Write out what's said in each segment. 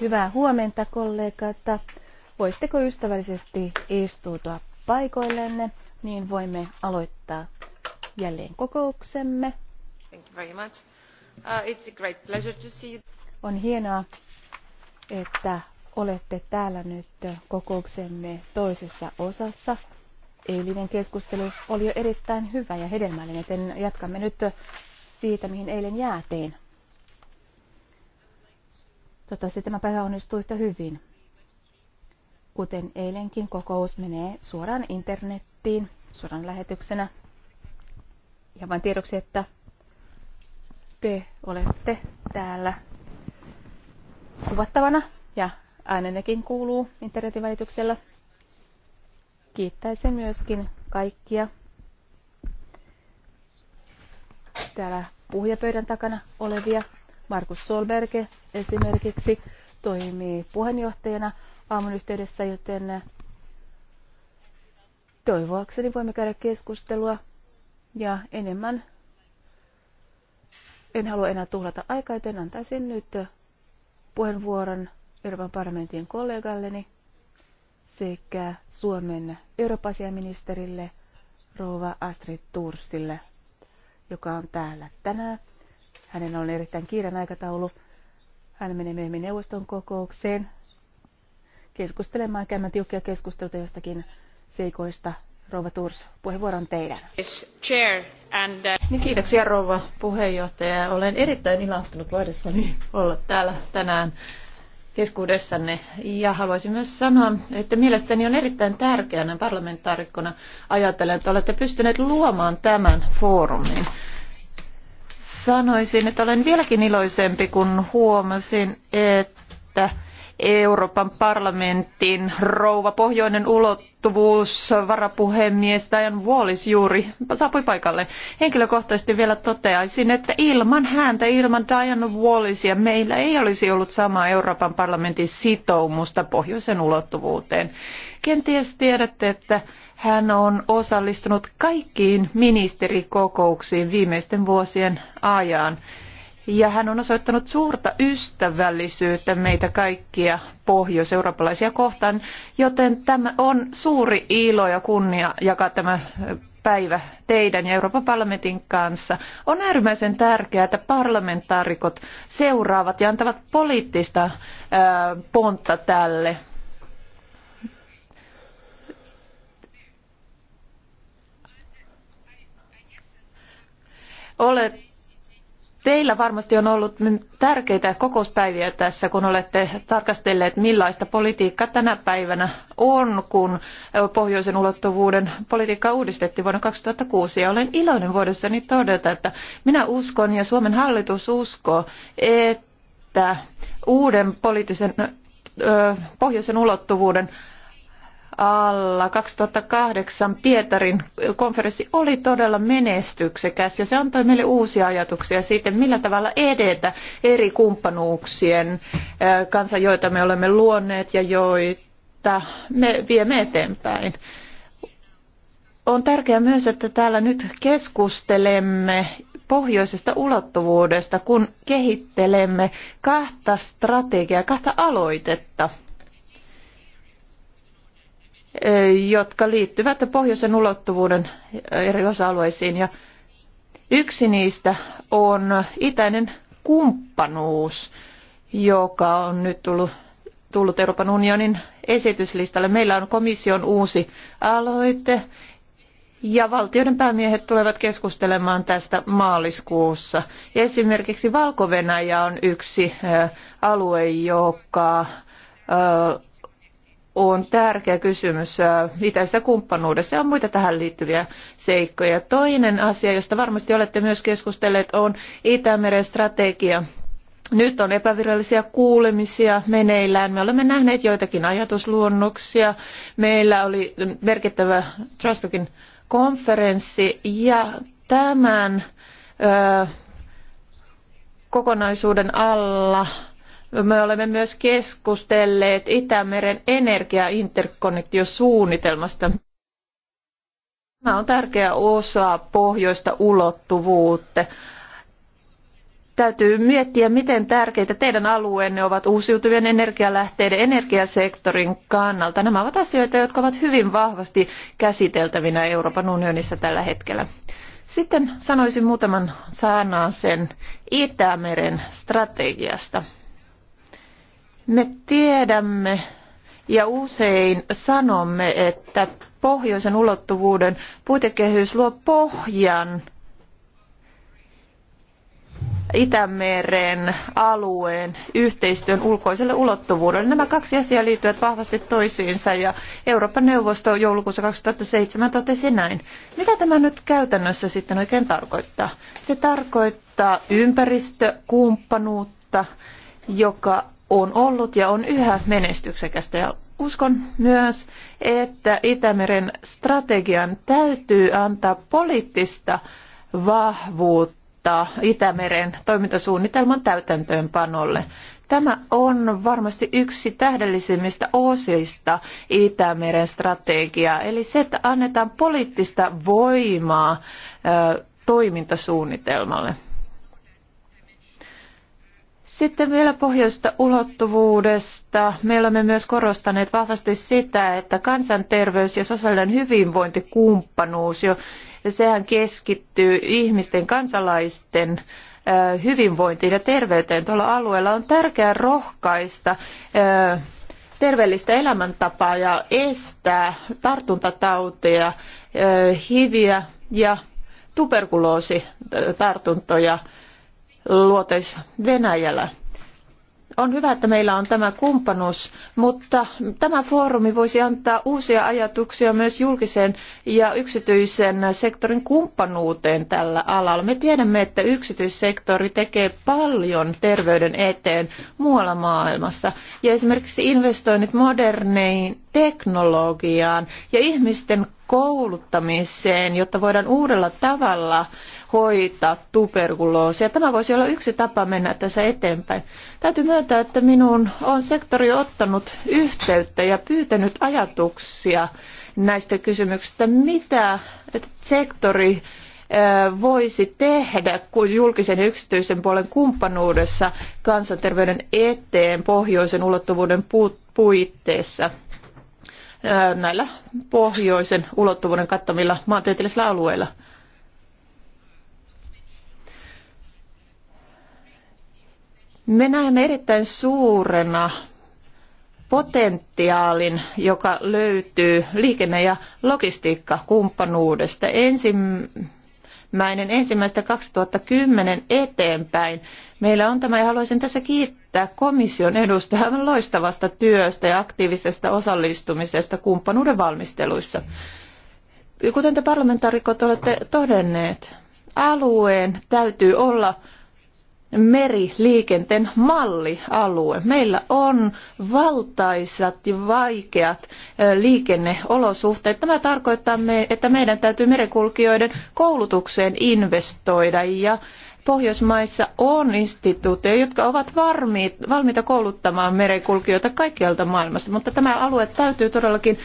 Hyvää huomenta, kollegat. Voisitteko ystävällisesti istuutua paikoillenne, niin voimme aloittaa jälleen kokouksemme. Thank you very much. Uh, it's a great pleasure to see you. On hienoa, että olette täällä nyt kokouksemme toisessa osassa. Eilinen keskustelu oli jo erittäin hyvä ja hedelmällinen, joten jatkamme nyt siitä, mihin eilen jäätiin. Toivottavasti tämä päivä onnistui yhtä hyvin. Kuten eilenkin, kokous menee suoraan internettiin, suoraan lähetyksenä. Ja vain tiedoksi, että te olette täällä kuvattavana ja äänennekin kuuluu internetin välityksellä. Kiittäisin myöskin kaikkia täällä puhujapöydän takana olevia. Markus Solberge esimerkiksi toimii puheenjohtajana aamun yhteydessä, joten toivoakseni voimme käydä keskustelua ja enemmän. En halua enää tuhlata aikaa, joten antaisin nyt puheenvuoron Euroopan parlamentin kollegalleni sekä Suomen euroopasiaministerille Rouva Astrid Tursille joka on täällä tänään. Hänellä on erittäin kiireen aikataulu. Hän menee myöhemmin neuvoston kokoukseen keskustelemaan, käymään tiukkia keskusteluita jostakin seikoista. Rouva Turs, puheenvuoro on teidän. Chair and, uh... Niin, kiitoksia rouva puheenjohtaja. Olen erittäin ilahtunut voidessani olla täällä tänään keskuudessanne. Ja haluaisin myös sanoa, että mielestäni on erittäin tärkeänä parlamentaarikkona ajatella, että olette pystyneet luomaan tämän foorumin. Sanoisin, että olen vieläkin iloisempi, kun huomasin, että Euroopan parlamentin rouva pohjoinen ulottuvuus, varapuhemies Diane Wallis juuri saapui paikalle. Henkilökohtaisesti vielä toteaisin, että ilman häntä, ilman Diane Wallisia meillä ei olisi ollut samaa Euroopan parlamentin sitoumusta pohjoisen ulottuvuuteen. Kenties tiedätte, että hän on osallistunut kaikkiin ministerikokouksiin viimeisten vuosien ajan ja hän on osoittanut suurta ystävällisyyttä meitä kaikkia pohjoiseurooppalaisia kohtaan, joten tämä on suuri ilo ja kunnia jakaa tämä päivä teidän ja Euroopan parlamentin kanssa. On äärimmäisen tärkeää, että parlamentaarikot seuraavat ja antavat poliittista pontta tälle. Olet Teillä varmasti on ollut niin tärkeitä kokouspäiviä tässä, kun olette tarkastelleet, millaista politiikka tänä päivänä on, kun pohjoisen ulottuvuuden politiikka uudistettiin vuonna 2006. Ja olen iloinen voidessani todeta, että minä uskon ja Suomen hallitus uskoo, että uuden poliittisen pohjoisen ulottuvuuden alla 2008 Pietarin konferenssi oli todella menestyksekäs ja se antoi meille uusia ajatuksia siitä, millä tavalla edetä eri kumppanuuksien kanssa, joita me olemme luonneet ja joita me viemme eteenpäin. On tärkeää myös, että täällä nyt keskustelemme pohjoisesta ulottuvuudesta, kun kehittelemme kahta strategiaa, kahta aloitetta – jotka liittyvät pohjoisen ulottuvuuden eri osa-alueisiin. Ja yksi niistä on itäinen kumppanuus, joka on nyt tullut, tullut Euroopan unionin esityslistalle. Meillä on komission uusi aloite ja valtioiden päämiehet tulevat keskustelemaan tästä maaliskuussa. Esimerkiksi valko on yksi alue, joka on tärkeä kysymys äh, itäisessä kumppanuudessa ja on muita tähän liittyviä seikkoja. Toinen asia, josta varmasti olette myös keskustelleet, on Itämeren strategia. Nyt on epävirallisia kuulemisia meneillään. Me olemme nähneet joitakin ajatusluonnoksia. Meillä oli merkittävä Trustokin konferenssi ja tämän ö, kokonaisuuden alla me olemme myös keskustelleet Itämeren energiainterkonnektiosuunnitelmasta. Tämä on tärkeä osa pohjoista ulottuvuutta. Täytyy miettiä, miten tärkeitä teidän alueenne ovat uusiutuvien energialähteiden energiasektorin kannalta. Nämä ovat asioita, jotka ovat hyvin vahvasti käsiteltävinä Euroopan unionissa tällä hetkellä. Sitten sanoisin muutaman sanan sen Itämeren strategiasta. Me tiedämme ja usein sanomme, että pohjoisen ulottuvuuden puitekehys luo pohjan Itämeren alueen yhteistyön ulkoiselle ulottuvuudelle. Nämä kaksi asiaa liittyvät vahvasti toisiinsa ja Euroopan neuvosto joulukuussa 2007 totesi näin. Mitä tämä nyt käytännössä sitten oikein tarkoittaa? Se tarkoittaa ympäristökumppanuutta, joka on ollut ja on yhä menestyksekästä. Ja uskon myös, että Itämeren strategian täytyy antaa poliittista vahvuutta Itämeren toimintasuunnitelman täytäntöönpanolle. Tämä on varmasti yksi tähdellisimmistä osista Itämeren strategiaa, eli se, että annetaan poliittista voimaa toimintasuunnitelmalle. Sitten vielä pohjoista ulottuvuudesta. Me olemme myös korostaneet vahvasti sitä, että kansanterveys ja sosiaalinen hyvinvointikumppanuus, jo, sehän keskittyy ihmisten, kansalaisten hyvinvointiin ja terveyteen tuolla alueella. On tärkeää rohkaista terveellistä elämäntapaa ja estää tartuntatauteja, hiviä ja tuberkuloositartuntoja luoteis Venäjällä. On hyvä, että meillä on tämä kumppanuus, mutta tämä foorumi voisi antaa uusia ajatuksia myös julkisen ja yksityisen sektorin kumppanuuteen tällä alalla. Me tiedämme, että yksityissektori tekee paljon terveyden eteen muualla maailmassa. Ja esimerkiksi investoinnit moderneihin teknologiaan ja ihmisten kouluttamiseen, jotta voidaan uudella tavalla hoitaa tuberkuloosia. Tämä voisi olla yksi tapa mennä tässä eteenpäin. Täytyy myöntää, että minun on sektori ottanut yhteyttä ja pyytänyt ajatuksia näistä kysymyksistä, mitä sektori voisi tehdä kun julkisen ja yksityisen puolen kumppanuudessa kansanterveyden eteen pohjoisen ulottuvuuden puitteissa näillä pohjoisen ulottuvuuden kattamilla maantieteellisillä alueilla. Me näemme erittäin suurena potentiaalin, joka löytyy liikenne- ja logistiikkakumppanuudesta. Ensimmäinen ensimmäistä 2010 eteenpäin meillä on tämä ja haluaisin tässä kiittää komission edustajaa loistavasta työstä ja aktiivisesta osallistumisesta kumppanuuden valmisteluissa. Kuten te parlamentaarikot olette todenneet, alueen täytyy olla meriliikenteen mallialue. Meillä on valtaisat ja vaikeat liikenneolosuhteet. Tämä tarkoittaa, että meidän täytyy merenkulkijoiden koulutukseen investoida ja Pohjoismaissa on instituutteja, jotka ovat varmiit, valmiita kouluttamaan merenkulkijoita kaikkialta maailmassa, mutta tämä alue täytyy todellakin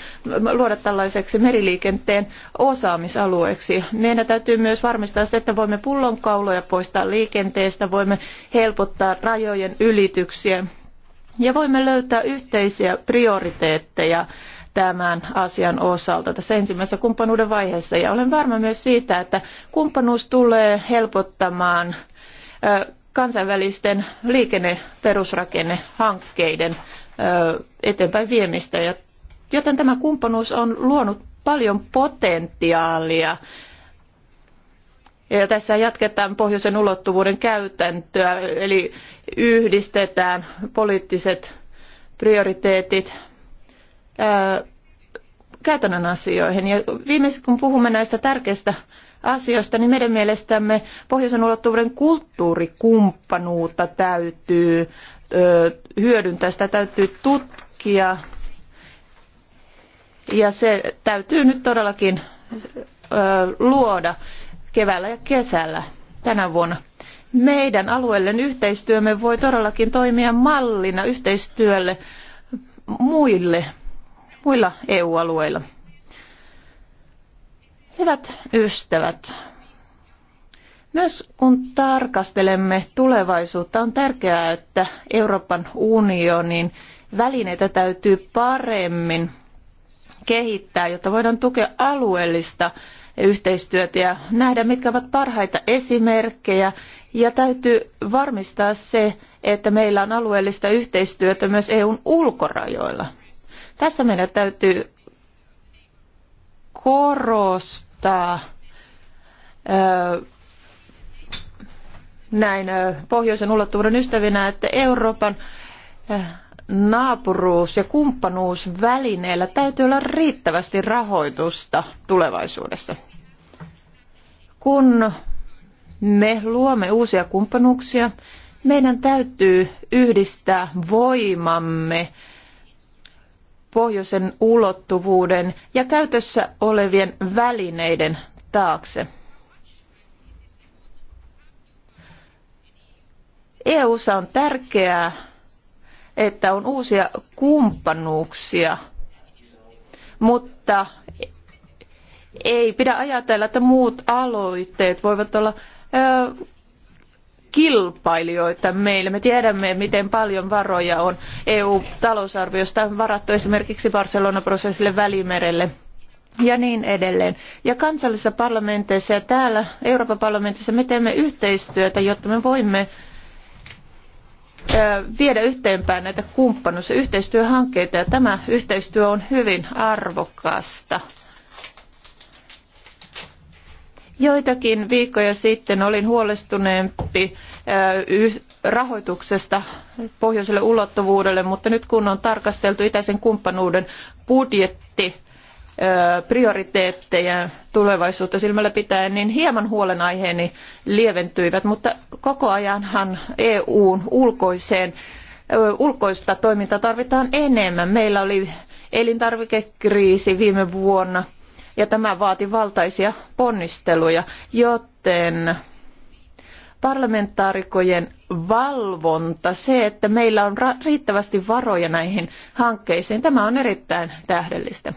luoda tällaiseksi meriliikenteen osaamisalueeksi. Meidän täytyy myös varmistaa se, että voimme pullonkauloja poistaa liikenteestä, voimme helpottaa rajojen ylityksiä ja voimme löytää yhteisiä prioriteetteja tämän asian osalta tässä ensimmäisessä kumppanuuden vaiheessa. Ja olen varma myös siitä, että kumppanuus tulee helpottamaan kansainvälisten liikenneperusrakennehankkeiden eteenpäin viemistä. Joten tämä kumppanuus on luonut paljon potentiaalia ja tässä jatketaan pohjoisen ulottuvuuden käytäntöä, eli yhdistetään poliittiset prioriteetit käytännön asioihin. Ja viimeisessä kun puhumme näistä tärkeistä asioista, niin meidän mielestämme pohjoisen ulottuvuuden kulttuurikumppanuutta täytyy hyödyntää, sitä täytyy tutkia. Ja se täytyy nyt todellakin luoda keväällä ja kesällä tänä vuonna. Meidän alueellinen yhteistyömme voi todellakin toimia mallina yhteistyölle muille muilla EU-alueilla. Hyvät ystävät, myös kun tarkastelemme tulevaisuutta, on tärkeää, että Euroopan unionin välineitä täytyy paremmin kehittää, jotta voidaan tukea alueellista yhteistyötä ja nähdä, mitkä ovat parhaita esimerkkejä. Ja täytyy varmistaa se, että meillä on alueellista yhteistyötä myös EUn ulkorajoilla. Tässä meidän täytyy korostaa näin pohjoisen ulottuvuuden ystävinä, että Euroopan naapuruus- ja kumppanuusvälineillä täytyy olla riittävästi rahoitusta tulevaisuudessa. Kun me luomme uusia kumppanuuksia, meidän täytyy yhdistää voimamme pohjoisen ulottuvuuden ja käytössä olevien välineiden taakse. EU:ssa on tärkeää, että on uusia kumppanuuksia, mutta ei pidä ajatella, että muut aloitteet voivat olla kilpailijoita meille. Me tiedämme, miten paljon varoja on EU-talousarviosta varattu esimerkiksi Barcelona-prosessille välimerelle ja niin edelleen. Ja kansallisissa parlamenteissa ja täällä Euroopan parlamentissa me teemme yhteistyötä, jotta me voimme viedä yhteenpäin näitä kumppanuus- ja yhteistyöhankkeita, ja tämä yhteistyö on hyvin arvokasta. Joitakin viikkoja sitten olin huolestuneempi rahoituksesta pohjoiselle ulottuvuudelle, mutta nyt kun on tarkasteltu itäisen kumppanuuden budjetti, prioriteetteja tulevaisuutta silmällä pitäen, niin hieman huolenaiheeni lieventyivät, mutta koko ajanhan EUn ulkoiseen, ulkoista toimintaa tarvitaan enemmän. Meillä oli elintarvikekriisi viime vuonna, ja tämä vaati valtaisia ponnisteluja, joten parlamentaarikojen valvonta, se, että meillä on riittävästi varoja näihin hankkeisiin, tämä on erittäin tähdellistä.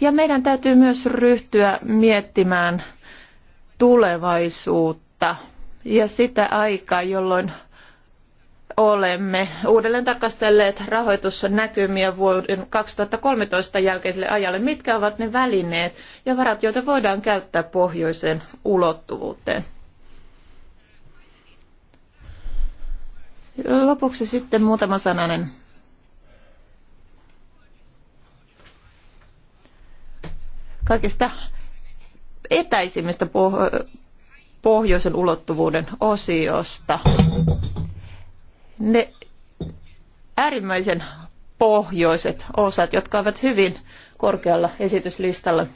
Ja meidän täytyy myös ryhtyä miettimään tulevaisuutta ja sitä aikaa, jolloin olemme uudelleen tarkastelleet rahoitusnäkymiä vuoden 2013 jälkeiselle ajalle. Mitkä ovat ne välineet ja varat, joita voidaan käyttää pohjoiseen ulottuvuuteen? Lopuksi sitten muutama sananen. Kaikista etäisimmistä pohjoisen ulottuvuuden osiosta ne äärimmäisen pohjoiset osat, jotka ovat hyvin korkealla esityslistalla.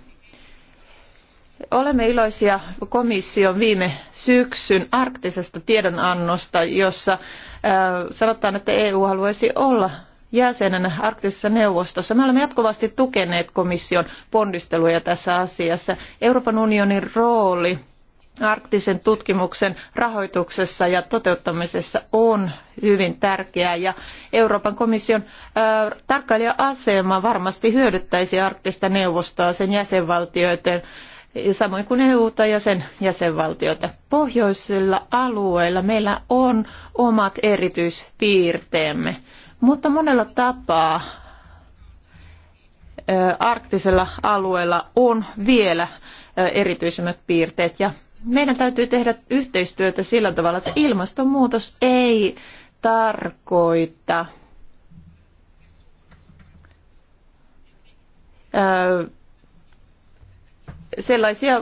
Olemme iloisia komission viime syksyn arktisesta tiedonannosta, jossa sanotaan, että EU haluaisi olla jäsenenä arktisessa neuvostossa. Me olemme jatkuvasti tukeneet komission ponnisteluja tässä asiassa. Euroopan unionin rooli arktisen tutkimuksen rahoituksessa ja toteuttamisessa on hyvin tärkeää ja Euroopan komission tarkkailija-asema varmasti hyödyttäisi arktista neuvostoa sen jäsenvaltioiden samoin kuin EU-ta ja sen jäsenvaltioita. Pohjoisilla alueilla meillä on omat erityispiirteemme, mutta monella tapaa arktisella alueella on vielä erityisemmät piirteet ja meidän täytyy tehdä yhteistyötä sillä tavalla, että ilmastonmuutos ei tarkoita sellaisia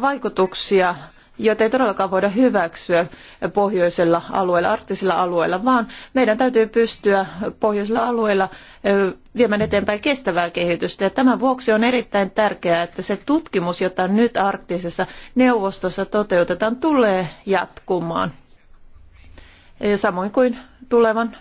vaikutuksia, jota ei todellakaan voida hyväksyä pohjoisella alueella, arktisilla alueilla, vaan meidän täytyy pystyä pohjoisilla alueilla viemään eteenpäin kestävää kehitystä. Ja tämän vuoksi on erittäin tärkeää, että se tutkimus, jota nyt arktisessa neuvostossa toteutetaan, tulee jatkumaan. Ja samoin kuin tulevan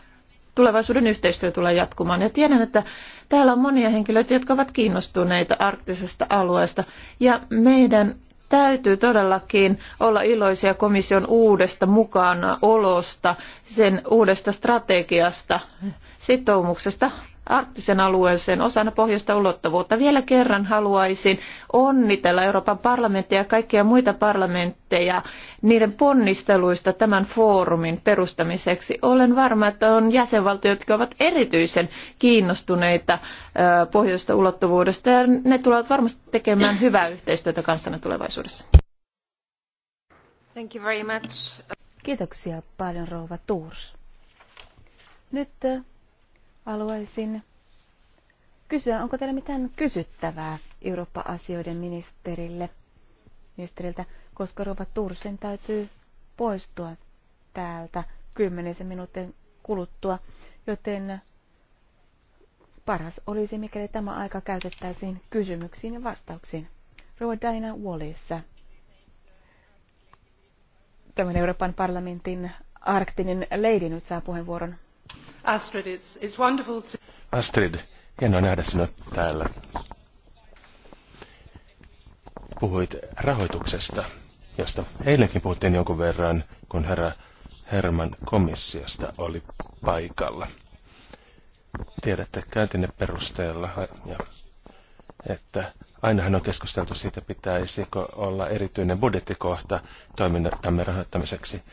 tulevaisuuden yhteistyö tulee jatkumaan. Ja tiedän, että täällä on monia henkilöitä, jotka ovat kiinnostuneita arktisesta alueesta. Ja meidän täytyy todellakin olla iloisia komission uudesta mukanaolosta, sen uudesta strategiasta, sitoumuksesta arktisen alueeseen osana pohjoista ulottuvuutta. Vielä kerran haluaisin onnitella Euroopan parlamenttia ja kaikkia muita parlamentteja niiden ponnisteluista tämän foorumin perustamiseksi. Olen varma, että on jäsenvaltioita, jotka ovat erityisen kiinnostuneita pohjoista ulottuvuudesta ja ne tulevat varmasti tekemään hyvää yhteistyötä kanssana tulevaisuudessa. Thank you very much. Kiitoksia paljon rouva Tuurs. Nyt haluaisin kysyä, onko teillä mitään kysyttävää Eurooppa-asioiden ministerille, ministeriltä, koska Rova Tursin täytyy poistua täältä kymmenisen minuutin kuluttua, joten paras olisi, mikäli tämä aika käytettäisiin kysymyksiin ja vastauksiin. Rova Diana Wallissa. Tämän Euroopan parlamentin arktinen leidi nyt saa puheenvuoron. Astrid, it's, it's wonderful to... Astrid, hienoa nähdä sinut täällä. Puhuit rahoituksesta, josta eilenkin puhuttiin jonkun verran, kun herra Herman komissiosta oli paikalla. Tiedätte kääntinne perusteella, ja, että ainahan on keskusteltu siitä, pitäisikö olla erityinen budjettikohta toimintamme rahoittamiseksi.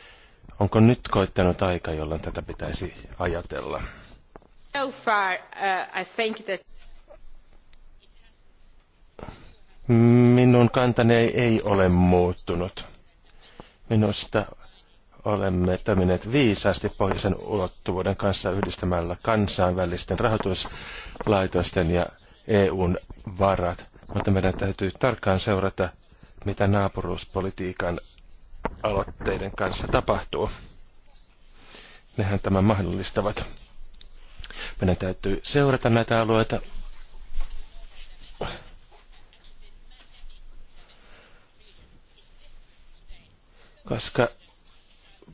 Onko nyt koittanut aika, jolloin tätä pitäisi ajatella? So far, uh, I think that... Minun kantani ei, ei ole muuttunut. Minusta olemme toimineet viisaasti pohjoisen ulottuvuuden kanssa yhdistämällä kansainvälisten rahoituslaitosten ja EUn varat, mutta meidän täytyy tarkkaan seurata, mitä naapuruuspolitiikan aloitteiden kanssa tapahtuu. Nehän tämän mahdollistavat. Meidän täytyy seurata näitä alueita. Koska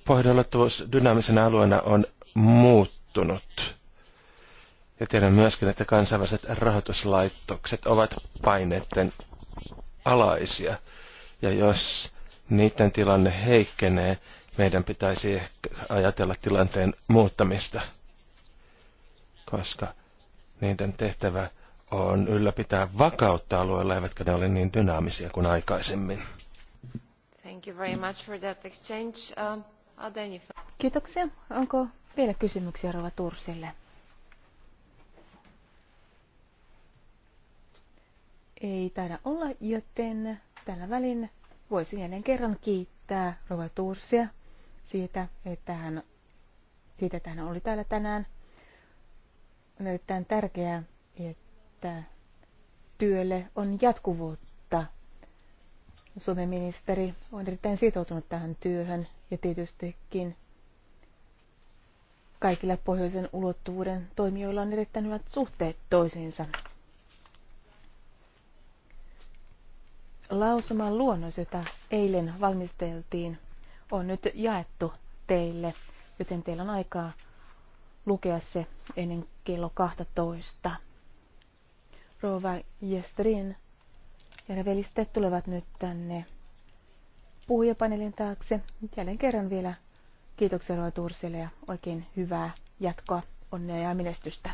pohjoisulottuvuus dynaamisena alueena on muuttunut. Ja tiedän myöskin, että kansainväliset rahoituslaitokset ovat paineiden alaisia. Ja jos niiden tilanne heikkenee, meidän pitäisi ehkä ajatella tilanteen muuttamista, koska niiden tehtävä on ylläpitää vakautta alueella, eivätkä ne ole niin dynaamisia kuin aikaisemmin. Thank you very much for that exchange. Um, Kiitoksia. Onko vielä kysymyksiä Rova Tursille? Ei taida olla, joten tällä välin Voisin jälleen kerran kiittää Rova Tursia siitä, että hän, siitä, että hän oli täällä tänään. On erittäin tärkeää, että työlle on jatkuvuutta. Suomen ministeri on erittäin sitoutunut tähän työhön ja tietystikin kaikilla pohjoisen ulottuvuuden toimijoilla on erittäin hyvät suhteet toisiinsa Lausuman luonnos, jota eilen valmisteltiin, on nyt jaettu teille, joten teillä on aikaa lukea se ennen kello 12. Rova Jesterin ja revelistet tulevat nyt tänne puhujapaneelin taakse. Jälleen kerran vielä kiitoksia Rova Tursille ja oikein hyvää jatkoa, onnea ja menestystä.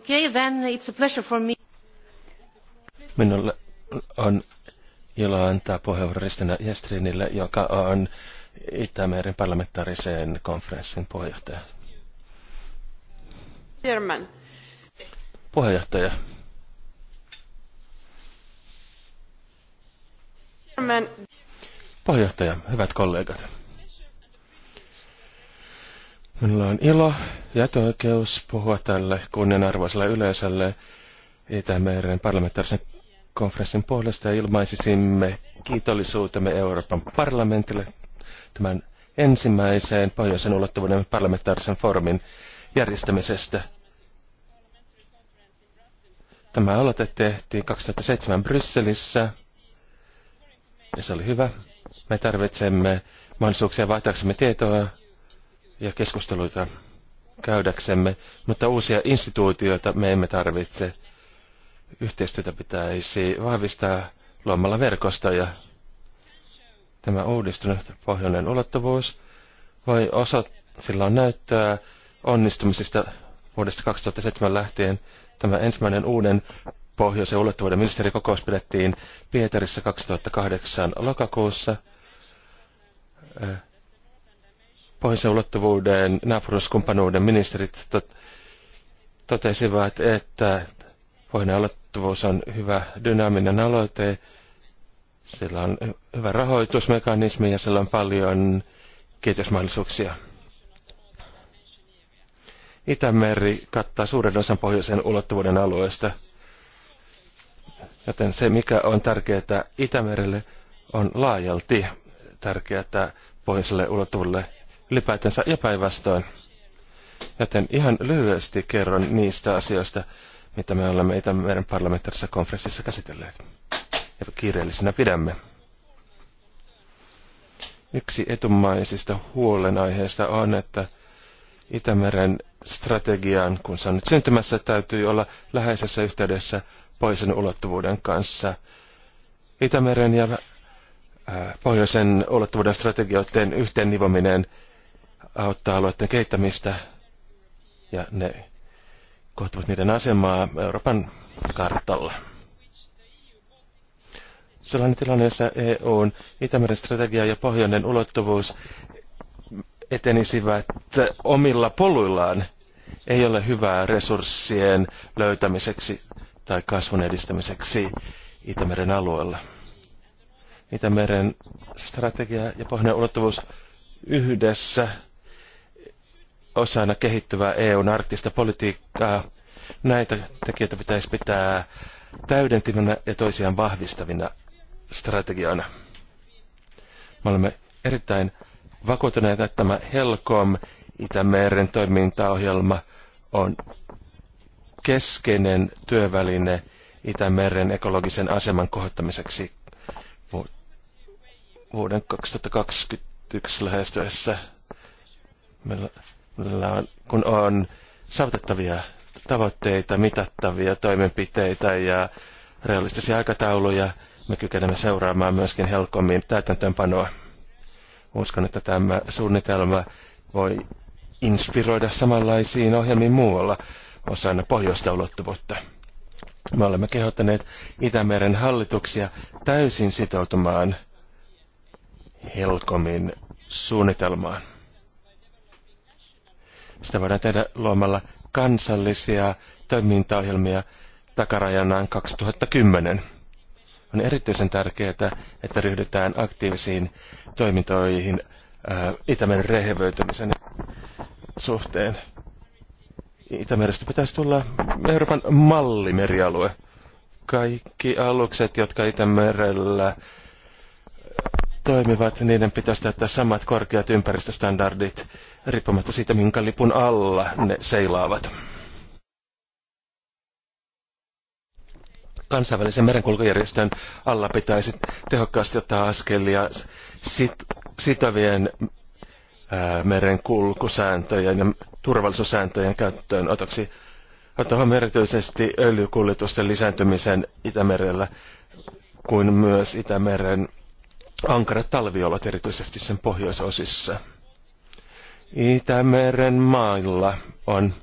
Okay, then it's a pleasure for me. Minulle on ilo antaa puheenvuoro Ristina Jestrinille, joka on Itämeren parlamentaarisen konferenssin puheenjohtaja. Chairman. Puheenjohtaja. Chairman. Puheenjohtaja, hyvät kollegat. Minulla on ilo jätöoikeus puhua tälle kunnianarvoiselle yleisölle Itämeren parlamentaarisen konferenssin puolesta ja ilmaisisimme kiitollisuutemme Euroopan parlamentille tämän ensimmäiseen pohjoisen ulottuvuuden parlamentaarisen foorumin järjestämisestä. Tämä aloite tehtiin 2007 Brysselissä ja se oli hyvä. Me tarvitsemme mahdollisuuksia vaihtaaksemme tietoa ja keskusteluita käydäksemme, mutta uusia instituutioita me emme tarvitse. Yhteistyötä pitäisi vahvistaa luomalla verkostoja. Tämä uudistunut pohjoinen ulottuvuus voi osoittaa, sillä on näyttöä onnistumisista vuodesta 2007 lähtien. Tämä ensimmäinen uuden pohjoisen ulottuvuuden ministerikokous pidettiin Pietarissa 2008 lokakuussa. Äh, pohjoisen ulottuvuuden naapuruskumppanuuden ministerit tot, totesivat, että pohjoinen ulottuvuus on hyvä dynaaminen aloite, sillä on hyvä rahoitusmekanismi ja sillä on paljon kehitysmahdollisuuksia. Itämeri kattaa suuren osan pohjoisen ulottuvuuden alueesta, joten se mikä on tärkeää Itämerelle on laajalti tärkeää pohjoiselle ulottuvuudelle ylipäätänsä ja päinvastoin. Joten ihan lyhyesti kerron niistä asioista, mitä me olemme Itämeren parlamentaarisessa konferenssissa käsitelleet ja kiireellisenä pidämme. Yksi etumaisista huolenaiheista on, että Itämeren strategiaan kun se on nyt syntymässä, täytyy olla läheisessä yhteydessä poisen ulottuvuuden kanssa. Itämeren ja pohjoisen ulottuvuuden strategioiden nivominen auttaa alueiden kehittämistä ja ne kohtavat niiden asemaa Euroopan kartalla. Sellainen tilanne, jossa EUn Itämeren strategia ja pohjoinen ulottuvuus etenisivät omilla poluillaan, ei ole hyvää resurssien löytämiseksi tai kasvun edistämiseksi Itämeren alueella. Itämeren strategia ja pohjoinen ulottuvuus yhdessä osana kehittyvää EUn arktista politiikkaa. Näitä tekijöitä pitäisi pitää täydentävinä ja toisiaan vahvistavina strategioina. Me olemme erittäin vakuuttuneita, että tämä HELCOM Itämeren toimintaohjelma on keskeinen työväline Itämeren ekologisen aseman kohottamiseksi vuoden 2021 lähestyessä. Meillä on, kun on saavutettavia tavoitteita, mitattavia toimenpiteitä ja realistisia aikatauluja, me kykenemme seuraamaan myöskin helpommin täytäntöönpanoa. Uskon, että tämä suunnitelma voi inspiroida samanlaisiin ohjelmiin muualla osana pohjoista ulottuvuutta. Me olemme kehottaneet Itämeren hallituksia täysin sitoutumaan Helkomin suunnitelmaan. Sitä voidaan tehdä luomalla kansallisia toimintaohjelmia takarajanaan 2010. On erityisen tärkeää, että ryhdytään aktiivisiin toimintoihin äh, Itämeren rehevöitymisen suhteen. Itämerestä pitäisi tulla Euroopan mallimerialue. Kaikki alukset, jotka Itämerellä toimivat, niin niiden pitäisi täyttää samat korkeat ympäristöstandardit, riippumatta siitä, minkä lipun alla ne seilaavat. Kansainvälisen merenkulkujärjestön alla pitäisi tehokkaasti ottaa askelia sit- sitovien ää, merenkulkusääntöjen ja turvallisuussääntöjen käyttöön otoksi. Ottahan erityisesti öljykuljetusten lisääntymisen Itämerellä kuin myös Itämeren ankarat talviolot erityisesti sen pohjoisosissa. Itämeren mailla on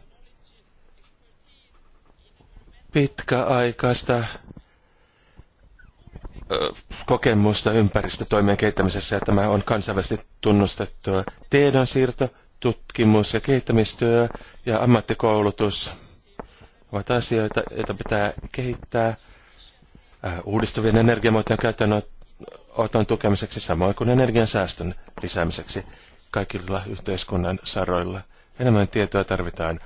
pitkäaikaista kokemusta ympäristötoimien kehittämisessä ja tämä on kansainvälisesti tunnustettua tiedonsiirto, tutkimus ja kehittämistyö ja ammattikoulutus ovat asioita, joita pitää kehittää. Uudistuvien energiamuotojen käyttöönotto oton tukemiseksi samoin kuin energiansäästön lisäämiseksi kaikilla yhteiskunnan saroilla. Enemmän tietoa tarvitaan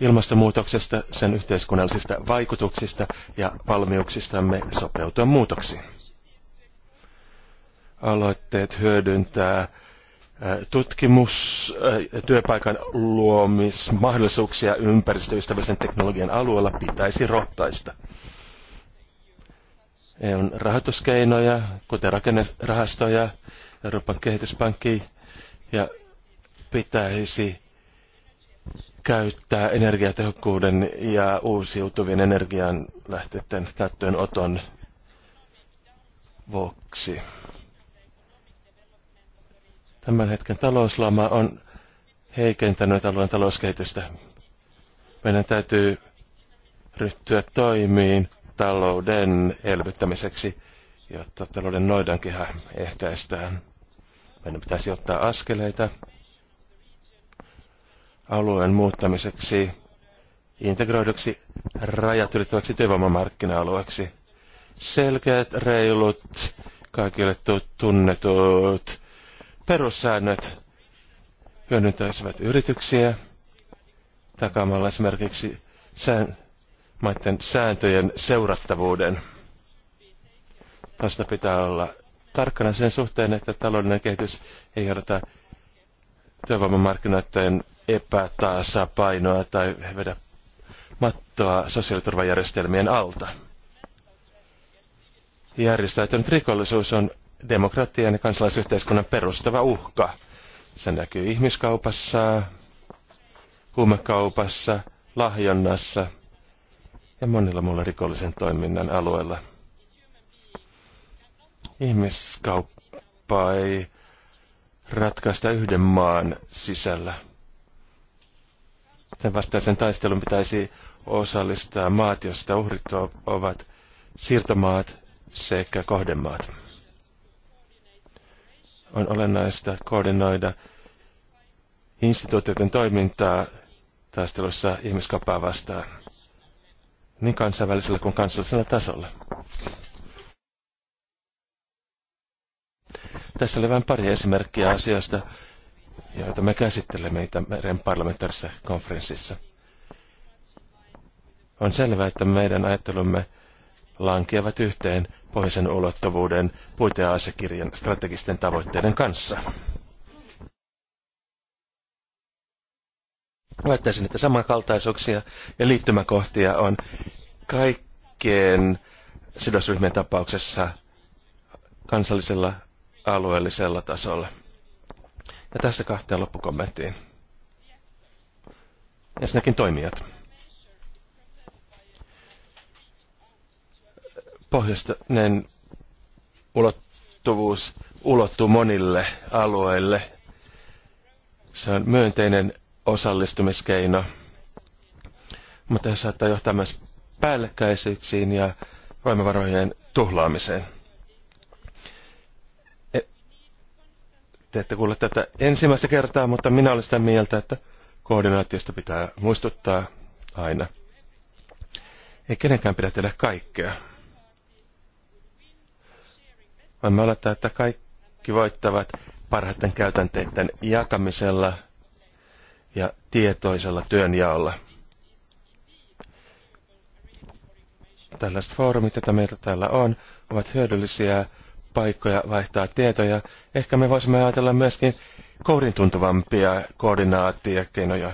ilmastonmuutoksesta, sen yhteiskunnallisista vaikutuksista ja valmiuksistamme sopeutua muutoksiin. Aloitteet hyödyntää äh, tutkimus, äh, työpaikan luomismahdollisuuksia ympäristöystävällisen teknologian alueella pitäisi rohtaista. EUn rahoituskeinoja, kuten rakennerahastoja, Euroopan kehityspankki ja pitäisi käyttää energiatehokkuuden ja uusiutuvien energian lähteiden käyttöönoton vuoksi. Tämän hetken talouslama on heikentänyt alueen talouskehitystä. Meidän täytyy ryhtyä toimiin talouden elvyttämiseksi, jotta talouden noidankehä ehkäistään. Meidän pitäisi ottaa askeleita alueen muuttamiseksi integroiduksi rajat ylittäväksi työvoimamarkkina-alueeksi. Selkeät, reilut, kaikille tunnetut perussäännöt hyödyntäisivät yrityksiä takaamalla esimerkiksi sen maiden sääntöjen seurattavuuden. Tästä pitää olla tarkkana sen suhteen, että taloudellinen kehitys ei johdata työvoimamarkkinoiden epätasapainoa tai vedä mattoa sosiaaliturvajärjestelmien alta. Järjestäytynyt rikollisuus on demokratian ja kansalaisyhteiskunnan perustava uhka. Se näkyy ihmiskaupassa, huumekaupassa, lahjonnassa – ja monilla muilla rikollisen toiminnan alueilla. Ihmiskauppaa ei ratkaista yhden maan sisällä. Sen vastaisen taistelun pitäisi osallistaa maat, joista uhrit ovat siirtomaat sekä kohdemaat. On olennaista koordinoida instituutioiden toimintaa taistelussa ihmiskauppaa vastaan niin kansainvälisellä kuin kansallisella tasolla. Tässä oli vain pari esimerkkiä asiasta, joita me käsittelemme meidän parlamentaarisessa konferenssissa. On selvää, että meidän ajattelumme lankeavat yhteen pohjoisen ulottuvuuden puiteasekirjan strategisten tavoitteiden kanssa. Väittäisin, että samankaltaisuuksia ja liittymäkohtia on kaikkien sidosryhmien tapauksessa kansallisella alueellisella tasolla. Ja tästä kahteen loppukommenttiin. Ensinnäkin toimijat. Pohjoistainen ulottuvuus ulottuu monille alueille. Se on myönteinen osallistumiskeino. Mutta se saattaa johtaa myös päällekkäisyyksiin ja voimavarojen tuhlaamiseen. E, te ette kuule tätä ensimmäistä kertaa, mutta minä olen sitä mieltä, että koordinaatiosta pitää muistuttaa aina. Ei kenenkään pidä tehdä kaikkea. Voimme olettaa, että kaikki voittavat parhaiten käytänteiden jakamisella – ja tietoisella työnjaolla. Tällaiset foorumit, joita meillä täällä on, ovat hyödyllisiä paikkoja vaihtaa tietoja. Ehkä me voisimme ajatella myöskin kourintuntuvampia koordinaatiokeinoja.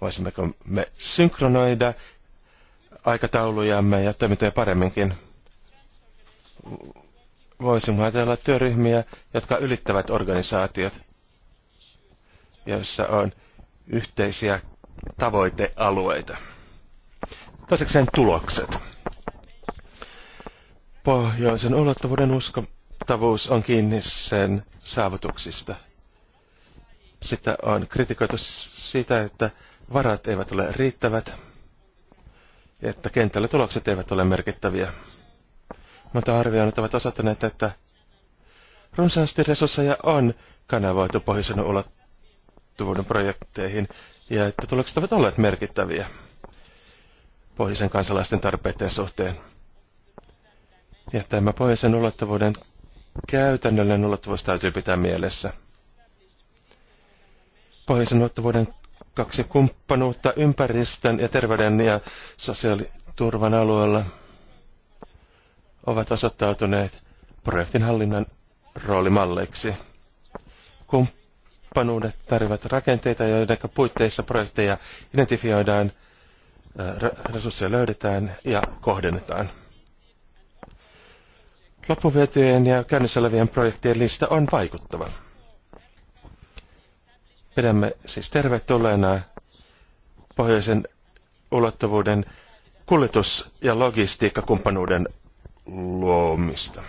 Voisimmeko me synkronoida aikataulujamme ja toimintoja paremminkin? Voisimme ajatella työryhmiä, jotka ylittävät organisaatiot, joissa on yhteisiä tavoitealueita. Toisekseen tulokset. Pohjoisen ulottuvuuden uskottavuus on kiinni sen saavutuksista. Sitä on kritikoitu sitä, että varat eivät ole riittävät ja että kentällä tulokset eivät ole merkittäviä. Mutta arvioinnit ovat osoittaneet, että runsaasti resursseja on kanavoitu pohjoisen ulottuvuuden ulottuvuuden projekteihin ja että tulokset ovat olleet merkittäviä pohjoisen kansalaisten tarpeiden suhteen. Ja tämä pohjoisen ulottuvuuden käytännöllinen ulottuvuus täytyy pitää mielessä. Pohjoisen ulottuvuuden kaksi kumppanuutta ympäristön ja terveyden ja sosiaaliturvan alueella ovat osoittautuneet projektin hallinnan roolimalleiksi. Kump- Kumppanuudet tarvitsevat rakenteita, joiden puitteissa projekteja identifioidaan, resursseja löydetään ja kohdennetaan. Loppuvietyjen ja käynnissä olevien projektien lista on vaikuttava. Pidämme siis tervetulleena pohjoisen ulottuvuuden kuljetus- ja logistiikkakumppanuuden luomista,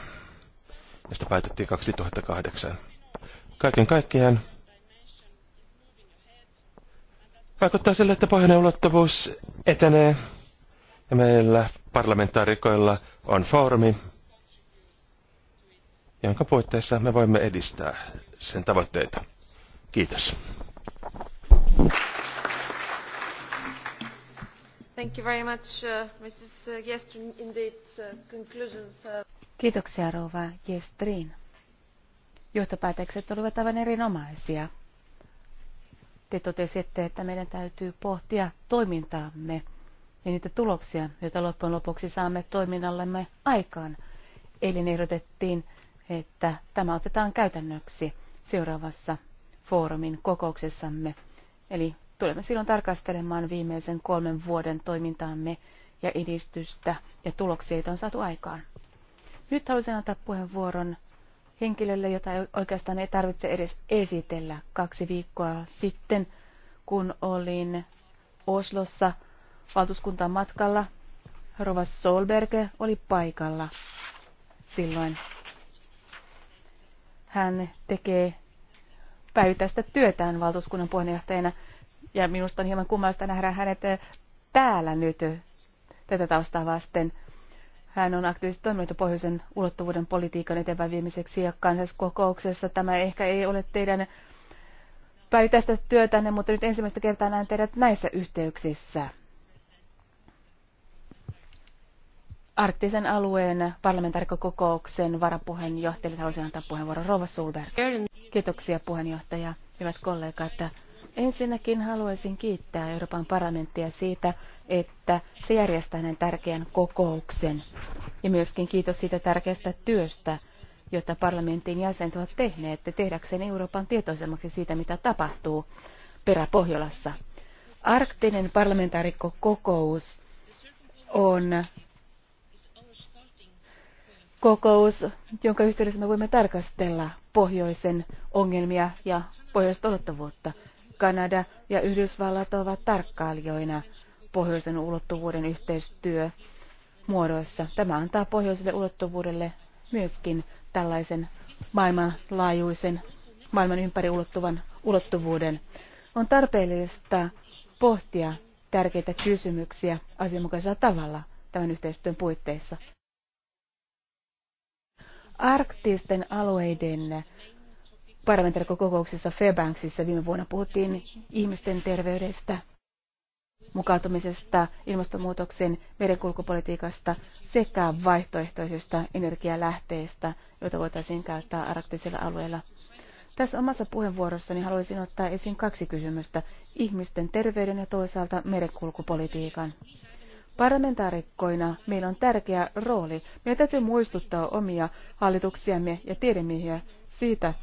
Tästä päätettiin 2008. Kaiken kaikkiaan Vaikuttaa sille, että pohjoinen ulottuvuus etenee ja meillä parlamentaarikoilla on foorumi, jonka puitteissa me voimme edistää sen tavoitteita. Kiitos. Thank you very much, uh, Mrs. Gestrin. Indeed, uh, conclusions. Uh... Kiitoksia, rouva Gestrin. Johtopäätökset olivat aivan erinomaisia te totesitte, että meidän täytyy pohtia toimintaamme ja niitä tuloksia, joita loppujen lopuksi saamme toiminnallemme aikaan. Eli ehdotettiin, että tämä otetaan käytännöksi seuraavassa foorumin kokouksessamme. Eli tulemme silloin tarkastelemaan viimeisen kolmen vuoden toimintaamme ja edistystä ja tuloksia, joita on saatu aikaan. Nyt haluaisin antaa puheenvuoron henkilölle, jota oikeastaan ei tarvitse edes esitellä kaksi viikkoa sitten, kun olin Oslossa valtuuskuntaan matkalla. Rova Solberg oli paikalla silloin. Hän tekee päivittäistä työtään valtuuskunnan puheenjohtajana ja minusta on hieman kummallista nähdä hänet täällä nyt tätä taustaa vasten. Hän on aktiivisesti toiminut pohjoisen ulottuvuuden politiikan eteenpäin viimeiseksi ja kansalliskokouksessa. Tämä ehkä ei ole teidän päivittäistä työtänne, mutta nyt ensimmäistä kertaa näen teidät näissä yhteyksissä. Arktisen alueen parlamentaarikokouksen varapuheenjohtajalle haluaisin antaa puheenvuoron Rova Sulberg. Kiitoksia puheenjohtaja, hyvät kollegat. Ensinnäkin haluaisin kiittää Euroopan parlamenttia siitä, että se järjestää näin tärkeän kokouksen. Ja myöskin kiitos siitä tärkeästä työstä, jota parlamentin jäsenet ovat tehneet, tehdäkseen Euroopan tietoisemmaksi siitä, mitä tapahtuu peräpohjolassa. Arktinen parlamentaarikkokokous on kokous, jonka yhteydessä me voimme tarkastella pohjoisen ongelmia ja pohjoista ulottuvuutta. Kanada ja Yhdysvallat ovat tarkkailijoina pohjoisen ulottuvuuden yhteistyö muodoissa. Tämä antaa pohjoiselle ulottuvuudelle myöskin tällaisen maailmanlaajuisen, maailman ympäri ulottuvan ulottuvuuden. On tarpeellista pohtia tärkeitä kysymyksiä asianmukaisella tavalla tämän yhteistyön puitteissa. Arktisten alueiden parlamentaarikokouksessa Fairbanksissa viime vuonna puhuttiin ihmisten terveydestä, mukautumisesta, ilmastonmuutoksen, merenkulkupolitiikasta sekä vaihtoehtoisista energialähteistä, joita voitaisiin käyttää arktisilla alueilla. Tässä omassa puheenvuorossani haluaisin ottaa esiin kaksi kysymystä, ihmisten terveyden ja toisaalta merenkulkupolitiikan. Parlamentaarikkoina meillä on tärkeä rooli. Meidän täytyy muistuttaa omia hallituksiamme ja tiedemiehiä siitä,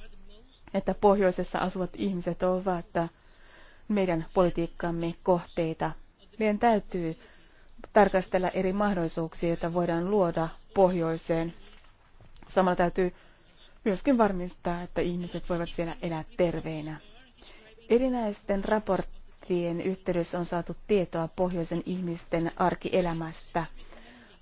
että pohjoisessa asuvat ihmiset ovat meidän politiikkamme kohteita. Meidän täytyy tarkastella eri mahdollisuuksia, joita voidaan luoda pohjoiseen. Samalla täytyy myöskin varmistaa, että ihmiset voivat siellä elää terveinä. Erinäisten raporttien yhteydessä on saatu tietoa pohjoisen ihmisten arkielämästä –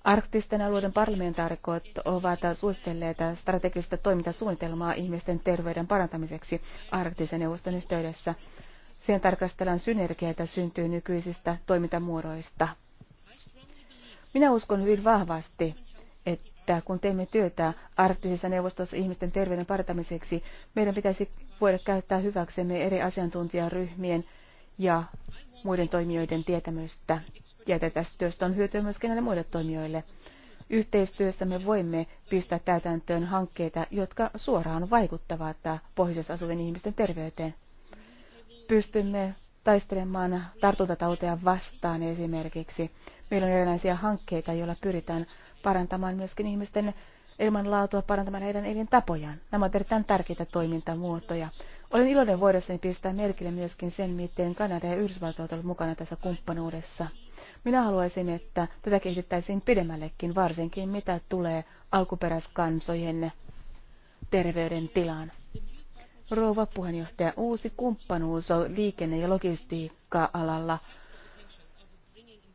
Arktisten alueiden parlamentaarikot ovat suositelleet strategista toimintasuunnitelmaa ihmisten terveyden parantamiseksi arktisen neuvoston yhteydessä. Sen tarkastellaan synergiaita syntyy nykyisistä toimintamuodoista. Minä uskon hyvin vahvasti, että kun teemme työtä arktisessa neuvostossa ihmisten terveyden parantamiseksi, meidän pitäisi voida käyttää hyväksemme eri asiantuntijaryhmien ja muiden toimijoiden tietämystä. Ja tätä työstä on hyötyä myöskin näille muille toimijoille. Yhteistyössä me voimme pistää täytäntöön hankkeita, jotka suoraan vaikuttavat pohjoisessa asuvien ihmisten terveyteen. Pystymme taistelemaan tartuntatauteja vastaan esimerkiksi. Meillä on erilaisia hankkeita, joilla pyritään parantamaan myöskin ihmisten ilmanlaatua, parantamaan heidän elintapojaan. Nämä ovat erittäin tärkeitä toimintamuotoja. Olen iloinen voidessani pistää merkille myöskin sen, miten Kanada ja Yhdysvallat ovat olleet mukana tässä kumppanuudessa. Minä haluaisin, että tätä kehitettäisiin pidemmällekin, varsinkin mitä tulee alkuperäiskansojen terveydentilaan. Rouva puheenjohtaja, uusi kumppanuus on liikenne- ja logistiikka-alalla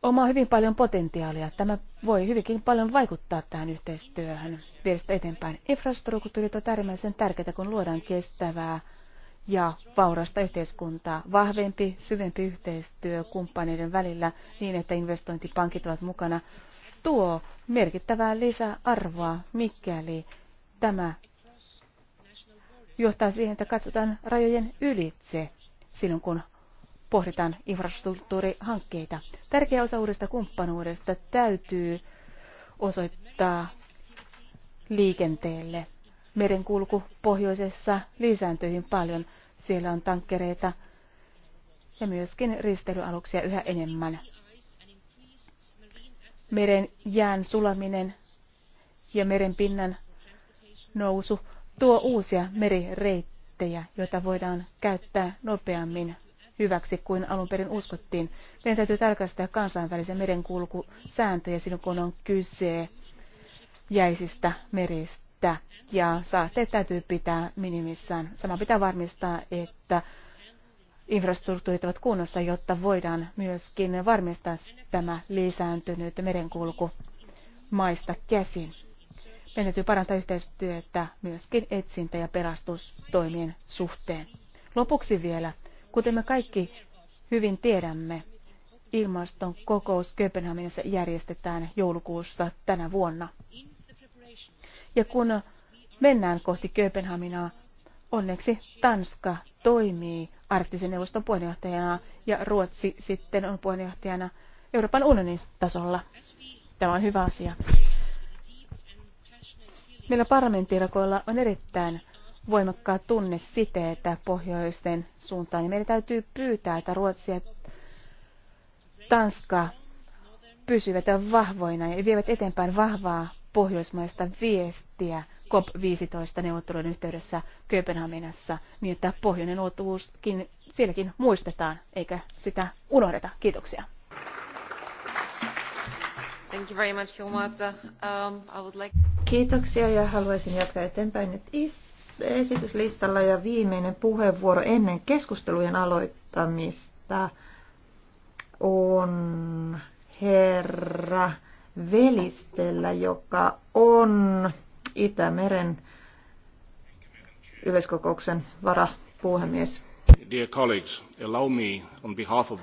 omaa hyvin paljon potentiaalia. Tämä voi hyvinkin paljon vaikuttaa tähän yhteistyöhön. Viedä eteenpäin infrastruktuurit on äärimmäisen tärkeitä, kun luodaan kestävää ja vaurasta yhteiskuntaa. Vahvempi, syvempi yhteistyö kumppaneiden välillä niin, että investointipankit ovat mukana, tuo merkittävää lisäarvoa, mikäli tämä johtaa siihen, että katsotaan rajojen ylitse silloin, kun pohditaan infrastruktuurihankkeita. Tärkeä osa uudesta kumppanuudesta täytyy osoittaa liikenteelle merenkulku pohjoisessa lisääntyihin paljon. Siellä on tankkereita ja myöskin risteilyaluksia yhä enemmän. Meren jään sulaminen ja pinnan nousu tuo uusia merireittejä, joita voidaan käyttää nopeammin hyväksi kuin alun perin uskottiin. Meidän täytyy tarkastaa kansainvälisen merenkulkusääntöjä silloin, kun on kyse jäisistä meristä vettä ja saasteet täytyy pitää minimissään. Sama pitää varmistaa, että infrastruktuurit ovat kunnossa, jotta voidaan myöskin varmistaa tämä lisääntynyt merenkulku maista käsin. Meidän täytyy parantaa yhteistyötä myöskin etsintä- ja pelastustoimien suhteen. Lopuksi vielä, kuten me kaikki hyvin tiedämme, ilmaston kokous Kööpenhaminassa järjestetään joulukuussa tänä vuonna. Ja kun mennään kohti Kööpenhaminaa, onneksi Tanska toimii arktisen neuvoston puheenjohtajana ja Ruotsi sitten on puheenjohtajana Euroopan unionin tasolla. Tämä on hyvä asia. Meillä parlamenttirakoilla on erittäin voimakkaat tunnesiteitä pohjoisten suuntaan. Ja meidän täytyy pyytää, että Ruotsi ja Tanska pysyvät vahvoina ja vievät eteenpäin vahvaa pohjoismaista viestiä COP15-neuvottelujen yhteydessä Kööpenhaminassa, niin että pohjoinen ulottuvuuskin sielläkin muistetaan, eikä sitä unohdeta. Kiitoksia. Thank you very much, Um, I would like... Kiitoksia ja haluaisin jatkaa eteenpäin nyt esityslistalla ja viimeinen puheenvuoro ennen keskustelujen aloittamista on herra velistellä, joka on Itämeren yleiskokouksen varapuhemies. Dear colleagues, allow me on behalf of...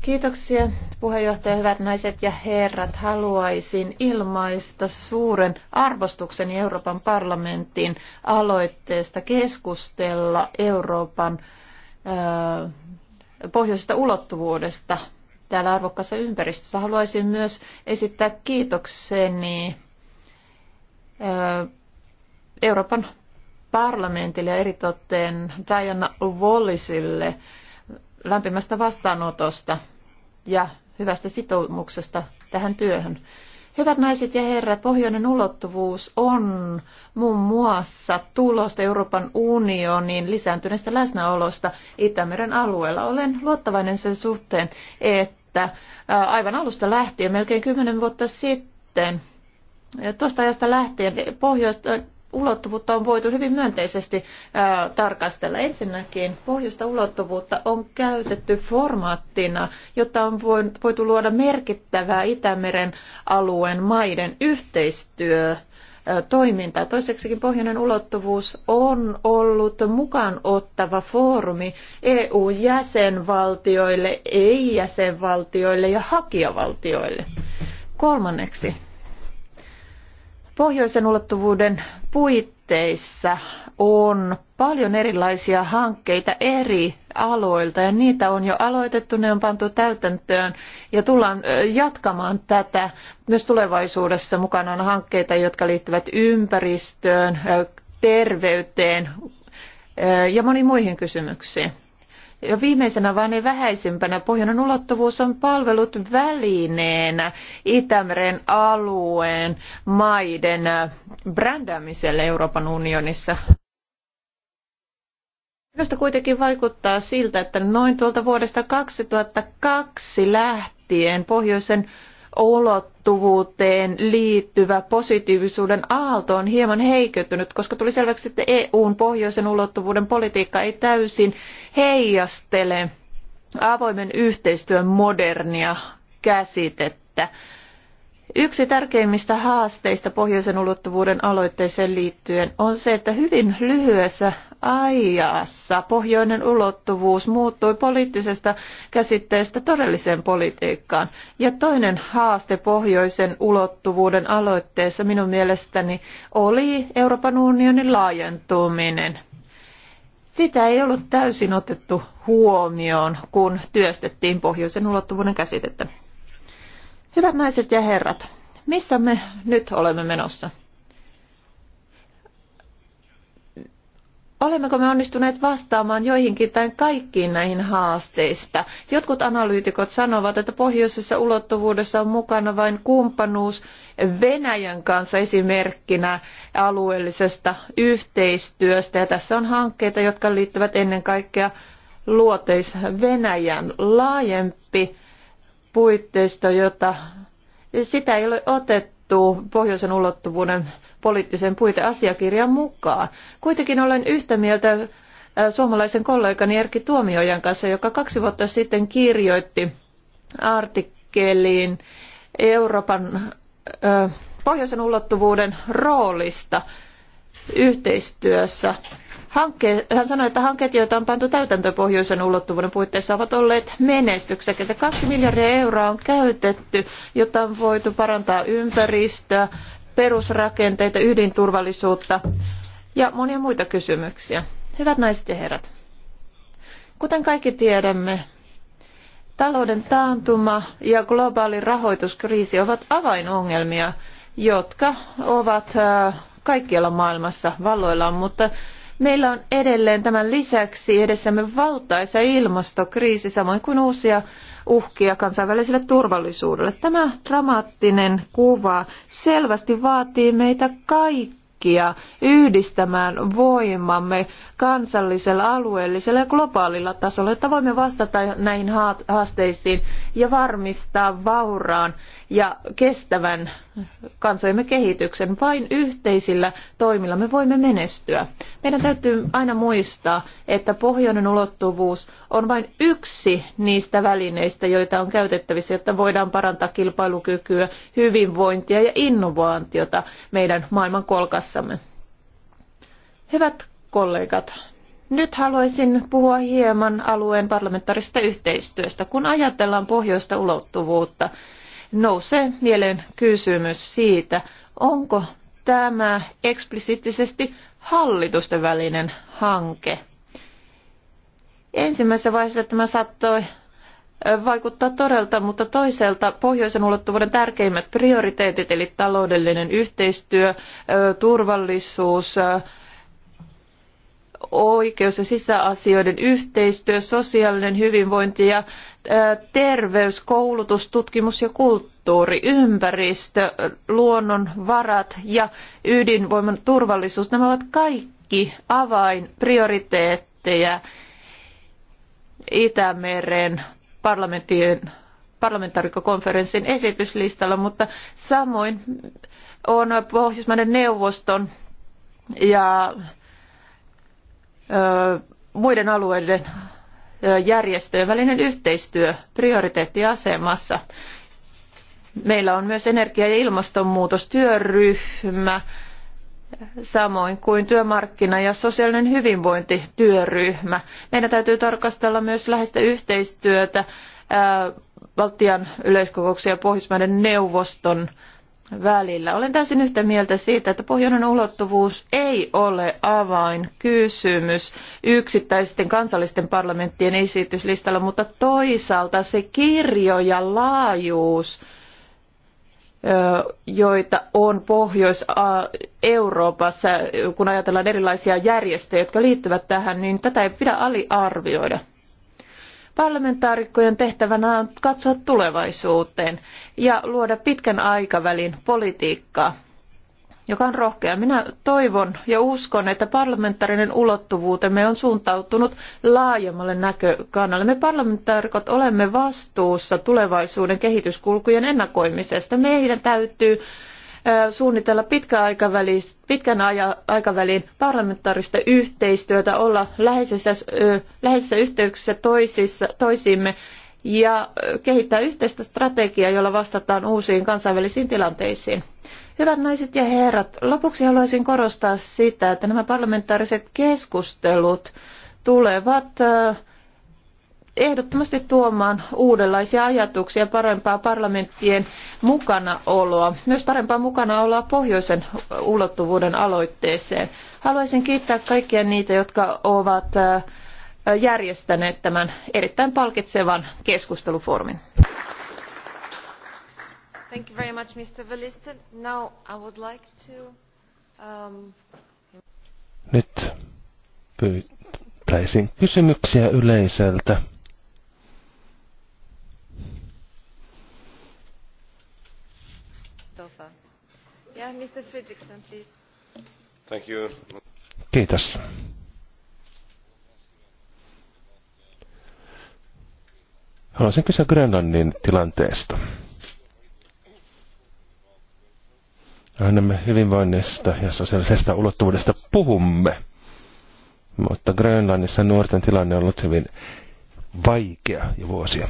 Kiitoksia puheenjohtaja, hyvät naiset ja herrat. Haluaisin ilmaista suuren arvostukseni Euroopan parlamentin aloitteesta keskustella Euroopan äh, pohjoisesta ulottuvuudesta täällä arvokkaassa ympäristössä. Haluaisin myös esittää kiitokseni Euroopan parlamentille ja eritoten Diana Wallisille lämpimästä vastaanotosta ja hyvästä sitoumuksesta tähän työhön. Hyvät naiset ja herrat, pohjoinen ulottuvuus on muun muassa tulosta Euroopan unionin lisääntyneestä läsnäolosta Itämeren alueella. Olen luottavainen sen suhteen, että että aivan alusta lähtien, melkein kymmenen vuotta sitten, tuosta ajasta lähtien pohjoista ulottuvuutta on voitu hyvin myönteisesti ää, tarkastella. Ensinnäkin pohjoista ulottuvuutta on käytetty formaattina, jotta on voitu luoda merkittävää Itämeren alueen maiden yhteistyötä toimintaa. Toiseksikin pohjoinen ulottuvuus on ollut mukaan ottava foorumi EU-jäsenvaltioille, ei-jäsenvaltioille ja hakijavaltioille. Kolmanneksi, pohjoisen ulottuvuuden puitteissa puitteissa on paljon erilaisia hankkeita eri aloilta ja niitä on jo aloitettu, ne on pantu täytäntöön ja tullaan jatkamaan tätä. Myös tulevaisuudessa mukana on hankkeita, jotka liittyvät ympäristöön, terveyteen ja moniin muihin kysymyksiin. Ja viimeisenä vaan ei vähäisimpänä Pohjoinen ulottuvuus on palvelut välineenä Itämeren alueen maiden brändäämiselle Euroopan unionissa. Minusta kuitenkin vaikuttaa siltä, että noin tuolta vuodesta 2002 lähtien pohjoisen ulottuvuuteen liittyvä positiivisuuden aalto on hieman heikentynyt, koska tuli selväksi, että EUn pohjoisen ulottuvuuden politiikka ei täysin heijastele avoimen yhteistyön modernia käsitettä. Yksi tärkeimmistä haasteista pohjoisen ulottuvuuden aloitteeseen liittyen on se, että hyvin lyhyessä ajassa pohjoinen ulottuvuus muuttui poliittisesta käsitteestä todelliseen politiikkaan. Ja toinen haaste pohjoisen ulottuvuuden aloitteessa minun mielestäni oli Euroopan unionin laajentuminen. Sitä ei ollut täysin otettu huomioon, kun työstettiin pohjoisen ulottuvuuden käsitettä. Hyvät naiset ja herrat, missä me nyt olemme menossa? Olemmeko me onnistuneet vastaamaan joihinkin tai kaikkiin näihin haasteista? Jotkut analyytikot sanovat, että pohjoisessa ulottuvuudessa on mukana vain kumppanuus Venäjän kanssa esimerkkinä alueellisesta yhteistyöstä. Ja tässä on hankkeita, jotka liittyvät ennen kaikkea luoteis Venäjän laajempi puitteista, jota sitä ei ole otettu pohjoisen ulottuvuuden poliittisen puiteasiakirjan mukaan. Kuitenkin olen yhtä mieltä äh, suomalaisen kollegani Erkki Tuomiojan kanssa, joka kaksi vuotta sitten kirjoitti artikkeliin Euroopan äh, pohjoisen ulottuvuuden roolista yhteistyössä Hankke, hän sanoi, että hankkeet, joita on pantu täytäntöön pohjoisen ulottuvuuden puitteissa, ovat olleet menestyksekkäitä. Kaksi miljardia euroa on käytetty, jotta on voitu parantaa ympäristöä, perusrakenteita, ydinturvallisuutta ja monia muita kysymyksiä. Hyvät naiset ja herrat, kuten kaikki tiedämme, talouden taantuma ja globaali rahoituskriisi ovat avainongelmia, jotka ovat äh, kaikkialla maailmassa valloillaan, mutta Meillä on edelleen tämän lisäksi edessämme valtaisa ilmastokriisi, samoin kuin uusia uhkia kansainväliselle turvallisuudelle. Tämä dramaattinen kuva selvästi vaatii meitä kaikkia yhdistämään voimamme kansallisella, alueellisella ja globaalilla tasolla, että voimme vastata näihin haasteisiin ja varmistaa vauraan ja kestävän kansojemme kehityksen. Vain yhteisillä toimilla me voimme menestyä. Meidän täytyy aina muistaa, että pohjoinen ulottuvuus on vain yksi niistä välineistä, joita on käytettävissä, jotta voidaan parantaa kilpailukykyä, hyvinvointia ja innovaatiota meidän maailmankolkassamme. Hyvät kollegat, nyt haluaisin puhua hieman alueen parlamentaarista yhteistyöstä. Kun ajatellaan pohjoista ulottuvuutta, nousee mieleen kysymys siitä, onko tämä eksplisiittisesti hallitusten välinen hanke. Ensimmäisessä vaiheessa tämä saattoi vaikuttaa todelta, mutta toiselta pohjoisen ulottuvuuden tärkeimmät prioriteetit, eli taloudellinen yhteistyö, turvallisuus, oikeus- ja sisäasioiden yhteistyö, sosiaalinen hyvinvointi ja terveys, koulutus, tutkimus ja kulttuuri, ympäristö, luonnonvarat ja ydinvoiman turvallisuus, nämä ovat kaikki avainprioriteetteja Itämeren parlamenttien parlamentaarikkokonferenssin esityslistalla, mutta samoin on Pohjoismaiden neuvoston ja ö, muiden alueiden järjestöjen välinen yhteistyö prioriteettiasemassa. Meillä on myös energia- ja ilmastonmuutostyöryhmä, samoin kuin työmarkkina- ja sosiaalinen hyvinvointityöryhmä. Meidän täytyy tarkastella myös läheistä yhteistyötä Baltian yleiskokouksen ja Pohjoismaiden neuvoston välillä. Olen täysin yhtä mieltä siitä, että pohjoinen ulottuvuus ei ole avainkysymys yksittäisten kansallisten parlamenttien esityslistalla, mutta toisaalta se kirjo ja laajuus, joita on Pohjois-Euroopassa, kun ajatellaan erilaisia järjestöjä, jotka liittyvät tähän, niin tätä ei pidä aliarvioida. Parlamentaarikkojen tehtävänä on katsoa tulevaisuuteen ja luoda pitkän aikavälin politiikkaa, joka on rohkea. Minä toivon ja uskon, että parlamentaarinen ulottuvuutemme on suuntautunut laajemmalle näkökannalle. Me parlamentaarikot olemme vastuussa tulevaisuuden kehityskulkujen ennakoimisesta. Meidän täytyy suunnitella pitkän aikavälin parlamentaarista yhteistyötä, olla läheisessä, läheisessä yhteyksissä toisissa, toisiimme ja kehittää yhteistä strategiaa, jolla vastataan uusiin kansainvälisiin tilanteisiin. Hyvät naiset ja herrat, lopuksi haluaisin korostaa sitä, että nämä parlamentaariset keskustelut tulevat ehdottomasti tuomaan uudenlaisia ajatuksia, parempaa parlamenttien mukanaoloa, myös parempaa mukanaoloa pohjoisen ulottuvuuden aloitteeseen. Haluaisin kiittää kaikkia niitä, jotka ovat järjestäneet tämän erittäin palkitsevan keskustelufoorumin. Thank you very much, Mr. Now I would like to... Um... Nyt pyytäisin kysymyksiä yleisöltä. Kiitos. Haluaisin kysyä Grönlannin tilanteesta. Aina me hyvinvoinnista ja sosiaalisesta ulottuvuudesta puhumme, mutta Grönlannissa nuorten tilanne on ollut hyvin vaikea jo vuosia.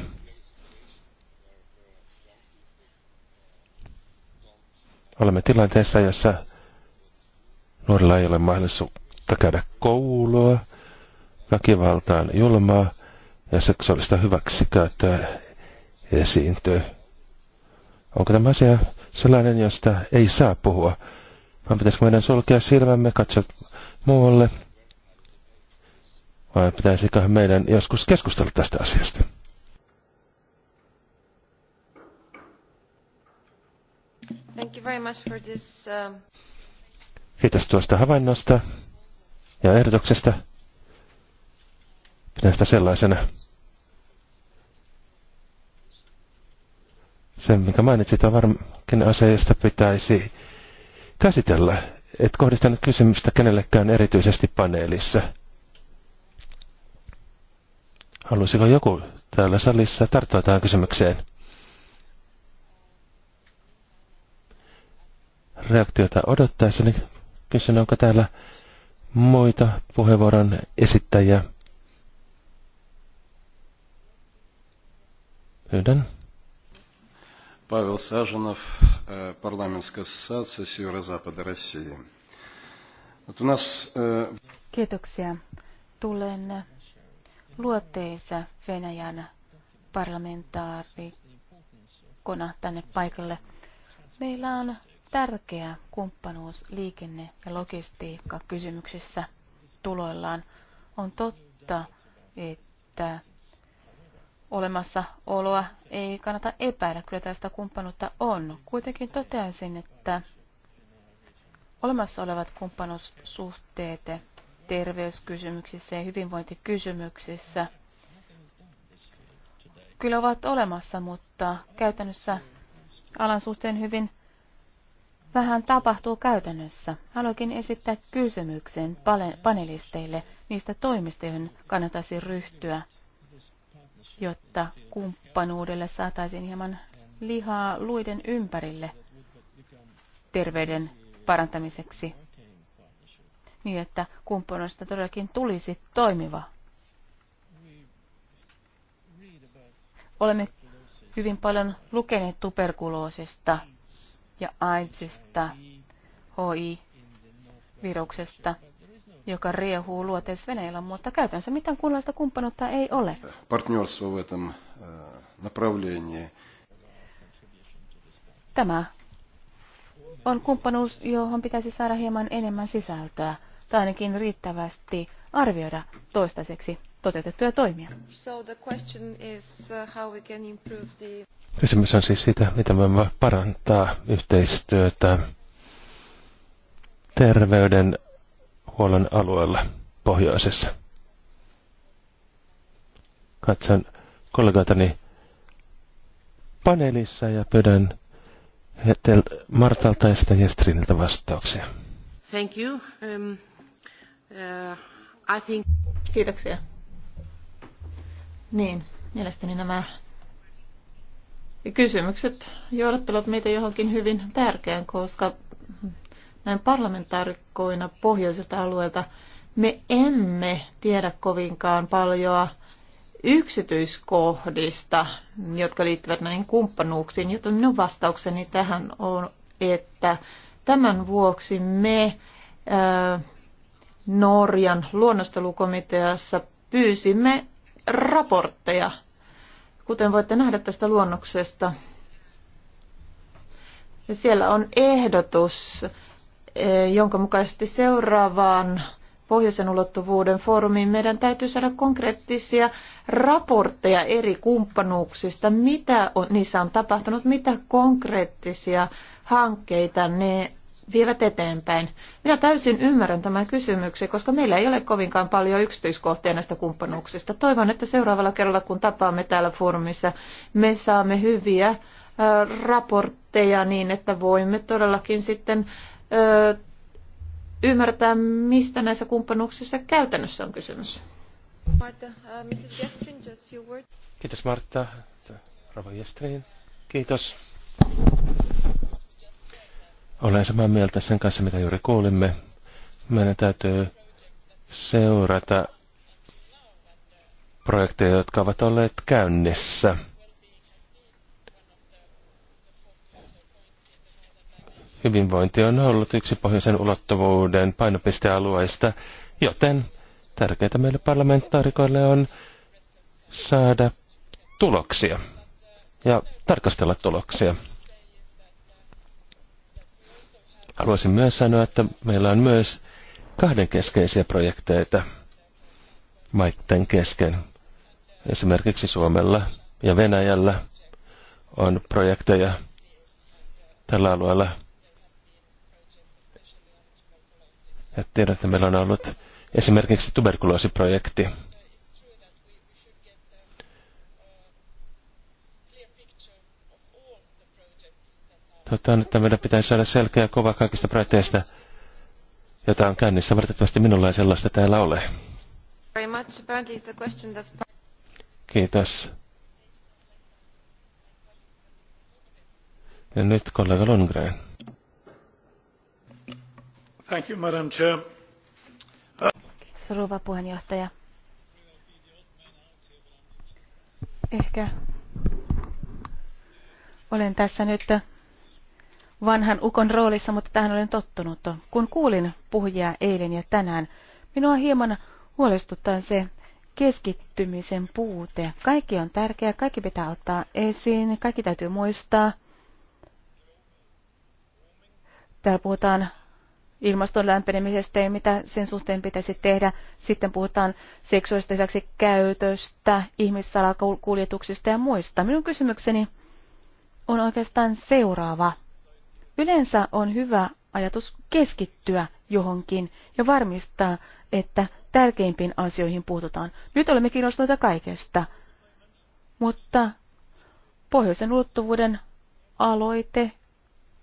Olemme tilanteessa, jossa nuorilla ei ole mahdollisuutta käydä koulua, väkivaltaan julmaa ja seksuaalista hyväksikäyttöä esiintyy. Onko tämä asia sellainen, josta ei saa puhua? Vai pitäisikö meidän sulkea silmämme, katsoa muualle? Vai pitäisikö meidän joskus keskustella tästä asiasta? Thank you very much for this, um, Kiitos tuosta havainnosta ja ehdotuksesta. Pidän sitä sellaisena. Se, minkä mainitsit, on varmaan, aseista pitäisi käsitellä. Et kohdistanut kysymystä kenellekään erityisesti paneelissa. Haluaisiko joku täällä salissa tarttua tähän kysymykseen? reaktiota odottaessa, niin kysyn, onko täällä muita puheenvuoron esittäjiä. Pyydän. Павел Sajanov, э, парламентская ассоциация Северо-Запада России. Вот у нас... Э, Kiitoksia. Tulen luotteissa Venäjän parlamentaarikona tänne paikalle. Meillä on tärkeä kumppanuus liikenne- ja logistiikka kysymyksissä tuloillaan. On totta, että olemassa ei kannata epäillä, kyllä tästä kumppanuutta on. Kuitenkin toteaisin, että olemassa olevat kumppanuussuhteet terveyskysymyksissä ja hyvinvointikysymyksissä kyllä ovat olemassa, mutta käytännössä alan suhteen hyvin vähän tapahtuu käytännössä. Haluankin esittää kysymyksen panelisteille niistä toimista, joihin kannattaisi ryhtyä, jotta kumppanuudelle saataisiin hieman lihaa luiden ympärille terveyden parantamiseksi niin, että kumppanuudesta todellakin tulisi toimiva. Olemme hyvin paljon lukeneet tuberkuloosista ja AIDSista, HI-viruksesta, joka riehuu luoteessa Venäjällä, mutta käytännössä mitään kunnallista kumppanuutta ei ole. Э, Tämä on kumppanuus, johon pitäisi saada hieman enemmän sisältöä, tai ainakin riittävästi arvioida toistaiseksi toteutettuja toimia. Uh, Kysymys on siis siitä, miten voimme parantaa yhteistyötä terveydenhuollon alueella pohjoisessa. Katson kollegoitani paneelissa ja pyydän Martalta ja sitten Jestriniltä vastauksia. Thank you. Um, uh, I think... Kiitoksia. Niin, mielestäni nämä kysymykset johdattelut meitä johonkin hyvin tärkeään, koska näin parlamentaarikkoina pohjoiselta alueelta me emme tiedä kovinkaan paljoa yksityiskohdista, jotka liittyvät näihin kumppanuuksiin, joten minun vastaukseni tähän on, että tämän vuoksi me ää, Norjan luonnostelukomiteassa pyysimme raportteja, kuten voitte nähdä tästä luonnoksesta. Ja siellä on ehdotus, eh, jonka mukaisesti seuraavaan pohjoisen ulottuvuuden foorumiin meidän täytyy saada konkreettisia raportteja eri kumppanuuksista, mitä on, niissä on tapahtunut, mitä konkreettisia hankkeita ne vievät eteenpäin. Minä täysin ymmärrän tämän kysymyksen, koska meillä ei ole kovinkaan paljon yksityiskohtia näistä kumppanuuksista. Toivon, että seuraavalla kerralla, kun tapaamme täällä foorumissa, me saamme hyviä raportteja niin, että voimme todellakin sitten ymmärtää, mistä näissä kumppanuuksissa käytännössä on kysymys. uh, Mrs. Gestrin, just few words. Kiitos Martta, Rava Gestrin. Kiitos. Olen samaa mieltä sen kanssa, mitä juuri kuulimme. Meidän täytyy seurata projekteja, jotka ovat olleet käynnissä. Hyvinvointi on ollut yksi pohjoisen ulottuvuuden painopistealueista, joten tärkeää meille parlamentaarikoille on saada tuloksia ja tarkastella tuloksia. Haluaisin myös sanoa, että meillä on myös kahdenkeskeisiä projekteita maitten kesken. Esimerkiksi Suomella ja Venäjällä on projekteja tällä alueella. Ja tiedän, että meillä on ollut esimerkiksi tuberkuloosiprojekti, Totta on, että meidän pitäisi saada selkeä kova kaikista projekteista, jota on käynnissä. Valitettavasti minulla ei sellaista täällä ole. Kiitos. Ja nyt kollega Lundgren. Thank you, Madam Chair. Rouva puheenjohtaja. Ehkä olen tässä nyt vanhan ukon roolissa, mutta tähän olen tottunut. Kun kuulin puhujia eilen ja tänään, minua hieman huolestuttaa se keskittymisen puute. Kaikki on tärkeää, kaikki pitää ottaa esiin, kaikki täytyy muistaa. Täällä puhutaan ilmaston lämpenemisestä ja mitä sen suhteen pitäisi tehdä. Sitten puhutaan seksuaalista käytöstä, ihmissalakuljetuksista ja muista. Minun kysymykseni on oikeastaan seuraava. Yleensä on hyvä ajatus keskittyä johonkin ja varmistaa, että tärkeimpiin asioihin puututaan. Nyt olemme kiinnostuneita kaikesta, mutta pohjoisen ulottuvuuden aloite,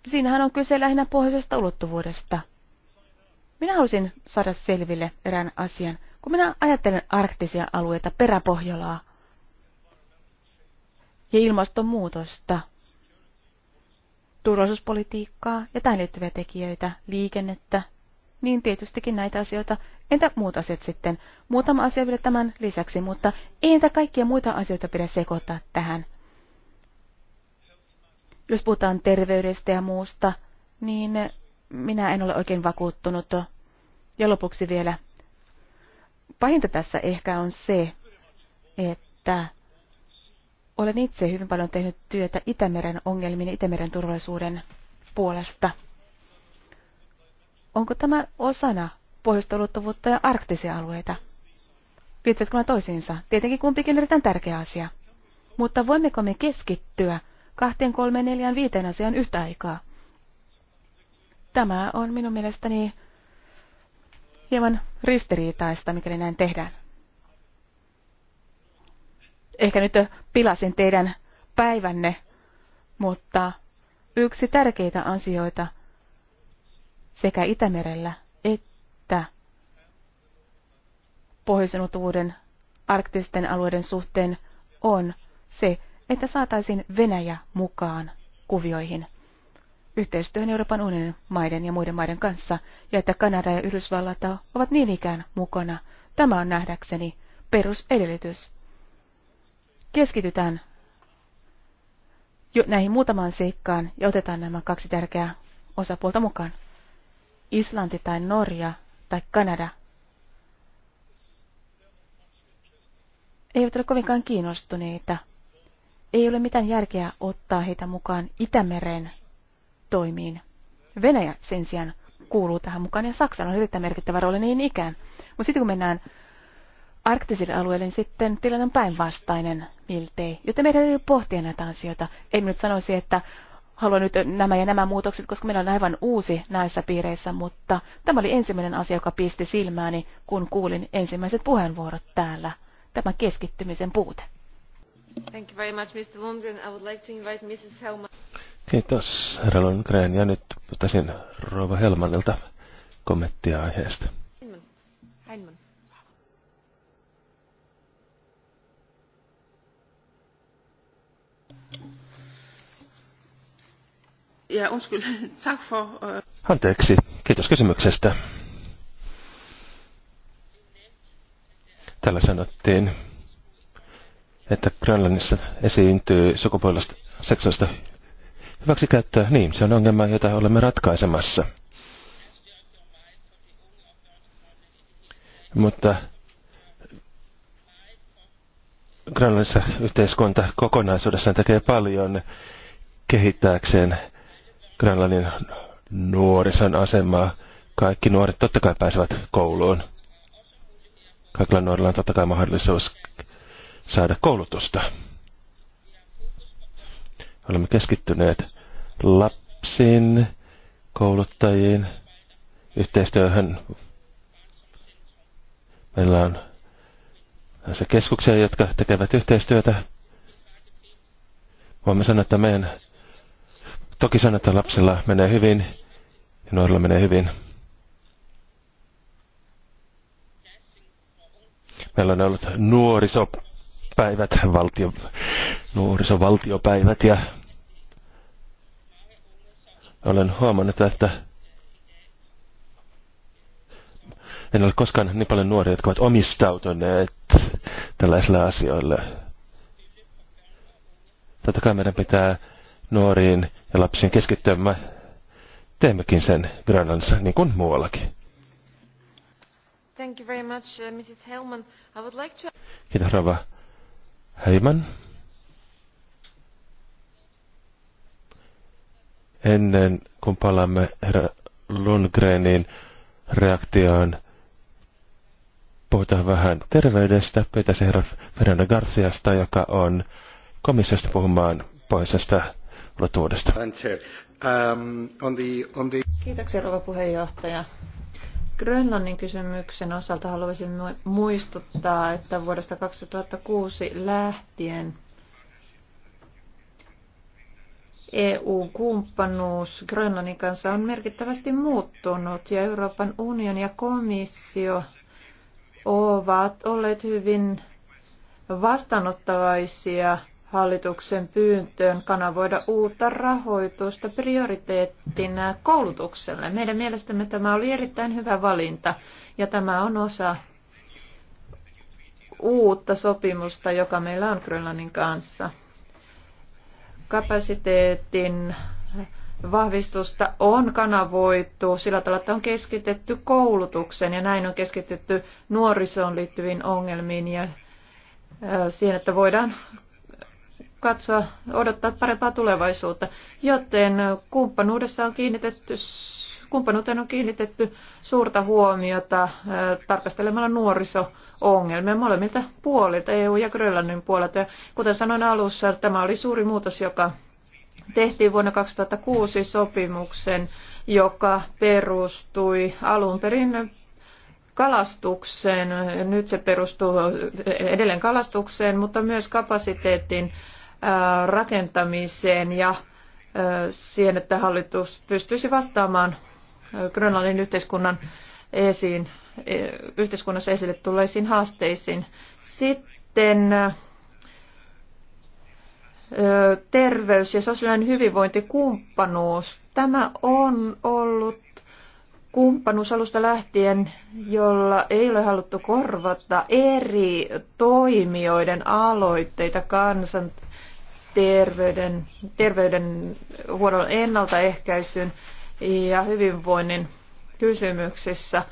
siinähän on kyse lähinnä pohjoisesta ulottuvuudesta. Minä haluaisin saada selville erään asian. Kun minä ajattelen arktisia alueita, peräpohjolaa ja ilmastonmuutosta, turvallisuuspolitiikkaa ja tähän liittyviä tekijöitä, liikennettä, niin tietystikin näitä asioita. Entä muut asiat sitten? Muutama asia vielä tämän lisäksi, mutta ei entä kaikkia muita asioita pidä sekoittaa tähän. Jos puhutaan terveydestä ja muusta, niin minä en ole oikein vakuuttunut. Ja lopuksi vielä. Pahinta tässä ehkä on se, että olen itse hyvin paljon tehnyt työtä Itämeren ongelmien ja Itämeren turvallisuuden puolesta. Onko tämä osana pohjoista ulottuvuutta ja arktisia alueita? Liittyvätkö nämä toisiinsa? Tietenkin kumpikin on erittäin tärkeä asia. Mutta voimmeko me keskittyä kahteen, kolmeen, neljään, viiteen asiaan yhtä aikaa? Tämä on minun mielestäni hieman ristiriitaista, mikäli näin tehdään ehkä nyt pilasin teidän päivänne, mutta yksi tärkeitä asioita sekä Itämerellä että pohjoisen uuden arktisten alueiden suhteen on se, että saataisiin Venäjä mukaan kuvioihin yhteistyöhön Euroopan unionin maiden ja muiden maiden kanssa, ja että Kanada ja Yhdysvallat ovat niin ikään mukana. Tämä on nähdäkseni perusedellytys keskitytään jo näihin muutamaan seikkaan ja otetaan nämä kaksi tärkeää osapuolta mukaan. Islanti tai Norja tai Kanada eivät ole kovinkaan kiinnostuneita. Ei ole mitään järkeä ottaa heitä mukaan Itämeren toimiin. Venäjä sen sijaan kuuluu tähän mukaan ja Saksalla on erittäin merkittävä rooli niin ikään. Mutta sitten kun mennään arktisille alueille, niin sitten tilanne on päinvastainen miltei. Joten meidän ei pohtia näitä asioita. En nyt sanoisi, että haluan nyt nämä ja nämä muutokset, koska meillä on aivan uusi näissä piireissä, mutta tämä oli ensimmäinen asia, joka pisti silmääni, kun kuulin ensimmäiset puheenvuorot täällä. Tämä keskittymisen puute. Thank you very much, Mr. Lundgren. I would like to invite Mrs. Helman. Kiitos, herra Lundgren. Ja nyt pyytäisin rova Helmanilta kommenttia aiheesta. Heinman. Heinman. Ja for... Øh, Anteeksi, kiitos kysymyksestä. Tällä sanottiin, että Grönlannissa esiintyy sukupuolista seksuaalista hyväksikäyttöä. Niin, se on ongelma, jota olemme ratkaisemassa. Mutta Grönlannissa yhteiskunta kokonaisuudessaan tekee paljon kehittääkseen Grönlannin nuorison asemaa. Kaikki nuoret totta kai pääsevät kouluun. Kaikilla nuorilla on totta kai mahdollisuus saada koulutusta. Olemme keskittyneet lapsiin, kouluttajiin, yhteistyöhön. Meillä on keskuksia, jotka tekevät yhteistyötä. Voimme sanoa, että meidän Toki sanotaan että lapsilla menee hyvin ja nuorilla menee hyvin. Meillä on ollut nuorisopäivät, valtio, nuorisovaltiopäivät ja olen huomannut, että en ole koskaan niin paljon nuoria, jotka ovat omistautuneet tällaisille asioille. Totta kai meidän pitää nuoriin ja lapsiin keskittyä. Mä teemmekin sen Granansa, niin kuin muuallakin. Thank you very much, uh, Mrs. Hellman. I would like to... Kiitos, Rava Heiman. Ennen kuin palaamme herra Lundgrenin reaktioon, puhutaan vähän terveydestä. Pyytäisin herra Fernando Garciasta, joka on komissiosta puhumaan pohjoisesta tuodesta. Um, Kiitoksia rouva puheenjohtaja. Grönlannin kysymyksen osalta haluaisin muistuttaa, että vuodesta 2006 lähtien EU-kumppanuus Grönlannin kanssa on merkittävästi muuttunut ja Euroopan unioni ja komissio ovat olleet hyvin vastaanottavaisia hallituksen pyyntöön kanavoida uutta rahoitusta prioriteettina koulutukselle. Meidän mielestämme tämä oli erittäin hyvä valinta ja tämä on osa uutta sopimusta, joka meillä on Grönlannin kanssa. Kapasiteetin vahvistusta on kanavoitu sillä tavalla, että on keskitetty koulutukseen ja näin on keskitetty nuorisoon liittyviin ongelmiin ja siihen, että voidaan katsoa, odottaa parempaa tulevaisuutta. Joten kumppanuudessa on kiinnitetty, kumppanuuteen on kiinnitetty suurta huomiota äh, tarkastelemalla nuoriso-ongelmia molemmilta puolilta, EU- ja Grönlannin puolelta. Ja kuten sanoin alussa, tämä oli suuri muutos, joka tehtiin vuonna 2006 sopimuksen, joka perustui alun perin kalastukseen. Nyt se perustuu edelleen kalastukseen, mutta myös kapasiteetin rakentamiseen ja siihen, että hallitus pystyisi vastaamaan Grönlannin yhteiskunnan esiin, e, yhteiskunnassa esille tulleisiin haasteisiin. Sitten terveys- ja sosiaalinen hyvinvointikumppanuus. Tämä on ollut kumppanuus alusta lähtien, jolla ei ole haluttu korvata eri toimijoiden aloitteita kansan terveyden, terveydenhuollon ennaltaehkäisyn ja hyvinvoinnin kysymyksissä.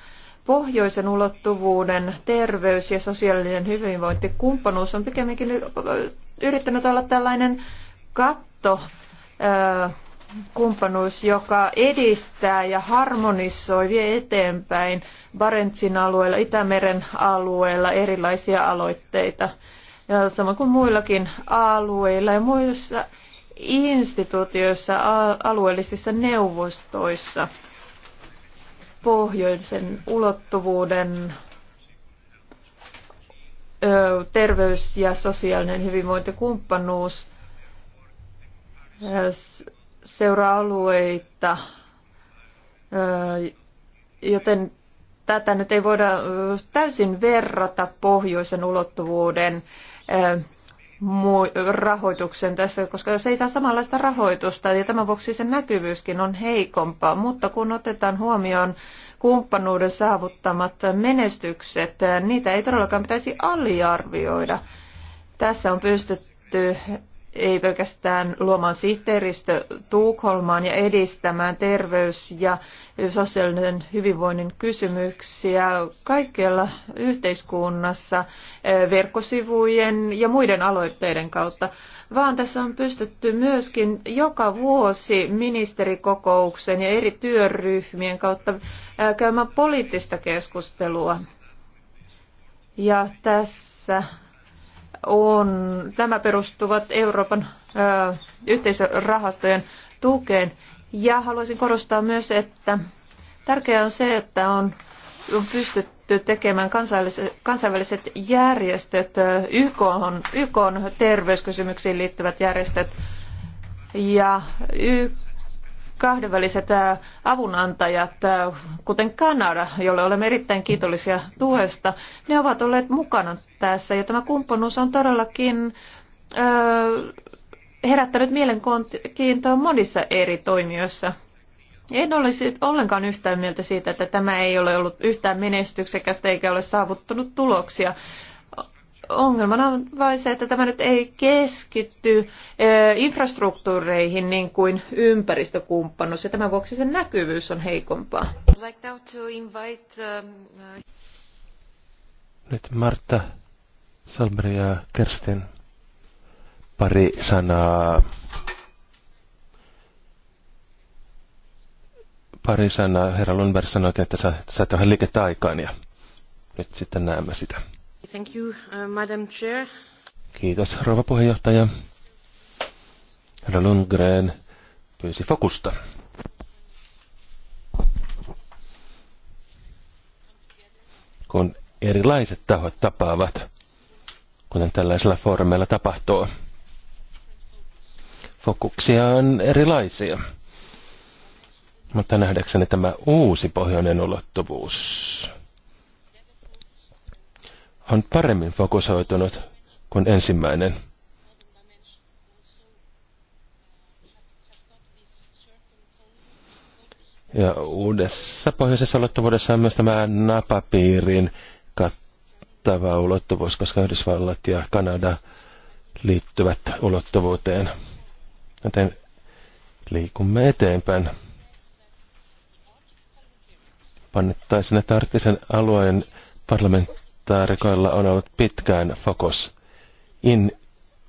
Pohjoisen ulottuvuuden terveys ja sosiaalinen hyvinvointikumppanuus on pikemminkin yrittänyt olla tällainen katto kumppanuus, joka edistää ja harmonisoi, vie eteenpäin Barentsin alueella, Itämeren alueella erilaisia aloitteita – ja sama kuin muillakin alueilla ja muissa instituutioissa, alueellisissa neuvostoissa pohjoisen ulottuvuuden terveys- ja sosiaalinen hyvinvointikumppanuus seuraa alueita, joten tätä nyt ei voida täysin verrata pohjoisen ulottuvuuden rahoituksen tässä, koska se ei saa samanlaista rahoitusta ja tämän vuoksi sen näkyvyyskin on heikompaa. Mutta kun otetaan huomioon kumppanuuden saavuttamat menestykset, niitä ei todellakaan pitäisi aliarvioida. Tässä on pystytty ei pelkästään luomaan sihteeristö Tukholmaan ja edistämään terveys- ja sosiaalinen hyvinvoinnin kysymyksiä kaikkialla yhteiskunnassa eh, verkkosivujen ja muiden aloitteiden kautta, vaan tässä on pystytty myöskin joka vuosi ministerikokouksen ja eri työryhmien kautta eh, käymään poliittista keskustelua. Ja tässä on, nämä perustuvat Euroopan ö, yhteisörahastojen tukeen. Ja haluaisin korostaa myös, että tärkeää on se, että on, on pystytty tekemään kansainväliset, kansainväliset järjestöt, YK on, YK on terveyskysymyksiin liittyvät järjestöt ja YK kahdenväliset avunantajat, kuten Kanada, jolle olemme erittäin kiitollisia tuesta, ne ovat olleet mukana tässä. Ja tämä kumppanuus on todellakin herättänyt mielenkiintoa monissa eri toimijoissa. En olisi ollenkaan yhtään mieltä siitä, että tämä ei ole ollut yhtään menestyksekästä eikä ole saavuttanut tuloksia ongelmana on vain se, että tämä nyt ei keskitty infrastruktuureihin niin kuin ympäristökumppanuus, ja tämän vuoksi sen näkyvyys on heikompaa. Um, uh, nyt Marta Salmeri ja Kerstin pari sanaa. Pari sanaa. Herra Lundberg sanoi, että saat, sä liikettä aikaan ja nyt sitten näemme sitä. Thank you, uh, Madam Chair. Kiitos, rouva puheenjohtaja. Herra Lundgren pyysi fokusta. Kun erilaiset tahot tapaavat, kuten tällaisella foorumeilla tapahtuu. Fokuksia on erilaisia. Mutta nähdäkseni tämä uusi pohjoinen ulottuvuus on paremmin fokusoitunut kuin ensimmäinen. Ja uudessa pohjoisessa ulottuvuudessa on myös tämä napapiirin kattava ulottuvuus, koska Yhdysvallat ja Kanada liittyvät ulottuvuuteen. Joten liikumme eteenpäin. Pannettaisiin, että arktisen alueen parlamentti parlamentaarikoilla on ollut pitkään fokus in,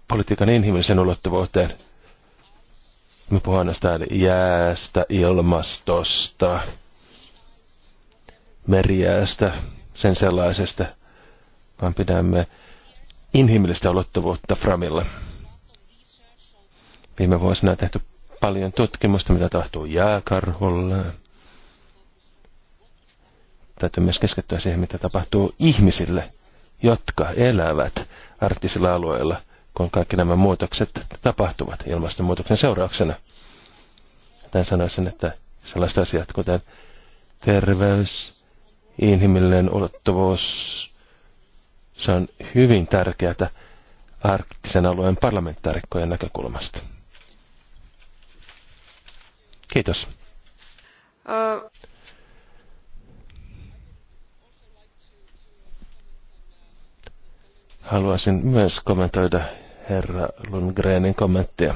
politiikan inhimillisen ulottuvuuteen. Me puhumme näistä jäästä, ilmastosta, merijäästä, sen sellaisesta, vaan pidämme inhimillistä ulottuvuutta Framilla. Viime vuosina on tehty paljon tutkimusta, mitä tapahtuu jääkarhulle, täytyy myös keskittyä siihen, mitä tapahtuu ihmisille, jotka elävät arktisilla alueilla, kun kaikki nämä muutokset tapahtuvat ilmastonmuutoksen seurauksena. Tämän sanoisin, että sellaiset asiat kuten terveys, inhimillinen ulottuvuus, se on hyvin tärkeää arktisen alueen parlamentaarikkojen näkökulmasta. Kiitos. Uh. Haluaisin myös kommentoida herra Lundgrenin kommenttia.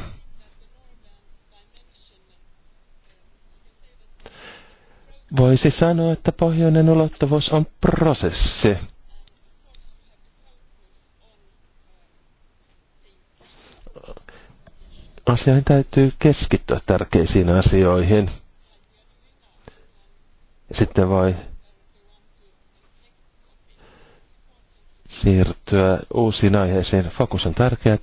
Voisi sanoa, että pohjoinen ulottuvuus on prosessi. Asioihin täytyy keskittyä tärkeisiin asioihin. Sitten voi siirtyä uusiin aiheisiin. Fokus on tärkeää.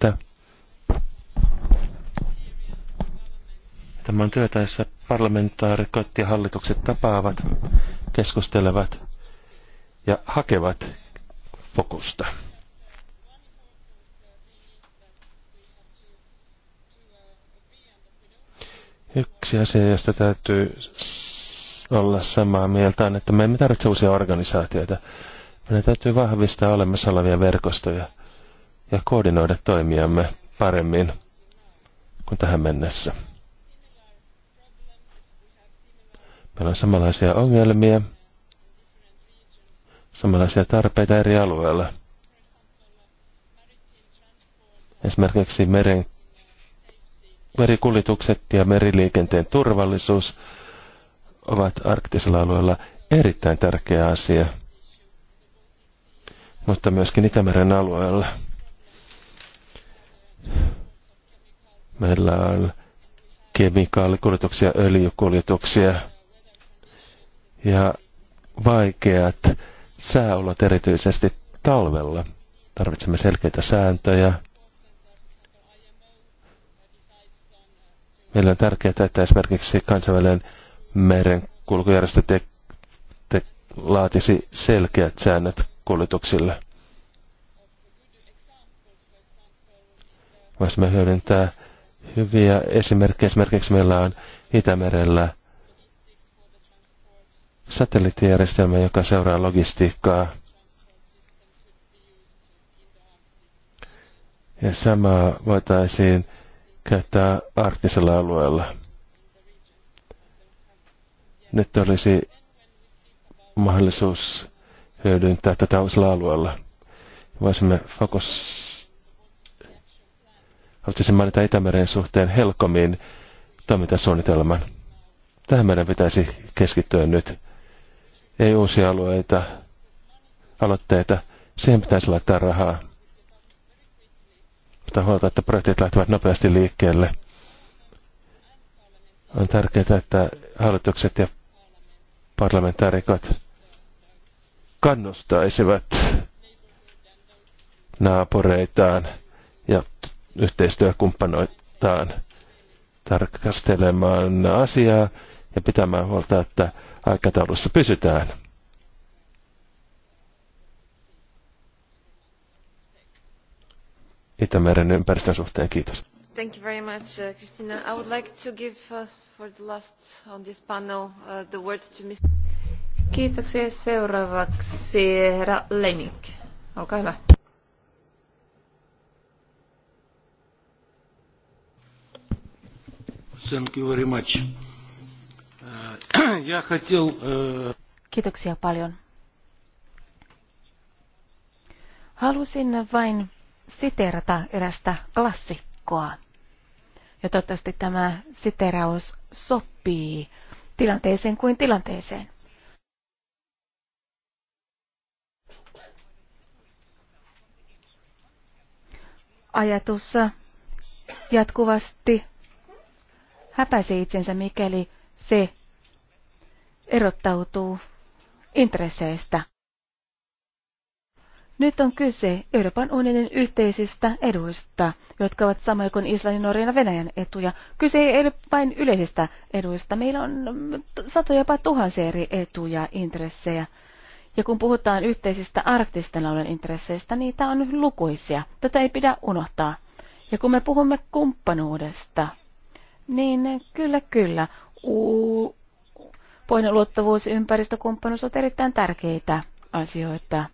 Tämän työtäessä parlamentaarikot ja hallitukset tapaavat, keskustelevat ja hakevat fokusta. Yksi asia, josta täytyy olla samaa mieltä, on, että me emme tarvitse uusia organisaatioita meidän täytyy vahvistaa olemassa olevia verkostoja ja koordinoida toimiamme paremmin kuin tähän mennessä. Meillä on samanlaisia ongelmia, samanlaisia tarpeita eri alueilla. Esimerkiksi meren, merikuljetukset ja meriliikenteen turvallisuus ovat arktisella alueella erittäin tärkeä asia – mutta myöskin Itämeren alueella. Meillä on kemikaalikuljetuksia, öljykuljetuksia ja vaikeat sääolot erityisesti talvella. Tarvitsemme selkeitä sääntöjä. Meillä on tärkeää, että esimerkiksi kansainvälinen merenkulkujärjestö te- te- laatisi selkeät säännöt kuljetuksille. Voisimme hyödyntää hyviä esimerkkejä. Esimerkiksi meillä on Itämerellä satelliittijärjestelmä, joka seuraa logistiikkaa. Ja samaa voitaisiin käyttää arktisella alueella. Nyt olisi mahdollisuus hyödyntää tätä uusilla alueella. Voisimme fokus... Haluaisin mainita Itämeren suhteen helkomin toimintasuunnitelman. Tähän meidän pitäisi keskittyä nyt. Ei uusia alueita, aloitteita. Siihen pitäisi laittaa rahaa. Mutta huolta, että projektit lähtevät nopeasti liikkeelle. On tärkeää, että hallitukset ja parlamentaarikot kannustaisivat naapureitaan ja yhteistyökumppanoitaan tarkastelemaan asiaa ja pitämään huolta, että aikataulussa pysytään. Itämeren ympäristön suhteen. Kiitos. Thank you very much, uh, Christina. I would like to give uh, for the last on this panel uh, the word to Mr. Kiitoksia. Seuraavaksi herra Lenik. Olkaa hyvä. Thank you very much. Я uh, хотел... Э, Kiitoksia paljon. Halusin vain siterata erästä klassikkoa. Ja toivottavasti tämä siteraus sopii tilanteeseen kuin tilanteeseen. ajatus jatkuvasti häpäisi itsensä, mikäli se erottautuu intresseistä. Nyt on kyse Euroopan unionin yhteisistä eduista, jotka ovat samoja kuin Islannin, Norjan ja Venäjän etuja. Kyse ei ole vain yleisistä eduista. Meillä on satoja jopa tuhansia eri etuja, intressejä. Ja kun puhutaan yhteisistä arktisten alueen intresseistä, niitä on lukuisia. Tätä ei pidä unohtaa. Ja kun me puhumme kumppanuudesta, niin kyllä, kyllä. U- luottavuus ja ympäristökumppanuus ovat erittäin tärkeitä asioita.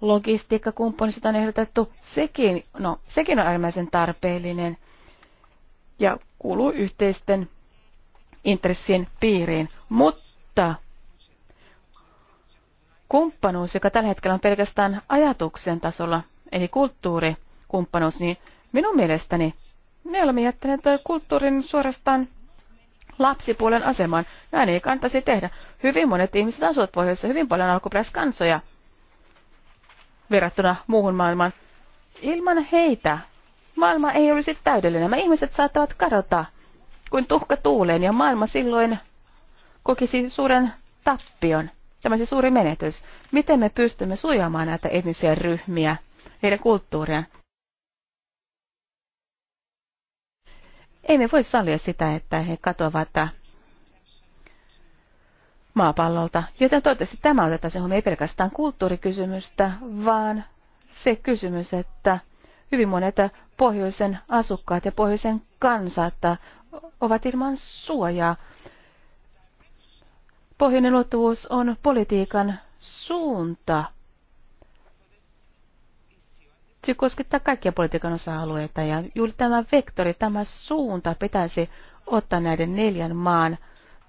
Logistiikkakumppanista on ehdotettu, sekin, no, sekin on äärimmäisen tarpeellinen ja kuuluu yhteisten intressien piiriin. Mutta kumppanuus, joka tällä hetkellä on pelkästään ajatuksen tasolla, eli kulttuurikumppanuus, niin minun mielestäni me olemme jättäneet kulttuurin suorastaan lapsipuolen asemaan. Näin ei kantaisi tehdä. Hyvin monet ihmiset asuvat pohjoissa hyvin paljon alkuperäiskansoja verrattuna muuhun maailmaan. Ilman heitä maailma ei olisi täydellinen. Nämä ihmiset saattavat kadota kuin tuhka tuuleen ja maailma silloin kokisi suuren tappion. Tämä on se suuri menetys. Miten me pystymme suojaamaan näitä etnisiä ryhmiä, heidän kulttuuriaan? Ei me voi sallia sitä, että he katoavat maapallolta. Joten toivottavasti tämä otetaan huomioon ei pelkästään kulttuurikysymystä, vaan se kysymys, että hyvin monet pohjoisen asukkaat ja pohjoisen kansat ovat ilman suojaa Pohjoinen luottavuus on politiikan suunta. Se koskettaa kaikkia politiikan osa-alueita ja juuri tämä vektori, tämä suunta pitäisi ottaa näiden neljän maan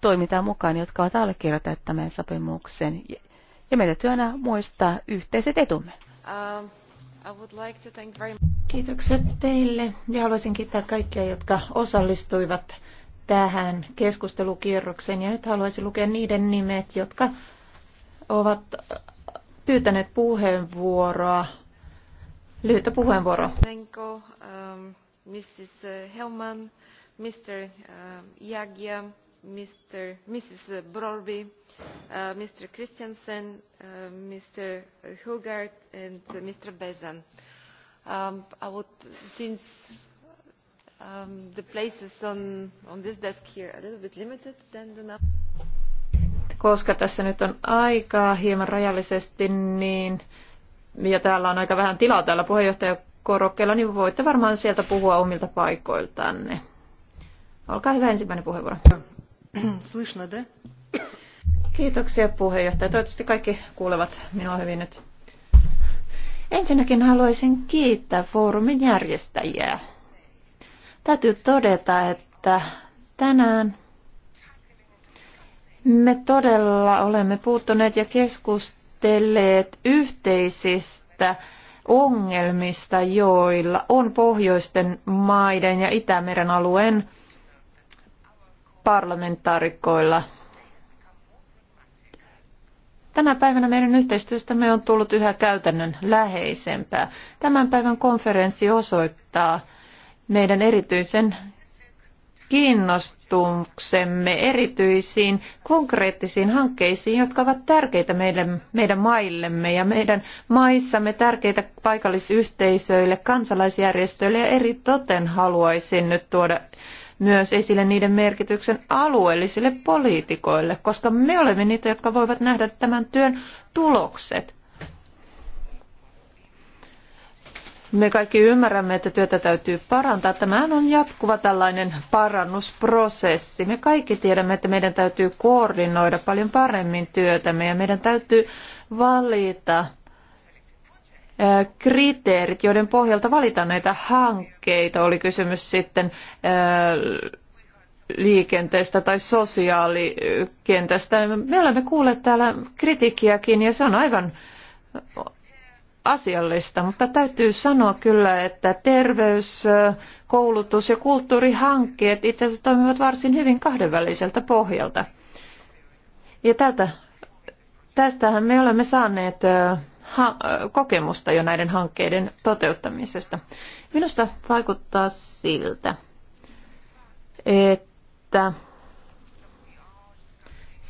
toimintaa mukaan, jotka ovat allekirjoittaneet tämän sopimuksen. Ja meidän työnä muistaa yhteiset etumme. Uh, like very... Kiitokset teille ja haluaisin kiittää kaikkia, jotka osallistuivat tähän keskustelukierrokseen. Ja nyt haluaisin lukea niiden nimet, jotka ovat pyytäneet puheenvuoroa. Lyhyttä puheenvuoroa. Senko, um, ähm, Mrs. Äh, Hellman, Mr. Jagia, Mr. Mrs. Brorby, uh, äh, Mr. Christiansen, uh, äh, Mr. Hugard and Mr. Bezan. Um, I would, since Um, the places on, on this desk here a little bit limited than the number. Koska tässä nyt on aikaa hieman rajallisesti, niin ja täällä on aika vähän tilaa täällä puheenjohtajakorokkeella, niin voitte varmaan sieltä puhua omilta paikoiltanne. Olkaa hyvä ensimmäinen puheenvuoro. Kiitoksia puheenjohtaja. Toivottavasti kaikki kuulevat minua hyvin nyt. Ensinnäkin haluaisin kiittää foorumin järjestäjiä Täytyy todeta, että tänään me todella olemme puuttuneet ja keskustelleet yhteisistä ongelmista, joilla on pohjoisten maiden ja Itämeren alueen parlamentaarikoilla. Tänä päivänä meidän yhteistyöstämme on tullut yhä käytännön läheisempää. Tämän päivän konferenssi osoittaa, meidän erityisen kiinnostuksemme erityisiin konkreettisiin hankkeisiin, jotka ovat tärkeitä meidän, meidän maillemme ja meidän maissamme tärkeitä paikallisyhteisöille, kansalaisjärjestöille ja eri toten haluaisin nyt tuoda myös esille niiden merkityksen alueellisille poliitikoille, koska me olemme niitä, jotka voivat nähdä tämän työn tulokset. Me kaikki ymmärrämme, että työtä täytyy parantaa. Tämähän on jatkuva tällainen parannusprosessi. Me kaikki tiedämme, että meidän täytyy koordinoida paljon paremmin työtämme ja meidän täytyy valita kriteerit, joiden pohjalta valitaan näitä hankkeita. Oli kysymys sitten liikenteestä tai sosiaalikentästä. Me olemme kuulleet täällä kritiikkiäkin ja se on aivan asiallista, mutta täytyy sanoa kyllä, että terveys, koulutus ja kulttuurihankkeet itse asiassa toimivat varsin hyvin kahdenväliseltä pohjalta. Ja tältä, tästähän me olemme saaneet kokemusta jo näiden hankkeiden toteuttamisesta. Minusta vaikuttaa siltä, että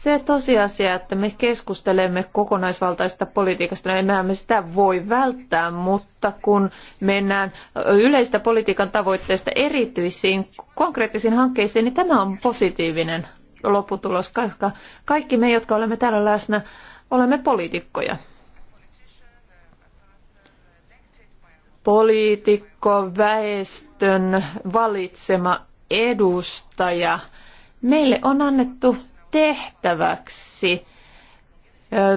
se tosiasia, että me keskustelemme kokonaisvaltaisesta politiikasta, no enää me sitä voi välttää, mutta kun mennään yleistä politiikan tavoitteista erityisiin konkreettisiin hankkeisiin, niin tämä on positiivinen lopputulos, koska kaikki me, jotka olemme täällä läsnä, olemme poliitikkoja. Poliitikko, väestön valitsema edustaja. Meille on annettu tehtäväksi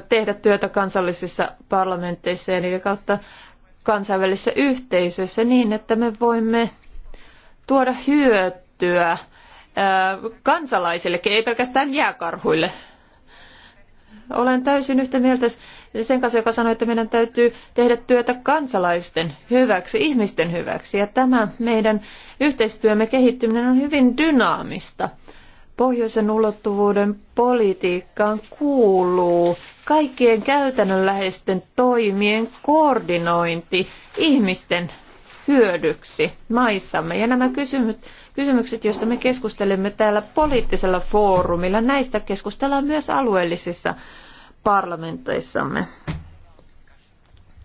tehdä työtä kansallisissa parlamenteissa ja niiden kautta kansainvälisessä yhteisöissä niin, että me voimme tuoda hyötyä kansalaisillekin, ei pelkästään jääkarhuille. Olen täysin yhtä mieltä sen kanssa, joka sanoi, että meidän täytyy tehdä työtä kansalaisten hyväksi, ihmisten hyväksi. Ja tämä meidän yhteistyömme kehittyminen on hyvin dynaamista – pohjoisen ulottuvuuden politiikkaan kuuluu kaikkien käytännönläheisten toimien koordinointi ihmisten hyödyksi maissamme. Ja nämä kysymykset, joista me keskustelemme täällä poliittisella foorumilla, näistä keskustellaan myös alueellisissa parlamenteissamme.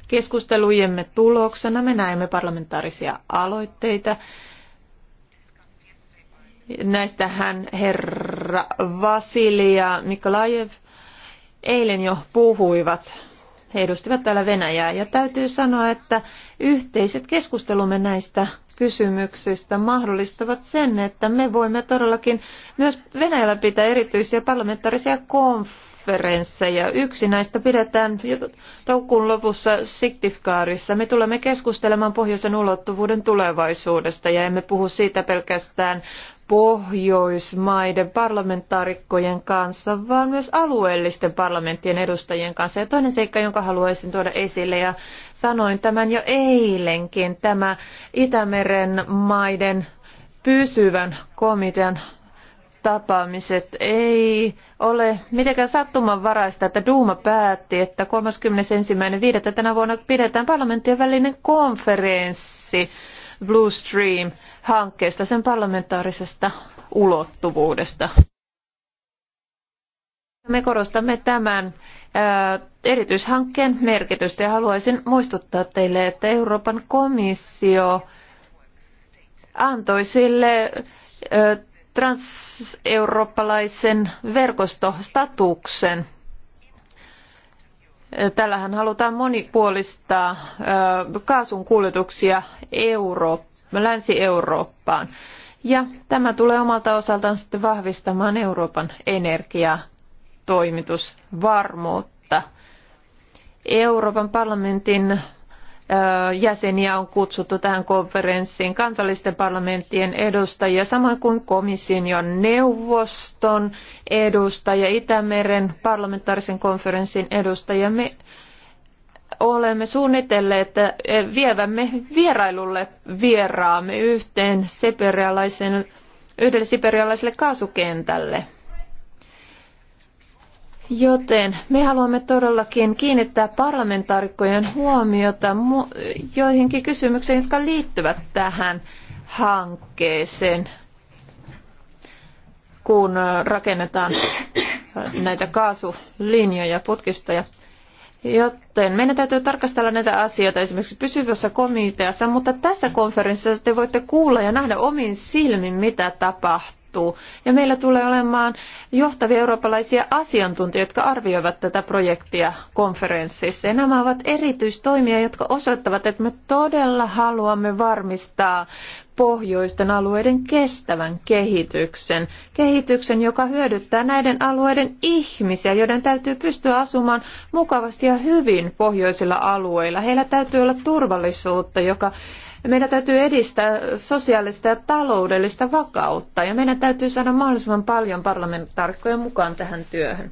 Keskustelujemme tuloksena me näemme parlamentaarisia aloitteita, Näistähän herra Vasili ja Mikolajev eilen jo puhuivat. He edustivat täällä Venäjää ja täytyy sanoa, että yhteiset keskustelumme näistä kysymyksistä mahdollistavat sen, että me voimme todellakin myös Venäjällä pitää erityisiä parlamentaarisia konferensseja. Yksi näistä pidetään toukokuun lopussa Siktifkaarissa. Me tulemme keskustelemaan pohjoisen ulottuvuuden tulevaisuudesta ja emme puhu siitä pelkästään Pohjoismaiden parlamentaarikkojen kanssa, vaan myös alueellisten parlamenttien edustajien kanssa. Ja toinen seikka, jonka haluaisin tuoda esille, ja sanoin tämän jo eilenkin, tämä Itämeren maiden pysyvän komitean tapaamiset ei ole mitenkään sattumanvaraista, että Duuma päätti, että 31.5. tänä vuonna pidetään parlamenttien välinen konferenssi Blue Stream-hankkeesta, sen parlamentaarisesta ulottuvuudesta. Me korostamme tämän äh, erityishankkeen merkitystä ja haluaisin muistuttaa teille, että Euroopan komissio antoi sille äh, transeurooppalaisen verkostostatuksen Tällähän halutaan monipuolistaa kaasun kuljetuksia Länsi-Eurooppaan. Ja tämä tulee omalta osaltaan sitten vahvistamaan Euroopan energiatoimitusvarmuutta. Euroopan parlamentin jäseniä on kutsuttu tähän konferenssiin, kansallisten parlamenttien edustajia, samoin kuin komission ja neuvoston edustajia, Itämeren parlamentaarisen konferenssin edustajia. Me olemme suunnitelleet, että vievämme vierailulle vieraamme yhteen siperialaisen, yhdelle siperialaiselle kaasukentälle. Joten me haluamme todellakin kiinnittää parlamentaarikkojen huomiota joihinkin kysymyksiin, jotka liittyvät tähän hankkeeseen, kun rakennetaan näitä kaasulinjoja, putkistoja. Joten meidän täytyy tarkastella näitä asioita esimerkiksi pysyvässä komiteassa, mutta tässä konferenssissa te voitte kuulla ja nähdä omin silmin, mitä tapahtuu muuttuu. Ja meillä tulee olemaan johtavia eurooppalaisia asiantuntijoita, jotka arvioivat tätä projektia konferenssissa. Ja nämä ovat erityistoimia, jotka osoittavat, että me todella haluamme varmistaa pohjoisten alueiden kestävän kehityksen. Kehityksen, joka hyödyttää näiden alueiden ihmisiä, joiden täytyy pystyä asumaan mukavasti ja hyvin pohjoisilla alueilla. Heillä täytyy olla turvallisuutta, joka meidän täytyy edistää sosiaalista ja taloudellista vakautta ja meidän täytyy saada mahdollisimman paljon parlamentaarikkoja mukaan tähän työhön.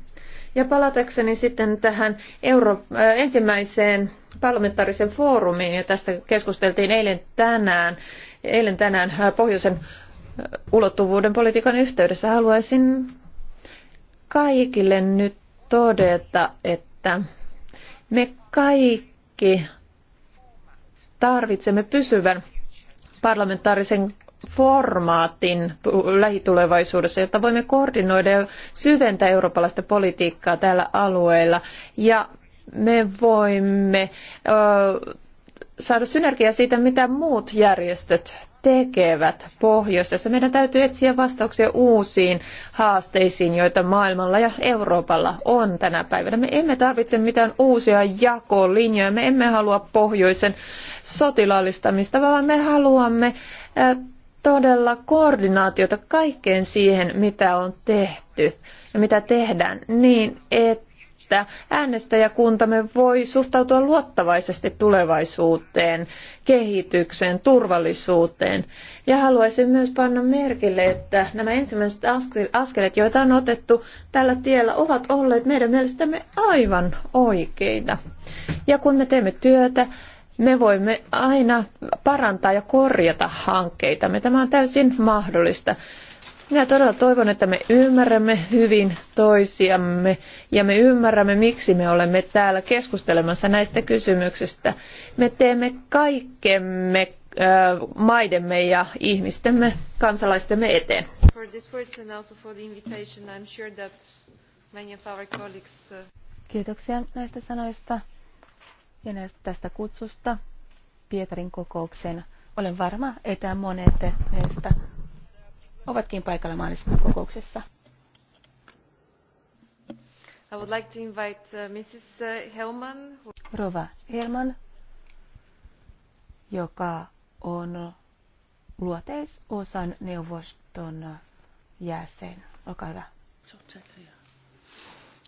Ja palatakseni sitten tähän Euro- äh, ensimmäiseen parlamentaarisen foorumiin, ja tästä keskusteltiin eilen tänään, eilen tänään äh, pohjoisen äh, ulottuvuuden politiikan yhteydessä, haluaisin kaikille nyt todeta, että me kaikki tarvitsemme pysyvän parlamentaarisen formaatin lähitulevaisuudessa, jotta voimme koordinoida ja syventää eurooppalaista politiikkaa tällä alueella. Ja me voimme saada synergiaa siitä, mitä muut järjestöt tekevät pohjoisessa. Meidän täytyy etsiä vastauksia uusiin haasteisiin, joita maailmalla ja Euroopalla on tänä päivänä. Me emme tarvitse mitään uusia jakolinjoja, me emme halua pohjoisen sotilaallistamista, vaan me haluamme todella koordinaatiota kaikkeen siihen, mitä on tehty ja mitä tehdään, niin että että äänestäjäkuntamme voi suhtautua luottavaisesti tulevaisuuteen, kehitykseen, turvallisuuteen. Ja haluaisin myös panna merkille, että nämä ensimmäiset askeleet, joita on otettu tällä tiellä, ovat olleet meidän mielestämme aivan oikeita. Ja kun me teemme työtä, me voimme aina parantaa ja korjata hankkeitamme. Tämä on täysin mahdollista. Minä todella toivon, että me ymmärrämme hyvin toisiamme ja me ymmärrämme, miksi me olemme täällä keskustelemassa näistä kysymyksistä. Me teemme kaikkemme maidemme ja ihmistemme, kansalaistemme eteen. Uh, Kiitoksia näistä sanoista ja näistä tästä kutsusta Pietarin kokoukseen. Olen varma, että monet meistä ovatkin paikalla maaliskuun kokouksessa. I would like to invite uh, Mrs. Uh, Hellman. Rova Helman, joka on luoteisosan neuvoston uh, jäsen. Olkaa hyvä.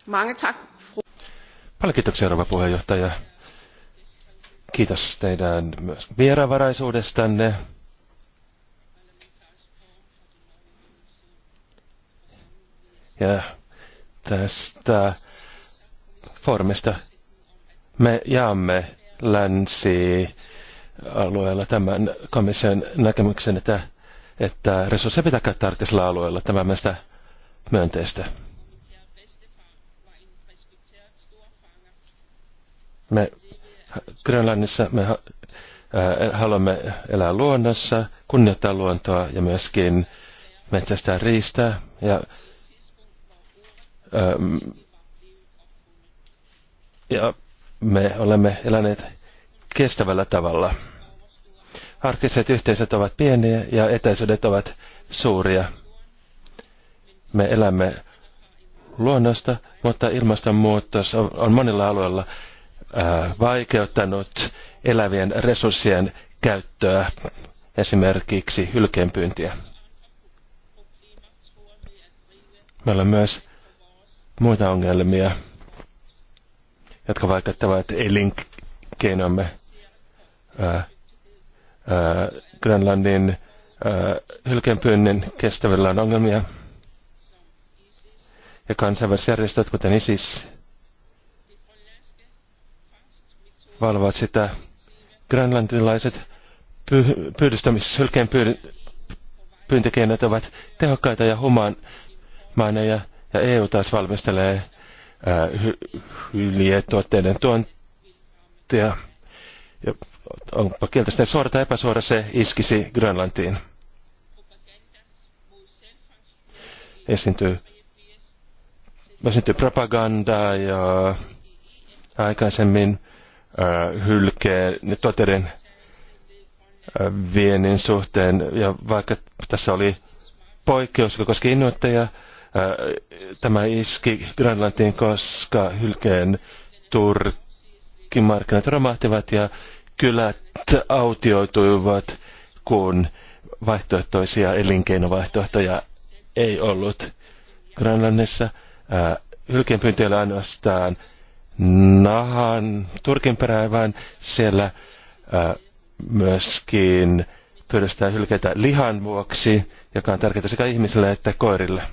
Mange tak. Paljon kiitoksia, rouva puheenjohtaja. Kiitos teidän vieraanvaraisuudestanne. ja tästä foorumista. Me jaamme länsialueella tämän komission näkemyksen, että, että resursseja pitää käyttää arktisella alueella. Tämä on myönteistä. Me Grönlannissa me haluamme elää luonnossa, kunnioittaa luontoa ja myöskin metsästää riistää ja ja me olemme eläneet kestävällä tavalla. Arktiset yhteisöt ovat pieniä ja etäisyydet ovat suuria. Me elämme luonnosta, mutta ilmastonmuutos on monilla alueilla vaikeuttanut elävien resurssien käyttöä, esimerkiksi hylkeenpyyntiä. Meillä on myös muita ongelmia, jotka vaikuttavat elinkeinomme. Grönlannin hylkeenpyynnin kestävillä on ongelmia. Ja kansainvälisjärjestöt, kuten ISIS, valvovat sitä. Grönlantilaiset py- pyydystämis- hylkeen ovat tehokkaita ja maaneja. Ja EU taas valmistelee hyljetuotteiden tuontia. Ja onpa kielteistä suora tai epäsuora, se iskisi Grönlantiin. Esiintyy, esiintyy propagandaa ja aikaisemmin äh, hylkee tuotteiden äh, viennin suhteen. Ja vaikka tässä oli poikkeus, joka koski innoittajia, Tämä iski Grönlantiin, koska hylkeen turkimarkkinat romahtivat ja kylät autioituivat, kun vaihtoehtoisia elinkeinovaihtoehtoja ei ollut Grönlannissa. Hylkeenpyynti oli ainoastaan nahan perään, vaan siellä ää, myöskin pyydetään hylkeitä lihan vuoksi, joka on tärkeää sekä ihmisille että koirille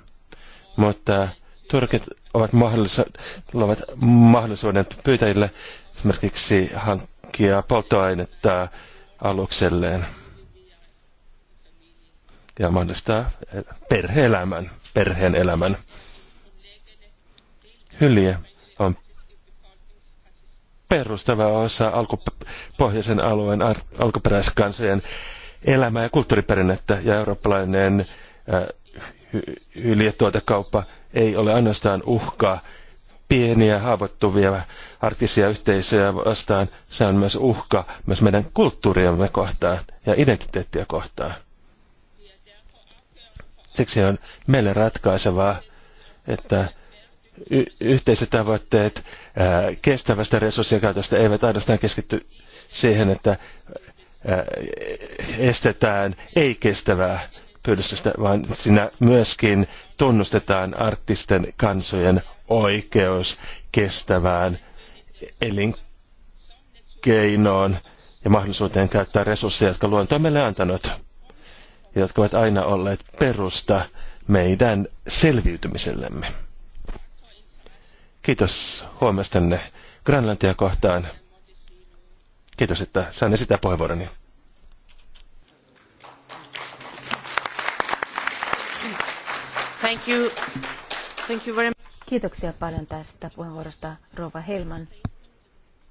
mutta turkit ovat mahdollisuudet, mahdollisuuden pyytäjille esimerkiksi hankkia polttoainetta alukselleen ja mahdollistaa perhe-elämän, perheen elämän. Hylje on perustava osa alkupohjaisen alueen alkuperäiskansojen elämää ja kulttuuriperinnettä ja eurooppalainen äh, yli- ei ole ainoastaan uhkaa pieniä haavoittuvia arktisia yhteisöjä vastaan, se on myös uhka myös meidän kulttuuriamme kohtaan ja identiteettiä kohtaan. Siksi on meille ratkaisevaa, että y- yhteiset tavoitteet ää, kestävästä resurssien käytöstä eivät ainoastaan keskitty siihen, että ää, estetään ei-kestävää pyydystystä, vaan siinä myöskin tunnustetaan arktisten kansojen oikeus kestävään elinkeinoon ja mahdollisuuteen käyttää resursseja, jotka luonto on meille antanut ja jotka ovat aina olleet perusta meidän selviytymisellemme. Kiitos huomestanne Grönlantia kohtaan. Kiitos, että sain esittää puheenvuoroni. Kiitoksia paljon tästä puheenvuorosta, rouva Helman,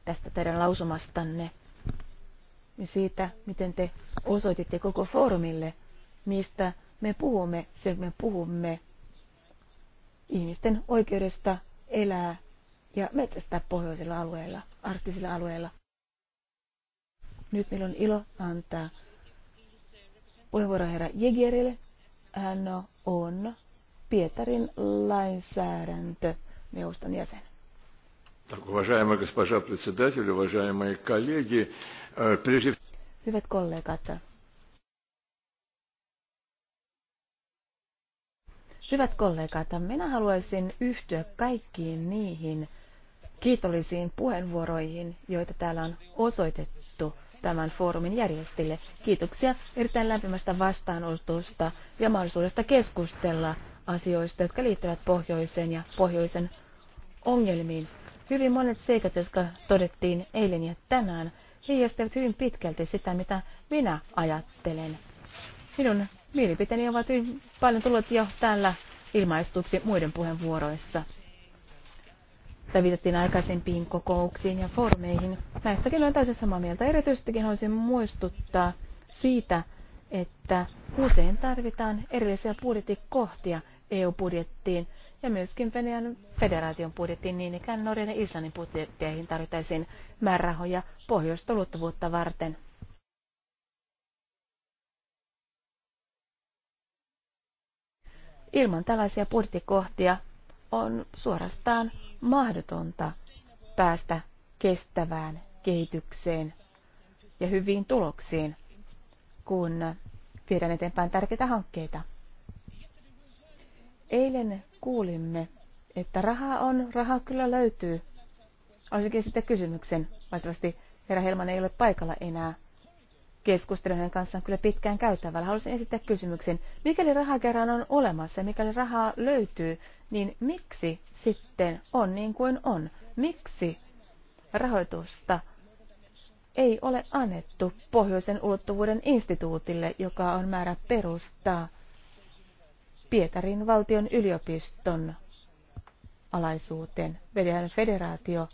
tästä teidän lausumastanne ja siitä, miten te osoititte koko foorumille, mistä me puhumme, se me puhumme ihmisten oikeudesta elää ja metsästää pohjoisilla alueilla, arktisilla alueilla. Nyt meillä on ilo antaa puheenvuoro herra Jegerille. Hän on Pietarin lainsäädäntöneuvoston jäsen. Э, Hyvät kollegat, Hyvät kollegat, minä haluaisin yhtyä kaikkiin niihin kiitollisiin puheenvuoroihin, joita täällä on osoitettu tämän foorumin järjestille. Kiitoksia erittäin lämpimästä vastaanotosta ja mahdollisuudesta keskustella asioista, jotka liittyvät pohjoiseen ja pohjoisen ongelmiin. Hyvin monet seikat, jotka todettiin eilen ja tänään, heijastavat hyvin pitkälti sitä, mitä minä ajattelen. Minun mielipiteeni ovat hyvin paljon tullut jo täällä ilmaistuksi muiden puheenvuoroissa. Tämä viitattiin aikaisempiin kokouksiin ja formeihin. Näistäkin olen täysin samaa mieltä. Erityisestikin haluaisin muistuttaa siitä, että usein tarvitaan erillisiä budjettikohtia, EU-budjettiin ja myöskin Venäjän federaation budjettiin, niin ikään Norjan ja Islannin budjetteihin tarvittaisiin määrärahoja pohjoista luottavuutta varten. Ilman tällaisia budjettikohtia on suorastaan mahdotonta päästä kestävään kehitykseen ja hyviin tuloksiin, kun viedään eteenpäin tärkeitä hankkeita. Eilen kuulimme, että rahaa on, rahaa kyllä löytyy. Olisikin sitten kysymyksen. Valitettavasti herra Helman ei ole paikalla enää. Keskustelin hänen kanssaan kyllä pitkään käytävällä. Haluaisin esittää kysymyksen. Mikäli rahaa kerran on olemassa ja mikäli rahaa löytyy, niin miksi sitten on niin kuin on? Miksi rahoitusta ei ole annettu pohjoisen ulottuvuuden instituutille, joka on määrä perustaa Pietarin valtion yliopiston alaisuuteen. Venäjän federaatio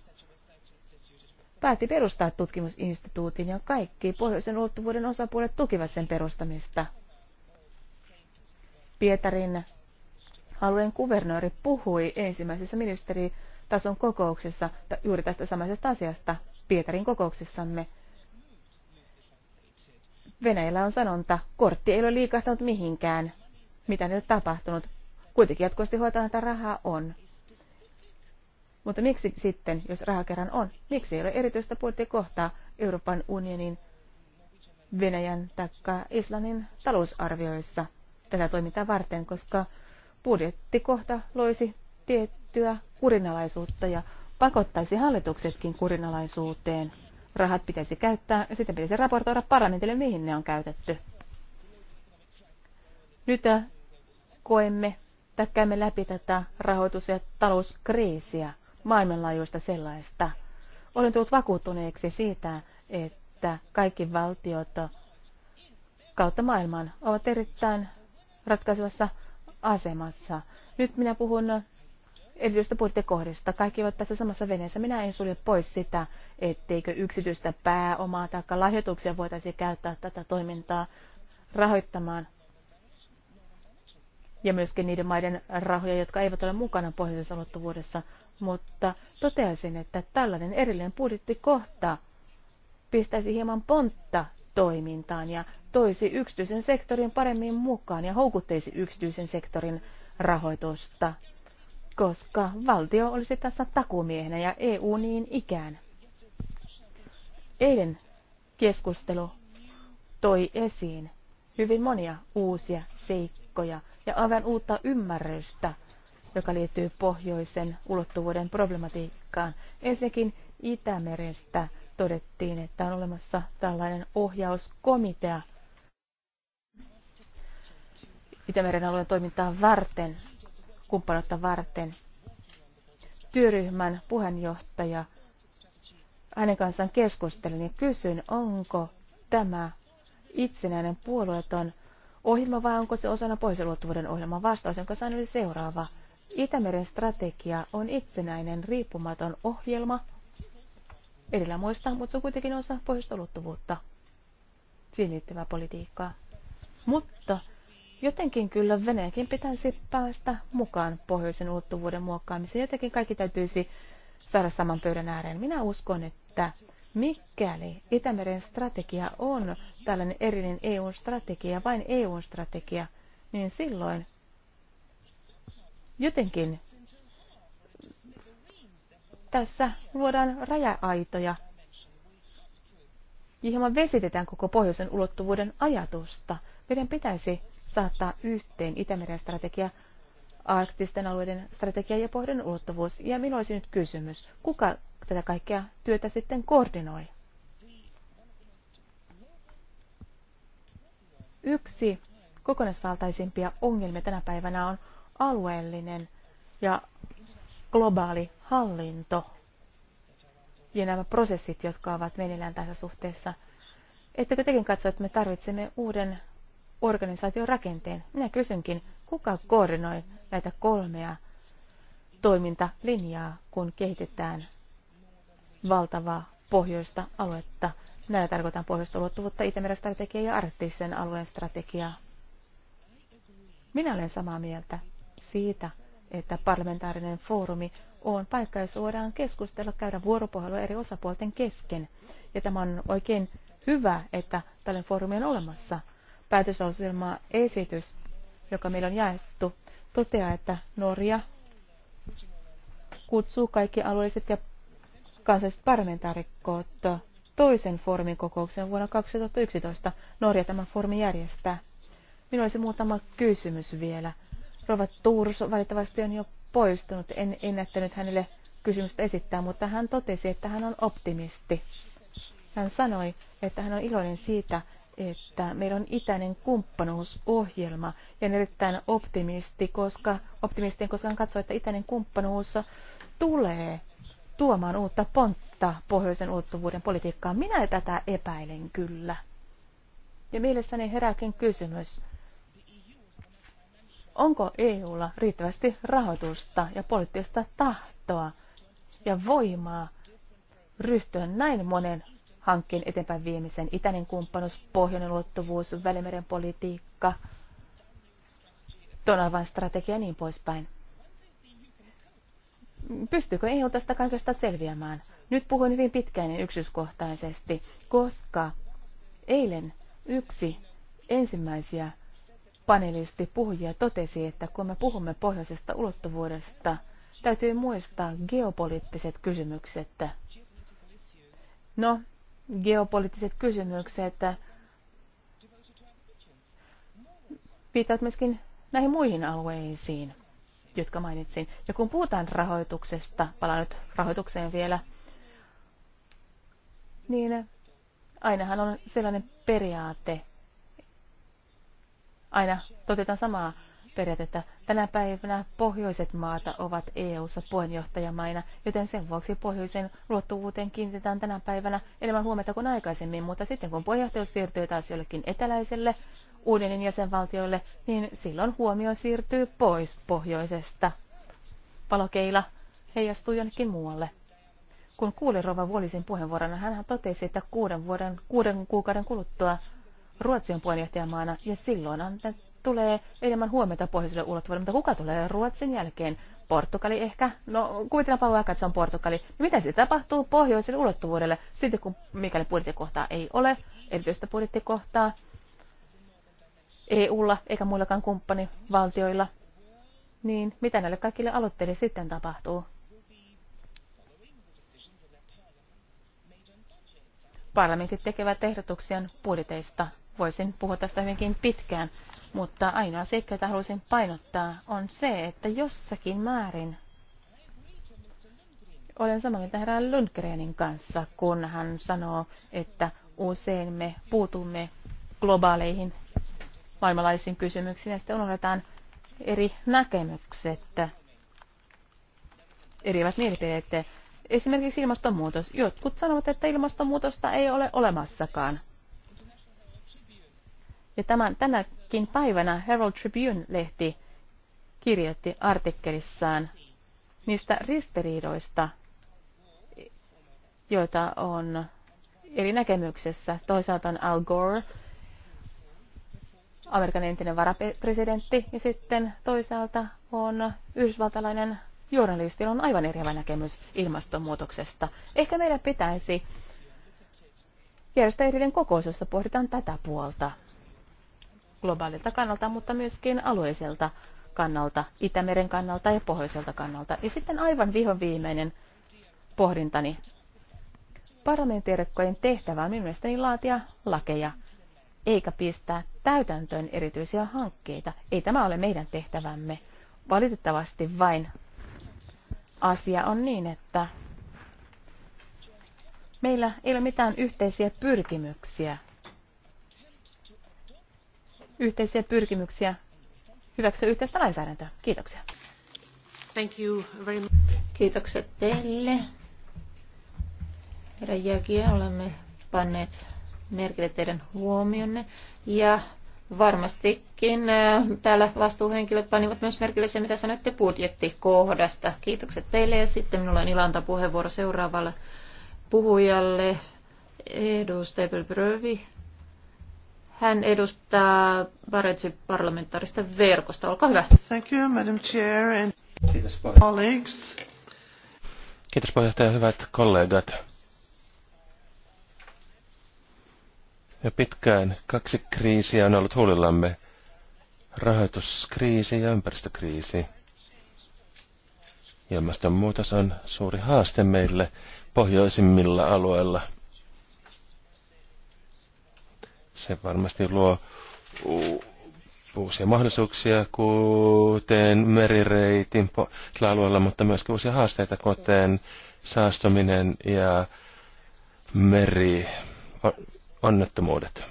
päätti perustaa tutkimusinstituutin ja kaikki pohjoisen ulottuvuuden osapuolet tukivat sen perustamista. Pietarin alueen kuvernööri puhui ensimmäisessä ministeritason kokouksessa juuri tästä samaisesta asiasta Pietarin kokouksessamme. Venäjällä on sanonta, kortti ei ole liikahtanut mihinkään mitä nyt tapahtunut. Kuitenkin jatkuvasti hoitaa, että rahaa on. Mutta miksi sitten, jos raha kerran on, miksi ei ole erityistä kohtaa Euroopan unionin, Venäjän tai Islannin talousarvioissa tätä toimintaa varten, koska budjettikohta loisi tiettyä kurinalaisuutta ja pakottaisi hallituksetkin kurinalaisuuteen. Rahat pitäisi käyttää ja sitten pitäisi raportoida parlamentille, mihin ne on käytetty. Nyt koemme tai käymme läpi tätä rahoitus- ja talouskriisiä, maailmanlaajuista sellaista. Olen tullut vakuuttuneeksi siitä, että kaikki valtiot kautta maailman ovat erittäin ratkaisevassa asemassa. Nyt minä puhun erityistä budjettikohdista. Kaikki ovat tässä samassa veneessä. Minä en sulje pois sitä, etteikö yksityistä pääomaa tai lahjoituksia voitaisiin käyttää tätä toimintaa rahoittamaan ja myöskin niiden maiden rahoja, jotka eivät ole mukana pohjoisessa ulottuvuudessa, mutta toteaisin, että tällainen erillinen budjettikohta pistäisi hieman pontta toimintaan ja toisi yksityisen sektorin paremmin mukaan ja houkutteisi yksityisen sektorin rahoitusta, koska valtio olisi tässä takumiehenä ja EU niin ikään. Eilen keskustelu toi esiin hyvin monia uusia seikkoja viikkoja ja aivan uutta ymmärrystä, joka liittyy pohjoisen ulottuvuuden problematiikkaan. Ensinnäkin Itämerestä todettiin, että on olemassa tällainen ohjauskomitea Itämeren alueen toimintaa varten, kumppanuutta varten. Työryhmän puheenjohtaja, hänen kanssaan keskustelin ja kysyin, onko tämä itsenäinen puolueeton ohjelma vai onko se osana pohjoisen ohjelman vastaus, jonka sain oli seuraava. Itämeren strategia on itsenäinen riippumaton ohjelma, edellä muista, mutta se on kuitenkin osa pohjoista luottuvuutta. siihen liittyvää politiikkaa. Mutta jotenkin kyllä Venäjäkin pitäisi päästä mukaan pohjoisen ulottuvuuden muokkaamiseen. Jotenkin kaikki täytyisi saada saman pöydän ääreen. Minä uskon, että Mikäli Itämeren strategia on tällainen erillinen EU-strategia, vain EU-strategia, niin silloin jotenkin tässä luodaan raja-aitoja johon vesitetään koko pohjoisen ulottuvuuden ajatusta. Meidän pitäisi saattaa yhteen Itämeren strategia, arktisten alueiden strategia ja pohjoisen ulottuvuus. Ja minulla olisi nyt kysymys, kuka tätä kaikkea työtä sitten koordinoi. Yksi kokonaisvaltaisimpia ongelmia tänä päivänä on alueellinen ja globaali hallinto ja nämä prosessit, jotka ovat meneillään tässä suhteessa. Ettekö tekin katso, että me tarvitsemme uuden organisaation rakenteen? Minä kysynkin, kuka koordinoi näitä kolmea toimintalinjaa, kun kehitetään valtavaa pohjoista aluetta. Näillä tarkoitan pohjoista ulottuvuutta, Itämeren strategiaa ja arktisen alueen strategiaa. Minä olen samaa mieltä siitä, että parlamentaarinen foorumi on paikka, jossa voidaan keskustella, käydä vuoropuhelua eri osapuolten kesken. Ja tämä on oikein hyvä, että tällainen foorumi on olemassa. Päätöslauselma esitys, joka meillä on jaettu, toteaa, että Norja kutsuu kaikki alueelliset ja kansalliset parlamentaarikot toisen foorumin kokouksen vuonna 2011. Norja tämän foorumin järjestää. Minulla olisi muutama kysymys vielä. Rova Tuurus valitettavasti on jo poistunut. En ennättänyt hänelle kysymystä esittää, mutta hän totesi, että hän on optimisti. Hän sanoi, että hän on iloinen siitä, että meillä on itäinen kumppanuusohjelma ja on erittäin optimisti, koska, optimistien, koska hän katsoo, että itäinen kumppanuus tulee tuomaan uutta pontta pohjoisen ulottuvuuden politiikkaan. Minä tätä epäilen kyllä. Ja mielessäni herääkin kysymys, onko EUlla riittävästi rahoitusta ja poliittista tahtoa ja voimaa ryhtyä näin monen hankkeen eteenpäin viemisen itäinen kumppanuus, pohjoinen ulottuvuus, välimeren politiikka, tonavan strategia ja niin poispäin pystyykö EU tästä kaikesta selviämään? Nyt puhuin hyvin pitkään ja yksityiskohtaisesti, koska eilen yksi ensimmäisiä panelisti puhujia totesi, että kun me puhumme pohjoisesta ulottuvuudesta, täytyy muistaa geopoliittiset kysymykset. No, geopoliittiset kysymykset viittaat myöskin näihin muihin alueisiin jotka mainitsin. Ja kun puhutaan rahoituksesta, palaan nyt rahoitukseen vielä, niin ainahan on sellainen periaate, aina totetaan samaa periaatetta. Tänä päivänä pohjoiset maata ovat EU-ssa puheenjohtajamaina, joten sen vuoksi pohjoisen luottuvuuteen kiinnitetään tänä päivänä enemmän huomiota kuin aikaisemmin, mutta sitten kun puheenjohtajuus siirtyy taas jollekin eteläiselle unionin jäsenvaltioille, niin silloin huomio siirtyy pois pohjoisesta. Palokeila heijastuu jonnekin muualle. Kun kuulin Rova Vuolisin puheenvuorona, hän totesi, että kuuden, vuoden, kuuden kuukauden kuluttua Ruotsi on puheenjohtajamaana ja silloin tulee enemmän huomiota pohjoiselle ulottuvuudelle, mutta kuka tulee Ruotsin jälkeen? Portugali ehkä? No kuvitellaanpa vaikka, että se on Portugali. No, mitä se tapahtuu pohjoiselle ulottuvuudelle? Sitten kun mikäli budjettikohtaa ei ole, erityistä budjettikohtaa, EUlla eikä muillakaan kumppanivaltioilla, niin mitä näille kaikille aloitteille sitten tapahtuu? Parlamentit tekevät ehdotuksia budjeteista. Voisin puhua tästä hyvinkin pitkään, mutta ainoa seikka, jota haluaisin painottaa, on se, että jossakin määrin olen samaa mieltä herra Lundgrenin kanssa, kun hän sanoo, että usein me puutumme globaaleihin maailmanlaisiin kysymyksiin ja sitten unohdetaan eri näkemykset, erilaiset mielipiteet. Esimerkiksi ilmastonmuutos. Jotkut sanovat, että ilmastonmuutosta ei ole olemassakaan. Ja tämän, tänäkin päivänä Herald Tribune-lehti kirjoitti artikkelissaan niistä ristiriidoista, joita on eri näkemyksessä. Toisaalta on Al Gore, Amerikan entinen varapresidentti ja sitten toisaalta on yhdysvaltalainen journalistilla on aivan eriävä näkemys ilmastonmuutoksesta. Ehkä meidän pitäisi järjestää erillinen kokous, jossa pohditaan tätä puolta globaalilta kannalta, mutta myöskin alueiselta kannalta, Itämeren kannalta ja pohjoiselta kannalta. Ja sitten aivan vihon viimeinen pohdintani. Parlamentaarikkojen tehtävä on mielestäni laatia lakeja eikä pistää täytäntöön erityisiä hankkeita. Ei tämä ole meidän tehtävämme. Valitettavasti vain asia on niin, että meillä ei ole mitään yhteisiä pyrkimyksiä. Yhteisiä pyrkimyksiä hyväksyä yhteistä lainsäädäntöä. Kiitoksia. Thank you very much. Kiitokset teille. Herra Jäkiä, olemme panneet merkille teidän huomionne. Ja varmastikin äh, täällä vastuuhenkilöt panivat myös merkille se, mitä sanoitte budjettikohdasta. Kiitokset teille ja sitten minulla on ilanta puheenvuoro seuraavalle puhujalle, Edu Stebelbrövi. Hän edustaa Barentsin parlamentaarista verkosta. Olkaa hyvä. Thank you, Madam Chair and Kiitos, puheenjohtaja. Kiitos puheenjohtaja, hyvät kollegat. Ja pitkään kaksi kriisiä on ollut huulillamme. Rahoituskriisi ja ympäristökriisi. Ilmastonmuutos on suuri haaste meille pohjoisimmilla alueilla. Se varmasti luo uusia mahdollisuuksia, kuten merireitin alueella, mutta myös uusia haasteita, kuten saastuminen ja meri onnettomuudet.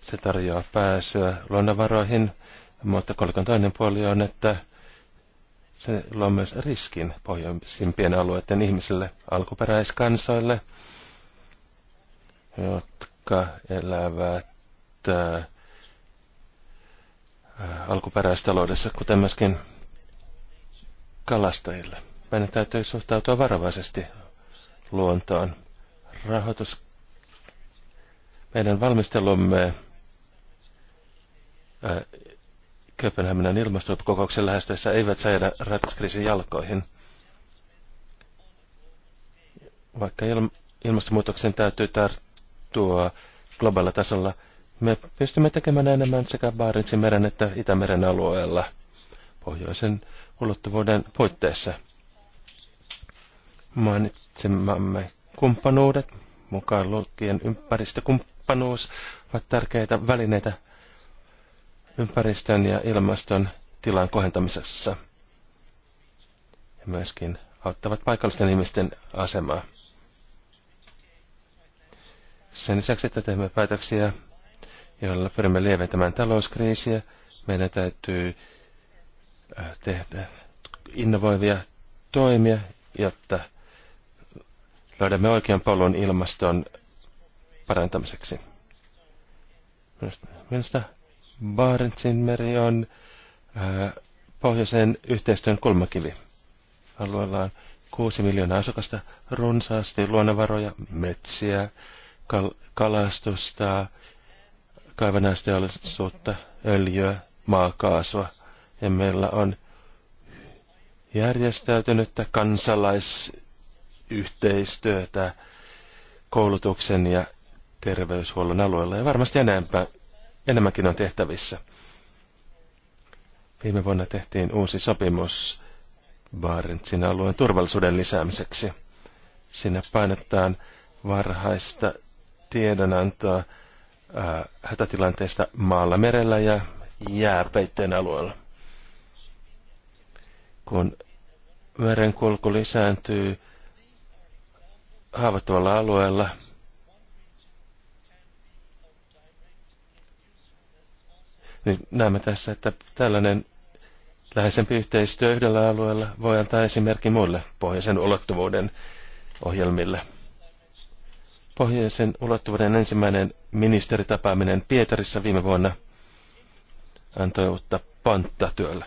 Se tarjoaa pääsyä luonnonvaroihin, mutta kolikon toinen puoli on, että se luo myös riskin pohjoisimpien alueiden ihmisille, alkuperäiskansoille, jotka elävät äh, alkuperäistaloudessa, kuten myöskin kalastajille. Meidän täytyy suhtautua varovaisesti luontoon. Rahoitus meidän valmistelumme Kööpenhaminan ilmastokokouksen lähestyessä eivät saa jäädä ratkaiskriisin jalkoihin. Vaikka il- ilmastonmuutoksen täytyy tarttua globaalilla tasolla, me pystymme tekemään enemmän sekä Baaritsin meren että Itämeren alueella pohjoisen ulottuvuuden puitteissa. Mainitsemamme kumppanuudet, mukaan lukien ympäristökumppanuudet, kumppanuus ovat tärkeitä välineitä ympäristön ja ilmaston tilan kohentamisessa. Ja myöskin auttavat paikallisten ihmisten asemaa. Sen lisäksi, että teemme päätöksiä, joilla pyrimme lieventämään talouskriisiä, meidän täytyy äh, tehdä innovoivia toimia, jotta löydämme oikean polun ilmaston parantamiseksi. Minusta, Barentsin meri on ää, äh, pohjoisen yhteistyön kulmakivi. Alueella on kuusi miljoonaa asukasta, runsaasti luonnonvaroja, metsiä, kal- kalastusta, kaivannaisteollisuutta, öljyä, maakaasua. Ja meillä on järjestäytynyttä kansalaisyhteistyötä koulutuksen ja terveyshuollon alueella ja varmasti enempää, enemmänkin on tehtävissä. Viime vuonna tehtiin uusi sopimus Barentsin alueen turvallisuuden lisäämiseksi. Sinne painetaan varhaista tiedonantoa ää, hätätilanteesta maalla, merellä ja jääpeitteen alueella. Kun merenkulku lisääntyy haavoittuvalla alueella – niin näemme tässä, että tällainen läheisempi yhteistyö yhdellä alueella voi antaa esimerkki muille pohjoisen ulottuvuuden ohjelmille. Pohjoisen ulottuvuuden ensimmäinen ministeritapaaminen Pietarissa viime vuonna antoi uutta pantta työlle.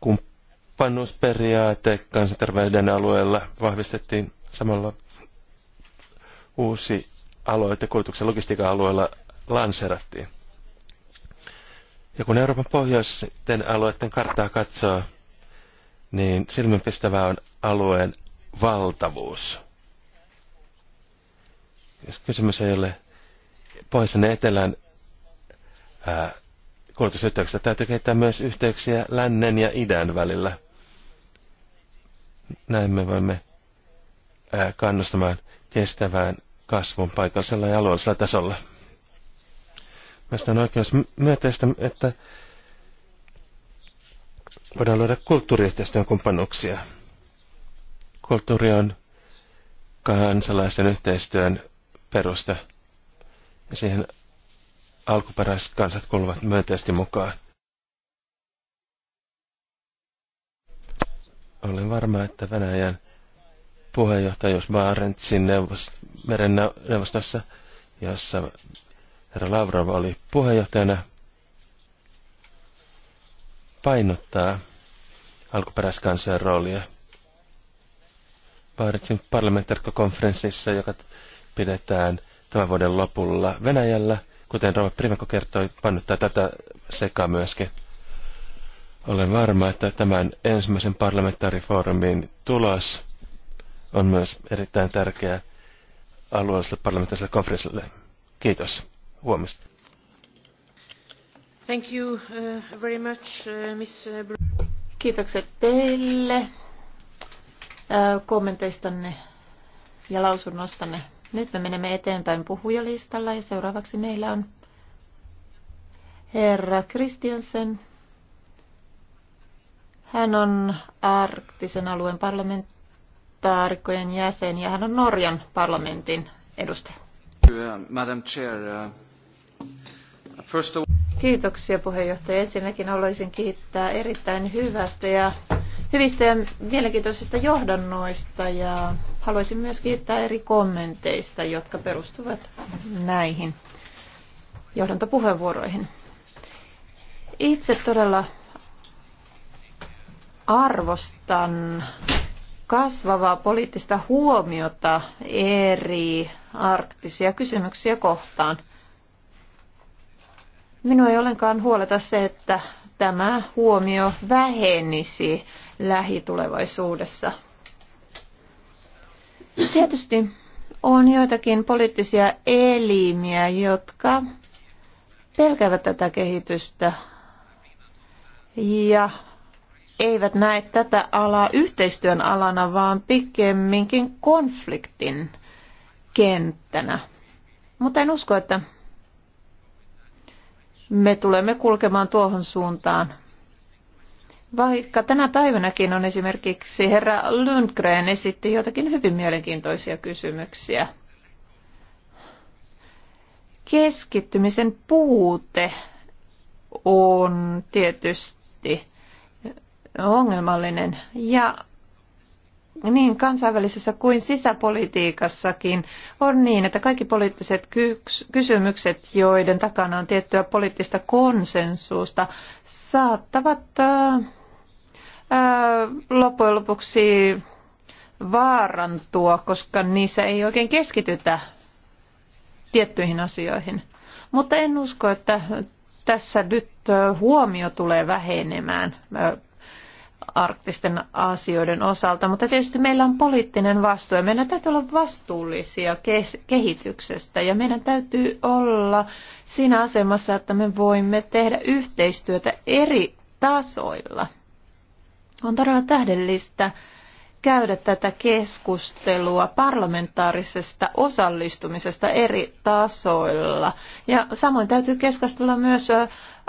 Kumppanuusperiaate kansanterveyden alueella vahvistettiin samalla uusi aloite kuljetuksen logistiikan alueella lanserattiin. Ja kun Euroopan pohjoisten alueiden karttaa katsoo, niin silmänpistävää on alueen valtavuus. Jos kysymys ei ole pohjoisen ja etelän kuljetusyhteyksistä, täytyy kehittää myös yhteyksiä lännen ja idän välillä. Näin me voimme ää, kannustamaan kestävään kasvun paikallisella ja alueellisella tasolla. Mästä on oikeus myönteistä, että voidaan luoda kulttuuriyhteistyön kumppanuuksia. Kulttuuri on kansalaisen yhteistyön perusta ja siihen alkuperäiset kansat kuuluvat myönteisesti mukaan. Olen varma, että Venäjän jos Barentsin neuvost, meren neuvostossa, jossa herra Lavrov oli puheenjohtajana, painottaa alkuperäiskansojen roolia. Barentsin parlamentaarikkokonferenssissa, joka pidetään tämän vuoden lopulla Venäjällä, kuten Rova Primeko kertoi, painottaa tätä sekaa myöskin. Olen varma, että tämän ensimmäisen parlamentaarifoorumin tulos on myös erittäin tärkeä alueelliselle parlamentaariselle konferenssille. Kiitos. Huomista. Thank you uh, very much, uh, Miss Kiitokset teille uh, kommenteistanne ja lausunnostanne. Nyt me menemme eteenpäin puhujalistalla ja seuraavaksi meillä on herra Kristiansen. Hän on arktisen alueen parlamentti parlamentaarikkojen jäsen ja hän on Norjan parlamentin edustaja. Madam Chair, uh, first of... Kiitoksia puheenjohtaja. Ensinnäkin haluaisin kiittää erittäin hyvästä ja hyvistä ja mielenkiintoisista johdannoista ja haluaisin myös kiittää eri kommenteista, jotka perustuvat näihin johdantopuheenvuoroihin. Itse todella arvostan kasvavaa poliittista huomiota eri arktisia kysymyksiä kohtaan. Minua ei ollenkaan huoleta se, että tämä huomio vähenisi lähitulevaisuudessa. Tietysti on joitakin poliittisia elimiä, jotka pelkäävät tätä kehitystä ja eivät näe tätä alaa yhteistyön alana, vaan pikemminkin konfliktin kenttänä. Mutta en usko, että me tulemme kulkemaan tuohon suuntaan. Vaikka tänä päivänäkin on esimerkiksi herra Lundgren esitti jotakin hyvin mielenkiintoisia kysymyksiä. Keskittymisen puute on tietysti ongelmallinen. Ja niin kansainvälisessä kuin sisäpolitiikassakin on niin, että kaikki poliittiset kysymykset, joiden takana on tiettyä poliittista konsensuusta, saattavat ää, ää, loppujen lopuksi vaarantua, koska niissä ei oikein keskitytä tiettyihin asioihin. Mutta en usko, että tässä nyt huomio tulee vähenemään arktisten asioiden osalta, mutta tietysti meillä on poliittinen vastuu ja meidän täytyy olla vastuullisia kehityksestä ja meidän täytyy olla siinä asemassa, että me voimme tehdä yhteistyötä eri tasoilla. On todella tähdellistä, käydä tätä keskustelua parlamentaarisesta osallistumisesta eri tasoilla. Ja samoin täytyy keskustella myös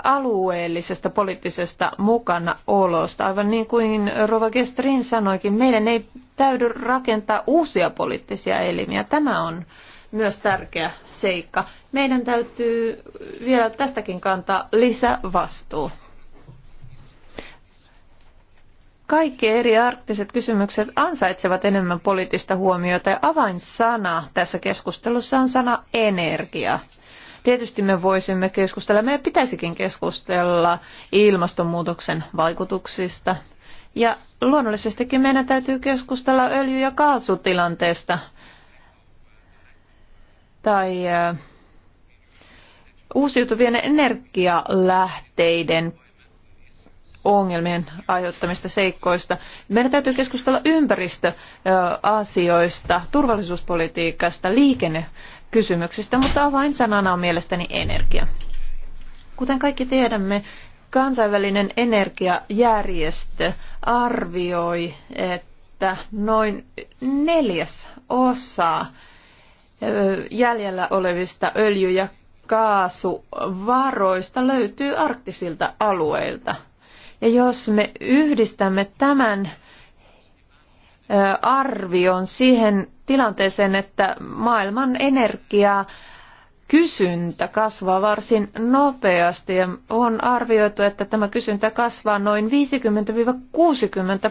alueellisesta poliittisesta mukanaolosta. Aivan niin kuin Rova Gestrin sanoikin, meidän ei täydy rakentaa uusia poliittisia elimiä. Tämä on myös tärkeä seikka. Meidän täytyy vielä tästäkin kantaa lisävastuu. Kaikki eri arktiset kysymykset ansaitsevat enemmän poliittista huomiota ja avainsana tässä keskustelussa on sana energia. Tietysti me voisimme keskustella, meidän pitäisikin keskustella ilmastonmuutoksen vaikutuksista. Ja luonnollisestikin meidän täytyy keskustella öljy- ja kaasutilanteesta tai äh, uusiutuvien energialähteiden ongelmien aiheuttamista seikkoista. Meidän täytyy keskustella ympäristöasioista, turvallisuuspolitiikasta, liikennekysymyksistä, mutta avainsanana on mielestäni energia. Kuten kaikki tiedämme, kansainvälinen energiajärjestö arvioi, että noin neljäs osa jäljellä olevista öljy- ja kaasuvaroista löytyy arktisilta alueilta – ja jos me yhdistämme tämän arvion siihen tilanteeseen, että maailman energiaa kysyntä kasvaa varsin nopeasti ja on arvioitu, että tämä kysyntä kasvaa noin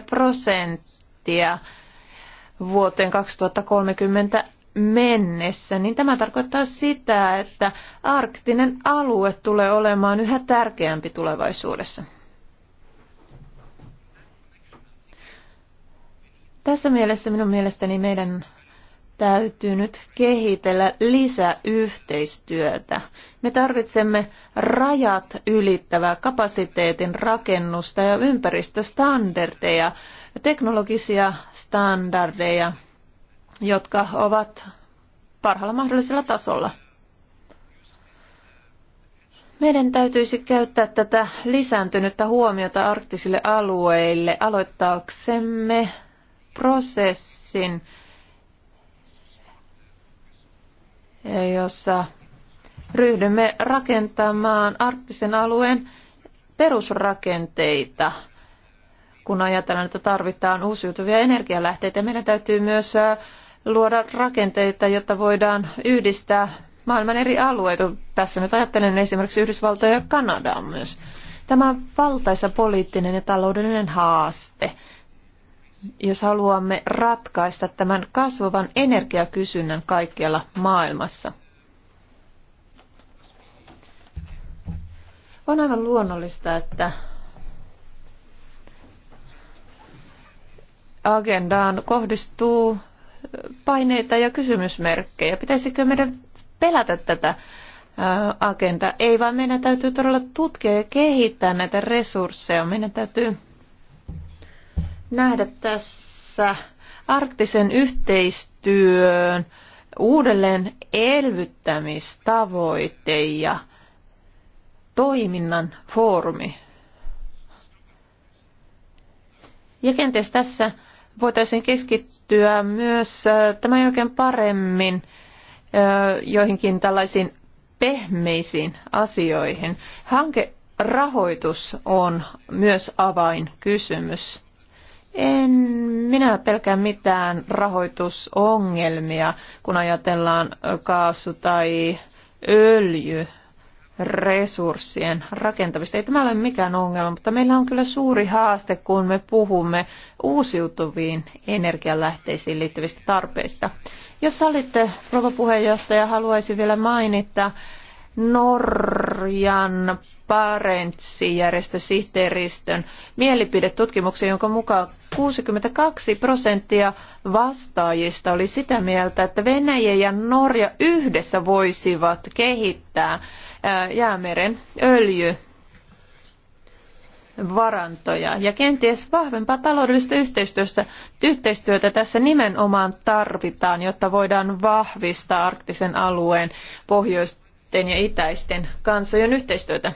50-60 prosenttia vuoteen 2030 mennessä, niin tämä tarkoittaa sitä, että arktinen alue tulee olemaan yhä tärkeämpi tulevaisuudessa. Tässä mielessä minun mielestäni meidän täytyy nyt kehitellä lisäyhteistyötä. Me tarvitsemme rajat ylittävää kapasiteetin rakennusta ja ympäristöstandardeja, teknologisia standardeja, jotka ovat parhaalla mahdollisella tasolla. Meidän täytyisi käyttää tätä lisääntynyttä huomiota arktisille alueille aloittaaksemme prosessin, jossa ryhdymme rakentamaan arktisen alueen perusrakenteita, kun ajatellaan, että tarvitaan uusiutuvia energialähteitä. Meidän täytyy myös luoda rakenteita, jotta voidaan yhdistää maailman eri alueita. Tässä nyt ajattelen esimerkiksi Yhdysvaltoja ja Kanadaa myös. Tämä on valtaisa poliittinen ja taloudellinen haaste jos haluamme ratkaista tämän kasvavan energiakysynnän kaikkialla maailmassa. On aivan luonnollista, että agendaan kohdistuu paineita ja kysymysmerkkejä. Pitäisikö meidän pelätä tätä agendaa? Ei, vaan meidän täytyy todella tutkia ja kehittää näitä resursseja. Meidän täytyy nähdä tässä arktisen yhteistyön uudelleen elvyttämistavoite ja toiminnan foorumi. Ja kenties tässä voitaisiin keskittyä myös tämän jälkeen paremmin joihinkin tällaisiin pehmeisiin asioihin. Hankerahoitus on myös avainkysymys. En minä pelkää mitään rahoitusongelmia, kun ajatellaan kaasu- tai öljyresurssien rakentamista. Ei tämä ole mikään ongelma, mutta meillä on kyllä suuri haaste, kun me puhumme uusiutuviin energialähteisiin liittyvistä tarpeista. Jos sallitte, rouva puheenjohtaja, haluaisin vielä mainita Norjan Parentsi-järjestösihteeristön mielipidetutkimuksen, jonka mukaan 62 prosenttia vastaajista oli sitä mieltä, että Venäjä ja Norja yhdessä voisivat kehittää jäämeren öljy varantoja ja kenties vahvempaa taloudellista yhteistyötä, yhteistyötä tässä nimenomaan tarvitaan, jotta voidaan vahvistaa arktisen alueen pohjoisten ja itäisten kansojen yhteistyötä.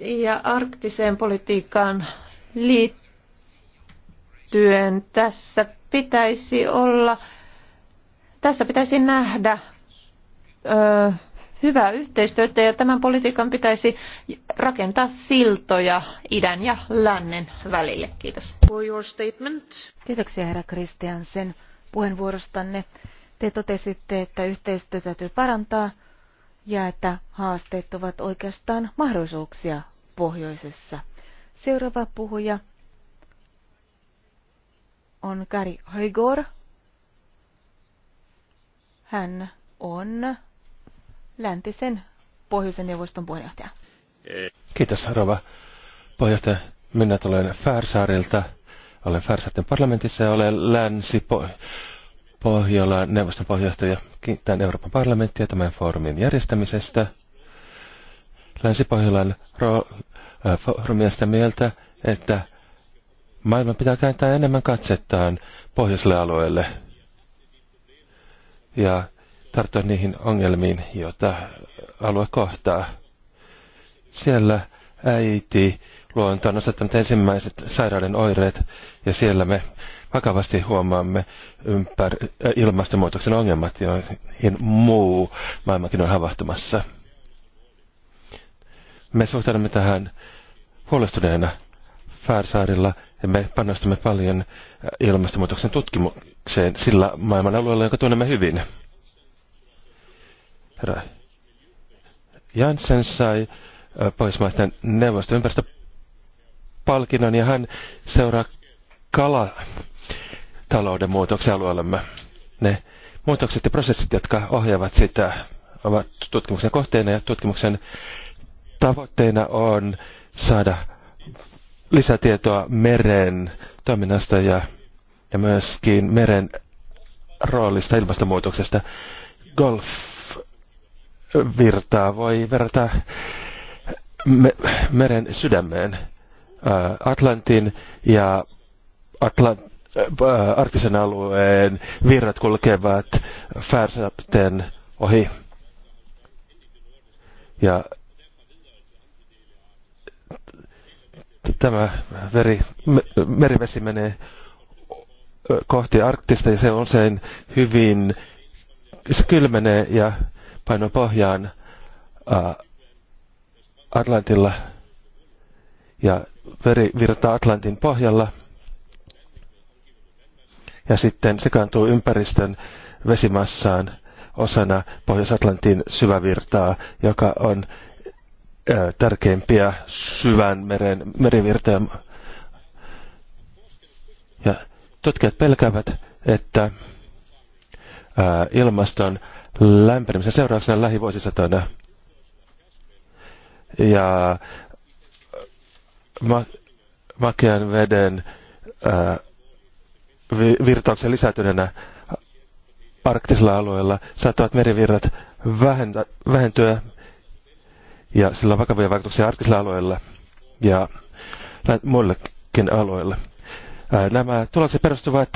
Ja arktiseen politiikkaan liittyen tässä pitäisi olla, tässä pitäisi nähdä ö, hyvää yhteistyötä ja tämän politiikan pitäisi rakentaa siltoja idän ja lännen välille. Kiitos. For your statement. Kiitoksia herra Kristiansen puheenvuorostanne. Te totesitte, että yhteistyötä täytyy parantaa ja että haasteet ovat oikeastaan mahdollisuuksia pohjoisessa Seuraava puhuja on Kari Hoigor. Hän on läntisen pohjoisen neuvoston puheenjohtaja. Kiitos, Rova puheenjohtaja. Minä tulen Färsaarilta. Olen Färsaarten parlamentissa ja olen länsi pohjola neuvoston puheenjohtaja. Kiitän Euroopan parlamenttia tämän foorumin järjestämisestä. Länsi-Pohjolan ro- Äh, foorumia sitä mieltä, että maailman pitää kääntää enemmän katsettaan pohjoiselle alueelle ja tarttua niihin ongelmiin, joita alue kohtaa. Siellä äiti luonto on osattanut ensimmäiset sairauden oireet ja siellä me vakavasti huomaamme ympär- äh, ilmastonmuutoksen ongelmat, joihin muu maailmakin on havahtumassa. Me suhtaudumme tähän huolestuneena Färsaarilla ja me panostamme paljon äh, ilmastonmuutoksen tutkimukseen sillä maailman alueella, jonka tunnemme hyvin. Herra Janssen sai äh, Pohjoismaisten neuvoston ympäristöpalkinnon ja hän seuraa kalatalouden muutoksen alueellamme. Ne muutokset ja prosessit, jotka ohjaavat sitä, ovat tutkimuksen kohteena ja tutkimuksen Tavoitteena on saada lisätietoa meren toiminnasta ja, ja myöskin meren roolista ilmastonmuutoksesta. Golf-virtaa voi verrata me, meren sydämeen, äh, Atlantin ja Atlant, äh, arktisen alueen virrat kulkevat Färsapten ohi. Ja tämä veri, merivesi menee kohti arktista ja se on sen hyvin se kylmenee ja paino pohjaan Atlantilla ja veri virtaa Atlantin pohjalla ja sitten sekaantuu ympäristön vesimassaan osana Pohjois-Atlantin syvävirtaa, joka on tärkeimpiä syvän meren, merivirtoja. Ja tutkijat pelkäävät, että ilmaston lämpenemisen seurauksena lähivuosisatoina ja ma- makean veden ää, vi- virtauksen lisätynenä arktisilla alueilla saattavat merivirrat vähentyä ja sillä on vakavia vaikutuksia arkisilla alueilla ja muillekin alueilla. Nämä tulokset perustuvat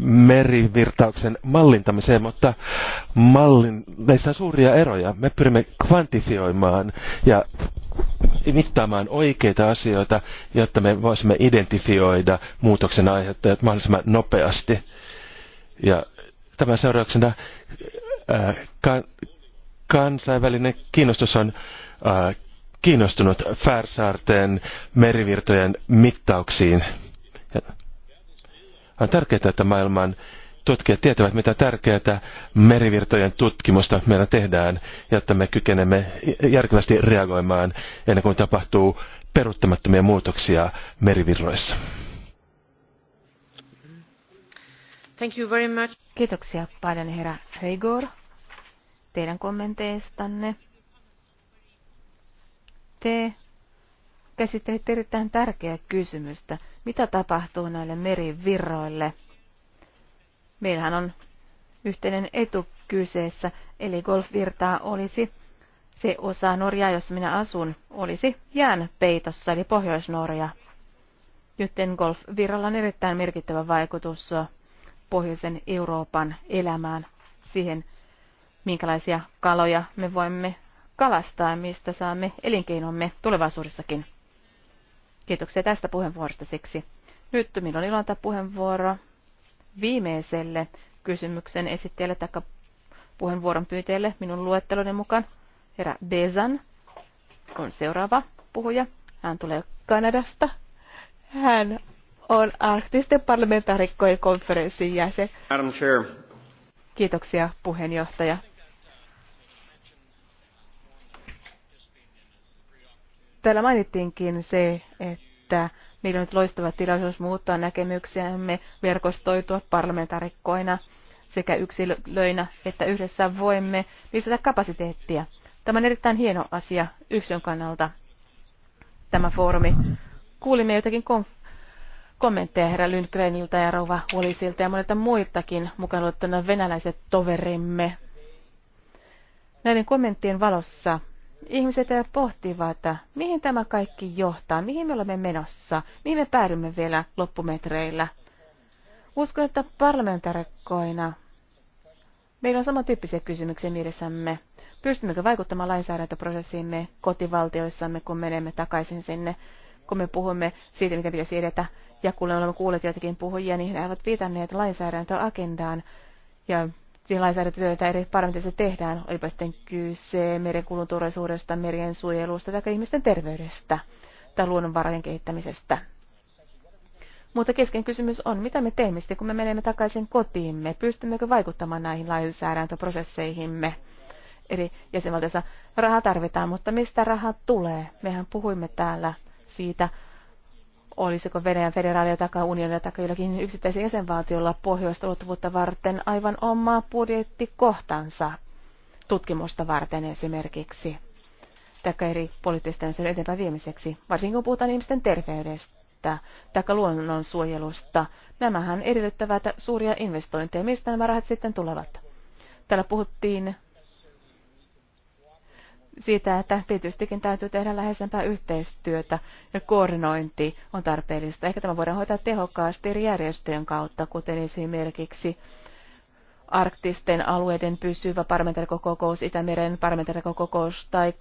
merivirtauksen mallintamiseen, mutta mallin, näissä on suuria eroja. Me pyrimme kvantifioimaan ja mittaamaan oikeita asioita, jotta me voisimme identifioida muutoksen aiheuttajat mahdollisimman nopeasti. Ja tämän seurauksena ää, kansainvälinen kiinnostus on Äh, kiinnostunut Färsaarten merivirtojen mittauksiin. On tärkeää, että maailman tutkijat tietävät, mitä tärkeää merivirtojen tutkimusta meillä tehdään, jotta me kykenemme järkevästi reagoimaan ennen kuin tapahtuu peruuttamattomia muutoksia merivirroissa. Thank you very much. Kiitoksia paljon herra Heigor teidän kommenteistanne. Te käsittelitte erittäin tärkeää kysymystä. Mitä tapahtuu näille merivirroille? Meillähän on yhteinen etu kyseessä, eli golfvirtaa olisi se osa Norjaa, jossa minä asun, olisi jään peitossa, eli Pohjois-Norja. Joten golfvirralla on erittäin merkittävä vaikutus pohjoisen Euroopan elämään, siihen minkälaisia kaloja me voimme kalastaa, mistä saamme elinkeinomme tulevaisuudessakin. Kiitoksia tästä puheenvuorosta siksi. Nyt minulla on ilo antaa puheenvuoro viimeiselle kysymyksen esittäjälle tai puheenvuoron pyyteelle minun luetteloni mukaan. Herra Bezan on seuraava puhuja. Hän tulee Kanadasta. Hän on arktisten parlamentaarikkojen konferenssin jäsen. Chair. Kiitoksia puheenjohtaja. Täällä mainittiinkin se, että meillä on nyt loistava tilaisuus muuttaa näkemyksiämme, verkostoitua parlamentaarikkoina sekä yksilöinä, että yhdessä voimme lisätä kapasiteettia. Tämä on erittäin hieno asia yksilön kannalta, tämä foorumi. Kuulimme jotakin konf- kommentteja herra Lindgreniltä ja rouva Wallisilta ja monilta muiltakin, mukaan luettuna venäläiset toverimme. Näiden kommenttien valossa ihmiset pohtivat, mihin tämä kaikki johtaa, mihin me olemme menossa, mihin me päädymme vielä loppumetreillä. Uskon, että parlamentarikkoina meillä on samantyyppisiä kysymyksiä mielessämme. Pystymmekö vaikuttamaan lainsäädäntöprosessiimme kotivaltioissamme, kun menemme takaisin sinne, kun me puhumme siitä, mitä pitäisi edetä. Ja kun olemme kuulleet joitakin puhujia, niin he ovat viitanneet lainsäädäntöagendaan ja lainsäädäntötyötä eri parlamentissa tehdään, olipa sitten kyse merenkulun turvallisuudesta, merien suojelusta tai ihmisten terveydestä tai luonnonvarojen kehittämisestä. Mutta kesken kysymys on, mitä me teemme sitten, kun me menemme takaisin kotiimme? Pystymmekö vaikuttamaan näihin lainsäädäntöprosesseihimme? Eli jäsenvaltiossa rahaa tarvitaan, mutta mistä rahaa tulee? Mehän puhuimme täällä siitä olisiko Venäjän federaalio tai unionilla tai jollakin yksittäisen jäsenvaltiolla pohjoista ulottuvuutta varten aivan omaa budjettikohtansa tutkimusta varten esimerkiksi tai eri poliittisten asioiden eteenpäin viemiseksi, varsinkin kun puhutaan ihmisten terveydestä tai luonnonsuojelusta. Nämähän edellyttävät suuria investointeja. Mistä nämä rahat sitten tulevat? Täällä puhuttiin siitä, että tietystikin täytyy tehdä läheisempää yhteistyötä ja koordinointi on tarpeellista. Ehkä tämä voidaan hoitaa tehokkaasti eri järjestöjen kautta, kuten esimerkiksi arktisten alueiden pysyvä parlamentarikokous, Itämeren parlamentarikokous tai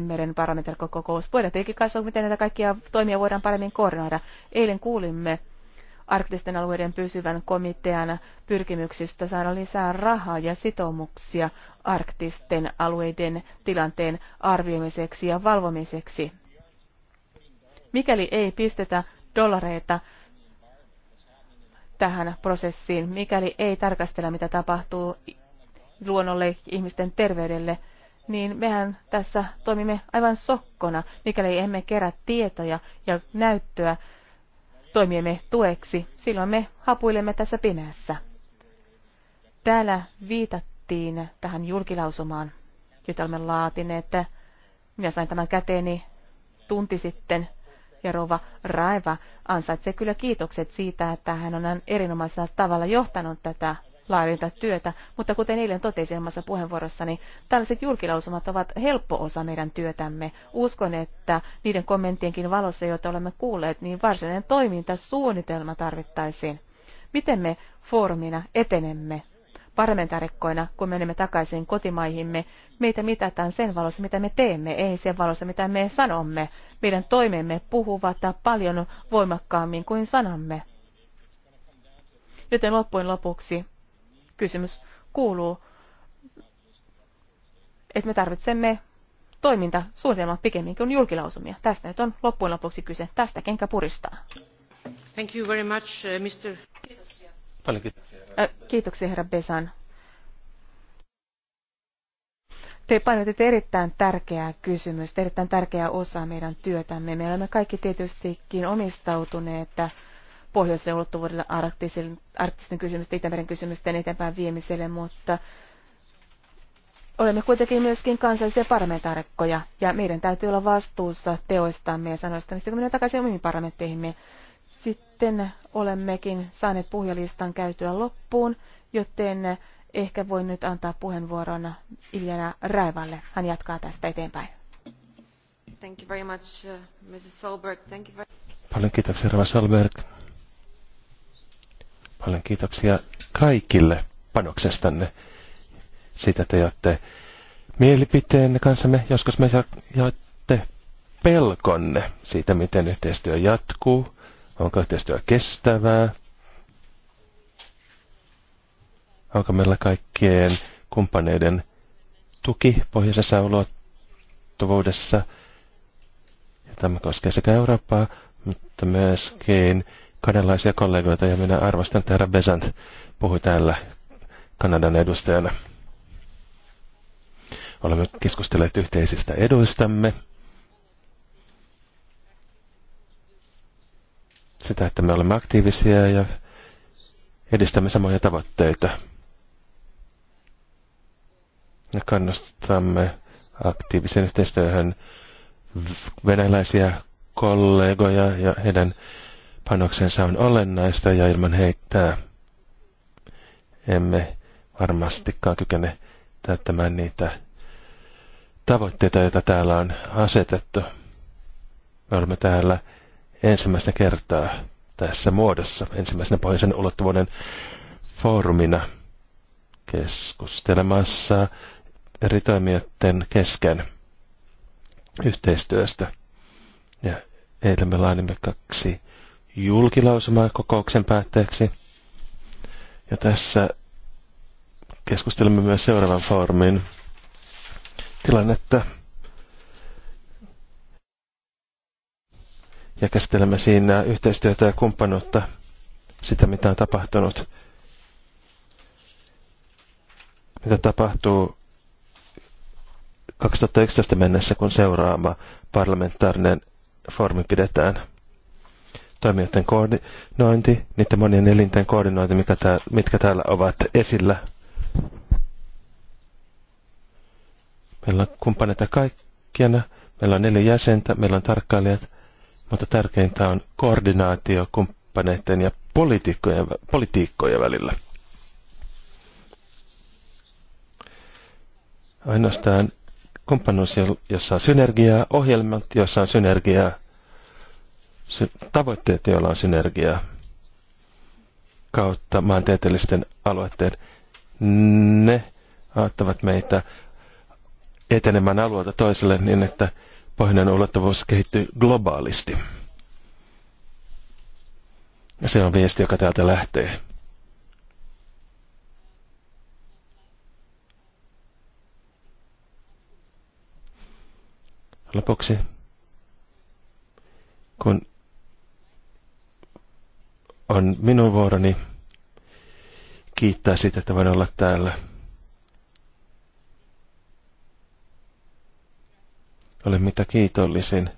meren parlamentarikokous. Voidaan tietenkin katsoa, miten näitä kaikkia toimia voidaan paremmin koordinoida. Eilen kuulimme arktisten alueiden pysyvän komitean pyrkimyksistä saada lisää rahaa ja sitoumuksia arktisten alueiden tilanteen arvioimiseksi ja valvomiseksi. Mikäli ei pistetä dollareita tähän prosessiin, mikäli ei tarkastella, mitä tapahtuu luonnolle, ihmisten terveydelle, niin mehän tässä toimimme aivan sokkona, mikäli emme kerää tietoja ja näyttöä toimiemme tueksi, silloin me hapuilemme tässä pimeässä. Täällä viitattiin liitettiin tähän julkilausumaan, jota olemme laatineet. Minä sain tämän käteeni tunti sitten ja Rova Raiva ansaitsee kyllä kiitokset siitä, että hän on erinomaisella tavalla johtanut tätä työtä, mutta kuten eilen totesin omassa puheenvuorossani, tällaiset julkilausumat ovat helppo osa meidän työtämme. Uskon, että niiden kommenttienkin valossa, joita olemme kuulleet, niin varsinainen toimintasuunnitelma tarvittaisiin. Miten me foorumina etenemme parlamentaarikkoina, kun menemme takaisin kotimaihimme, meitä mitataan sen valossa, mitä me teemme, ei sen valossa, mitä me sanomme. Meidän toimemme puhuvat paljon voimakkaammin kuin sanamme. Joten loppujen lopuksi kysymys kuuluu, että me tarvitsemme toimintasuunnitelman pikemmin kuin julkilausumia. Tästä nyt on loppujen lopuksi kyse. Tästä kenkä puristaa. Thank you very much, uh, Mr. Paljon kiitoksia. Herra. Kiitoksia herra Besan. Te painotitte erittäin tärkeää kysymystä, erittäin tärkeää osaa meidän työtämme. Me olemme kaikki tietystikin omistautuneet pohjoisen ulottuvuudelle arktisen, arktisten kysymysten, Itämeren kysymysten eteenpäin viemiselle, mutta olemme kuitenkin myöskin kansallisia parlamentaarikkoja ja meidän täytyy olla vastuussa teoistamme ja sanoistamme, kun mennään takaisin omiin parlamentteihimme sitten olemmekin saaneet puhujalistan käytyä loppuun, joten ehkä voin nyt antaa puheenvuoron Iljana Raivalle. Hän jatkaa tästä eteenpäin. Thank you very much, uh, Mrs. Solberg. Thank you very... Paljon kiitoksia, Rava Solberg. Paljon kiitoksia kaikille panoksestanne siitä, te olette mielipiteen kanssamme. Joskus me jaatte pelkonne siitä, miten yhteistyö jatkuu Onko yhteistyö kestävää? Onko meillä kaikkien kumppaneiden tuki pohjoisessa ulottuvuudessa? Ja tämä koskee sekä Eurooppaa, mutta myöskin kanalaisia kollegoita. Ja minä arvostan, että herra Besant puhui täällä Kanadan edustajana. Olemme keskustelleet yhteisistä eduistamme. sitä, että me olemme aktiivisia ja edistämme samoja tavoitteita. Ja kannustamme aktiivisen yhteistyöhön venäläisiä kollegoja ja heidän panoksensa on olennaista ja ilman heittää emme varmastikaan kykene täyttämään niitä tavoitteita, joita täällä on asetettu. Me olemme täällä ensimmäistä kertaa tässä muodossa, ensimmäisenä pohjoisen ulottuvuuden foorumina keskustelemassa eri toimijoiden kesken yhteistyöstä. Ja eilen me laadimme kaksi julkilausumaa kokouksen päätteeksi. Ja tässä keskustelemme myös seuraavan foorumin tilannetta ja käsittelemme siinä yhteistyötä ja kumppanuutta, sitä mitä on tapahtunut, mitä tapahtuu 2011 mennessä, kun seuraava parlamentaarinen foorumi pidetään. Toimijoiden koordinointi, niiden monien elinten koordinointi, mikä tää, mitkä täällä ovat esillä. Meillä on kumppaneita kaikkiana, meillä on neljä jäsentä, meillä on tarkkailijat, mutta tärkeintä on koordinaatio kumppaneiden ja politiikkojen, politiikkojen välillä. Ainoastaan kumppanuus, jossa on synergiaa, ohjelmat, jossa on synergiaa, tavoitteet, joilla on synergiaa kautta maantieteellisten alueiden, ne auttavat meitä etenemään alueelta toiselle niin, että pahinen olettavuus kehittyy globaalisti. Ja se on viesti, joka täältä lähtee. Lopuksi, kun on minun vuoroni kiittää siitä, että voin olla täällä – Olen mitä kiitollisin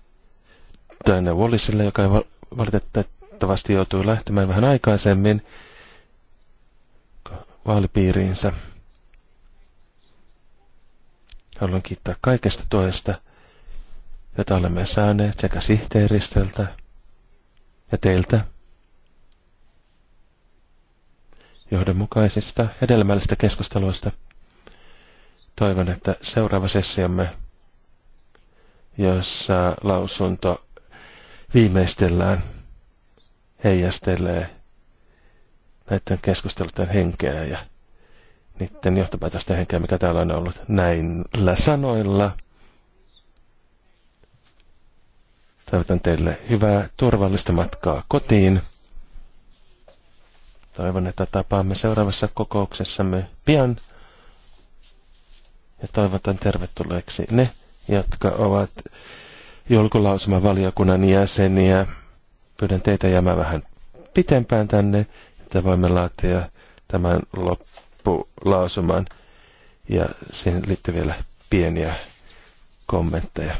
tänne Wallisille, joka ei valitettavasti joutui lähtemään vähän aikaisemmin vaalipiiriinsä. Haluan kiittää kaikesta tuesta, jota olemme saaneet sekä sihteeristöltä ja teiltä johdonmukaisista hedelmällisistä keskusteluista. Toivon, että seuraava sessiomme jossa lausunto viimeistellään heijastelee näiden keskustelujen henkeä ja niiden johtopäätösten henkeä, mikä täällä on ollut näillä sanoilla. Toivotan teille hyvää turvallista matkaa kotiin. Toivon, että tapaamme seuraavassa kokouksessamme pian. Ja toivotan tervetulleeksi ne, jotka ovat valiokunnan jäseniä. Pyydän teitä jäämään vähän pitempään tänne, että voimme laatia tämän loppulausuman ja siihen liittyy vielä pieniä kommentteja.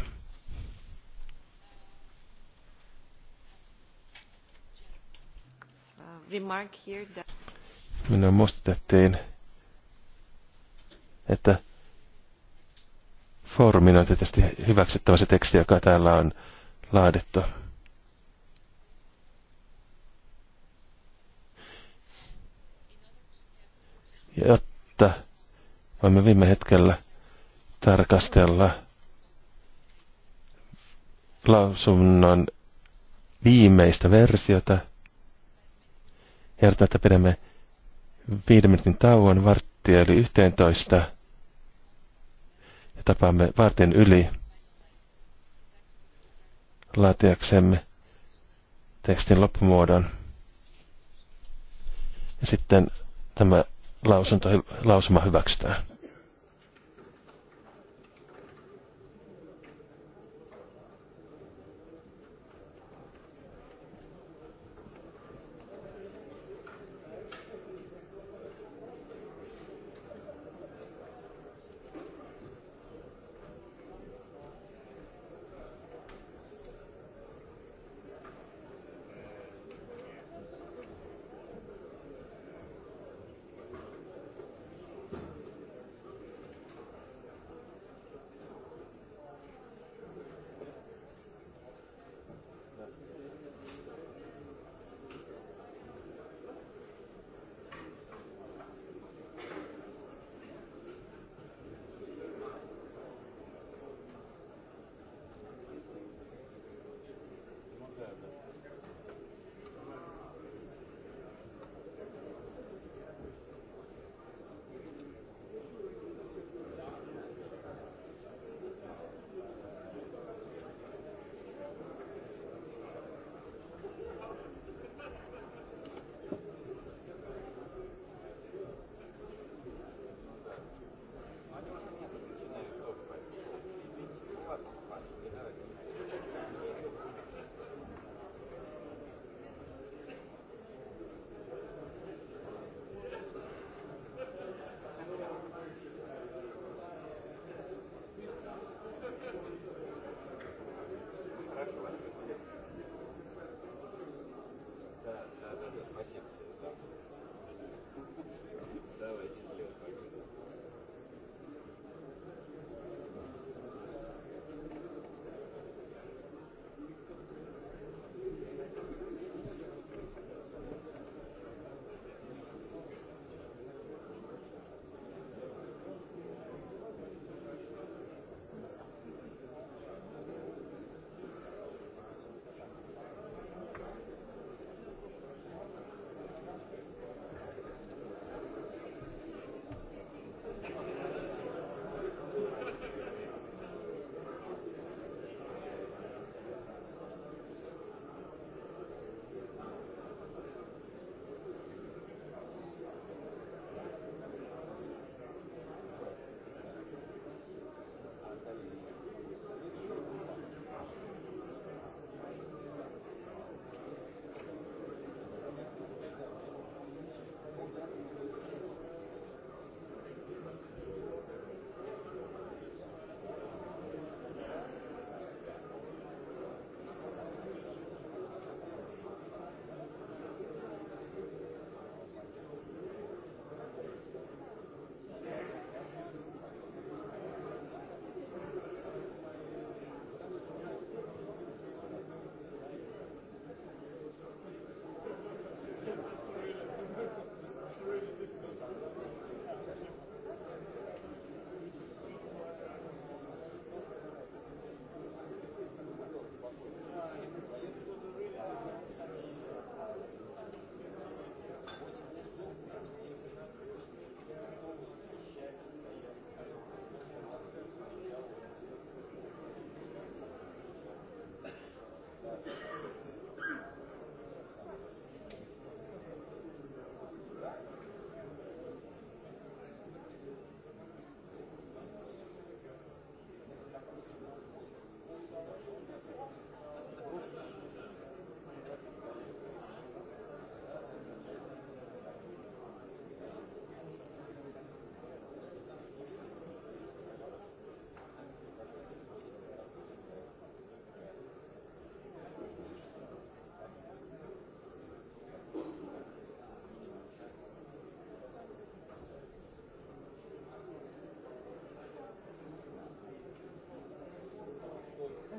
Uh, Minä muistutettiin, että foorumin on tietysti hyväksyttävä se teksti, joka täällä on laadittu. Jotta voimme viime hetkellä tarkastella lausunnon viimeistä versiota. Ehdotan, että pidämme viiden minuutin tauon varttia eli 11 tapaamme varten yli laatiaksemme tekstin loppumuodon. Ja sitten tämä lausunto, lausuma hyväksytään.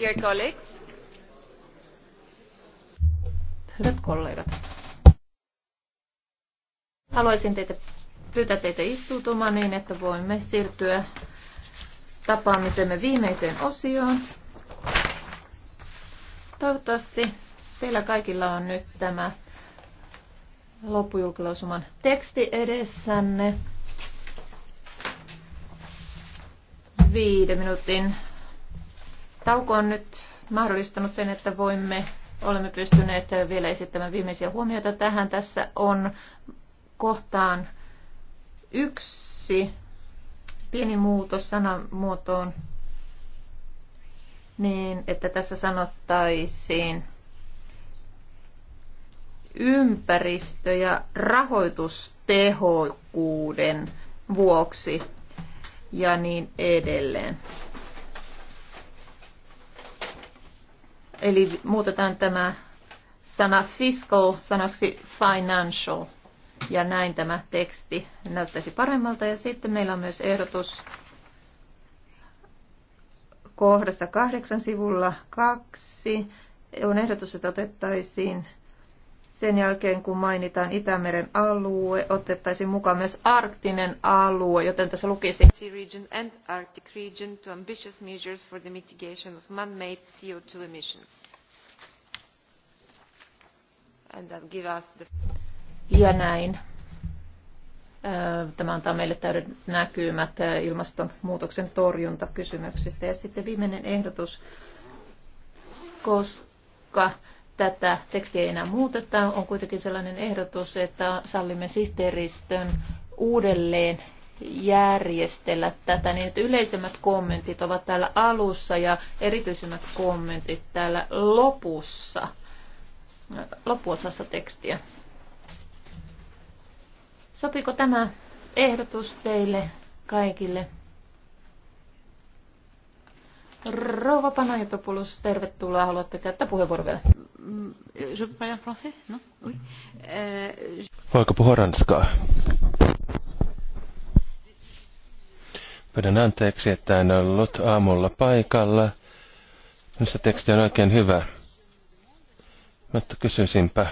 Dear colleagues. Hyvät kollegat. Haluaisin teitä, pyytää teitä istuutumaan niin, että voimme siirtyä tapaamisemme viimeiseen osioon. Toivottavasti teillä kaikilla on nyt tämä loppujulkilausuman teksti edessänne. Viiden minuutin Tauko on nyt mahdollistanut sen, että voimme, olemme pystyneet vielä esittämään viimeisiä huomioita tähän. Tässä on kohtaan yksi pieni muutos sanamuotoon niin, että tässä sanottaisiin ympäristö- ja rahoitustehokkuuden vuoksi ja niin edelleen. Eli muutetaan tämä sana fiscal sanaksi financial. Ja näin tämä teksti näyttäisi paremmalta. Ja sitten meillä on myös ehdotus kohdassa kahdeksan sivulla kaksi. On ehdotus, että otettaisiin sen jälkeen, kun mainitaan Itämeren alue, otettaisiin mukaan myös arktinen alue, joten tässä lukisi region and Arctic region to ambitious measures for the mitigation of man-made CO2 emissions. And that give us the... Ja näin. Tämä antaa meille täydet näkymät ilmastonmuutoksen torjuntakysymyksistä. Ja sitten viimeinen ehdotus, koska tätä tekstiä ei enää muuteta. On kuitenkin sellainen ehdotus, että sallimme sihteeristön uudelleen järjestellä tätä niin, että yleisemmät kommentit ovat täällä alussa ja erityisemmät kommentit täällä lopussa, loppuosassa tekstiä. Sopiko tämä ehdotus teille kaikille? Rouva Panajatopoulos, tervetuloa. Haluatte käyttää puheenvuoron vielä? Mm, je français? Oui. Euh, Voiko puhua ranskaa? Pyydän anteeksi, että en ollut aamulla paikalla. Minusta teksti on oikein hyvä. Mutta kysyisinpä,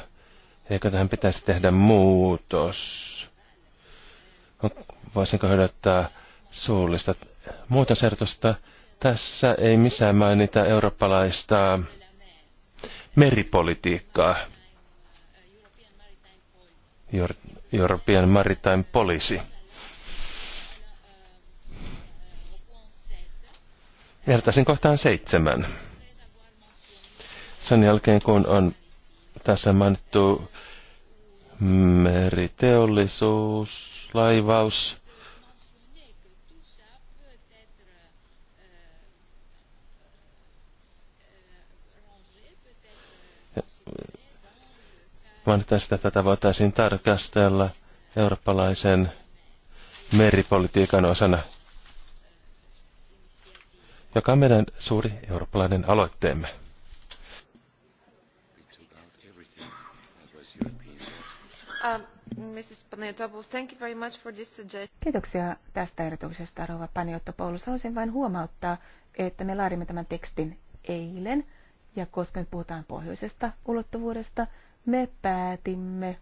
eikö tähän pitäisi tehdä muutos? Voisinko hyödyttää suullista muutosertusta? Tässä ei missään mainita eurooppalaista meripolitiikkaa. European Maritime Policy. Vertaisin kohtaan seitsemän. Sen jälkeen kun on tässä mainittu meriteollisuus, laivaus, vaan tästä tätä voitaisiin tarkastella eurooppalaisen meripolitiikan osana, joka on meidän suuri eurooppalainen aloitteemme. Um, Kiitoksia tästä ehdotuksesta, Rova Paniotto-Paulus. Haluaisin vain huomauttaa, että me laadimme tämän tekstin eilen, ja koska nyt puhutaan pohjoisesta ulottuvuudesta, me päätimme,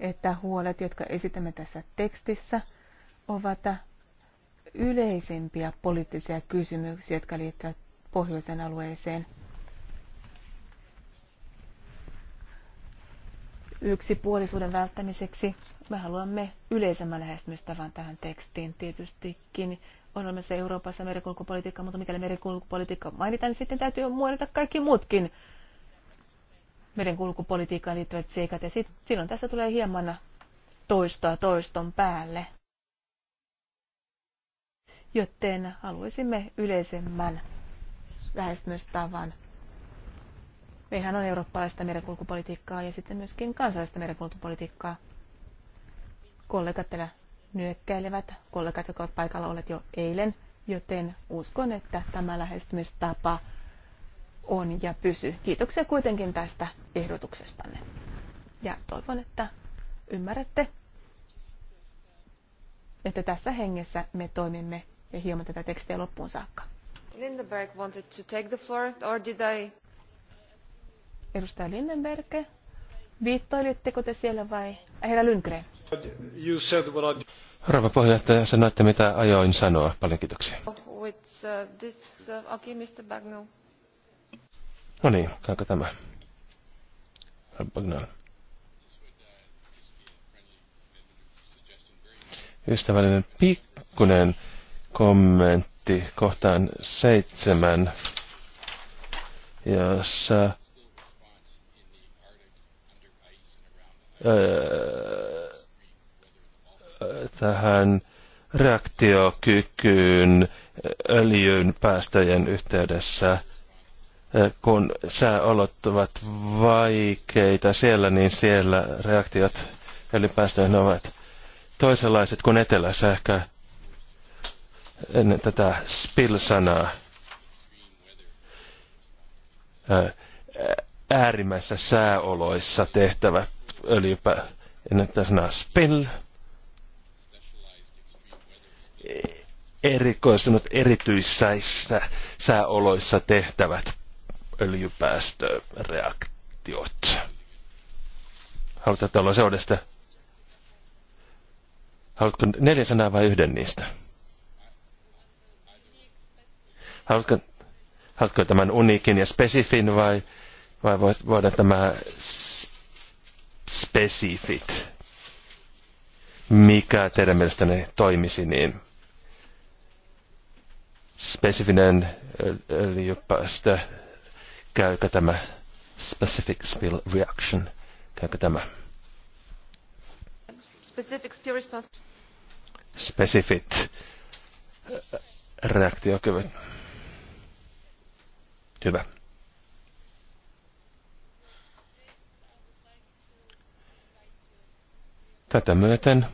että huolet, jotka esitämme tässä tekstissä, ovat yleisempiä poliittisia kysymyksiä, jotka liittyvät pohjoisen alueeseen. Yksipuolisuuden välttämiseksi me haluamme yleisemmän lähestymistavan tähän tekstiin tietystikin. On olemassa Euroopassa merikulkupolitiikka, mutta mikäli merikulkupolitiikka mainitaan, niin sitten täytyy muodata kaikki muutkin merenkulkupolitiikkaan liittyvät seikat, ja sit, silloin tässä tulee hieman toistoa toiston päälle. Joten haluaisimme yleisemmän lähestymistavan. meihän on eurooppalaista merenkulkupolitiikkaa ja sitten myöskin kansallista merenkulkupolitiikkaa. Kollegat täällä nyökkäilevät, kollegat, jotka ovat paikalla olleet jo eilen, joten uskon, että tämä lähestymistapa on ja pysy. Kiitoksia kuitenkin tästä ehdotuksestanne. Ja toivon, että ymmärrätte, että tässä hengessä me toimimme ja hieman tätä tekstiä loppuun saakka. Lindenberg wanted to take the floor, or did I... Edustaja Lindenberg, viittoilitteko te siellä vai herra Lundgren? You said what I... Rouva puheenjohtaja, sanoitte mitä ajoin sanoa. Paljon kiitoksia. With, uh, this, uh, okay, Mr. Bagno. No niin, käykö tämä? Ystävällinen pikkunen kommentti kohtaan seitsemän, jossa öö, tähän reaktiokykyyn öljyn päästöjen yhteydessä – kun sääolot ovat vaikeita siellä, niin siellä reaktiot öljypäästöihin ovat toisenlaiset kuin etelässä ehkä ennen tätä spill-sanaa. Äärimmäisissä sääoloissa tehtävät öljypä, ennen tätä sanaa spill, e- erikoistunut erityisissä sääoloissa tehtävät öljypäästöreaktiot. Haluatte olla seudesta? Haluatko neljä sanaa vai yhden niistä? Haluatko, haluatko tämän uniikin ja spesifin vai, vai voit, voidaan tämä spesifit? Mikä teidän mielestänne toimisi niin? Spesifinen öljypäästö Käykö tämä specific spill reaction? Käykö tämä? Specific spill response. Specific äh, reaktiokyvyt. Hyvä. Tätä myöten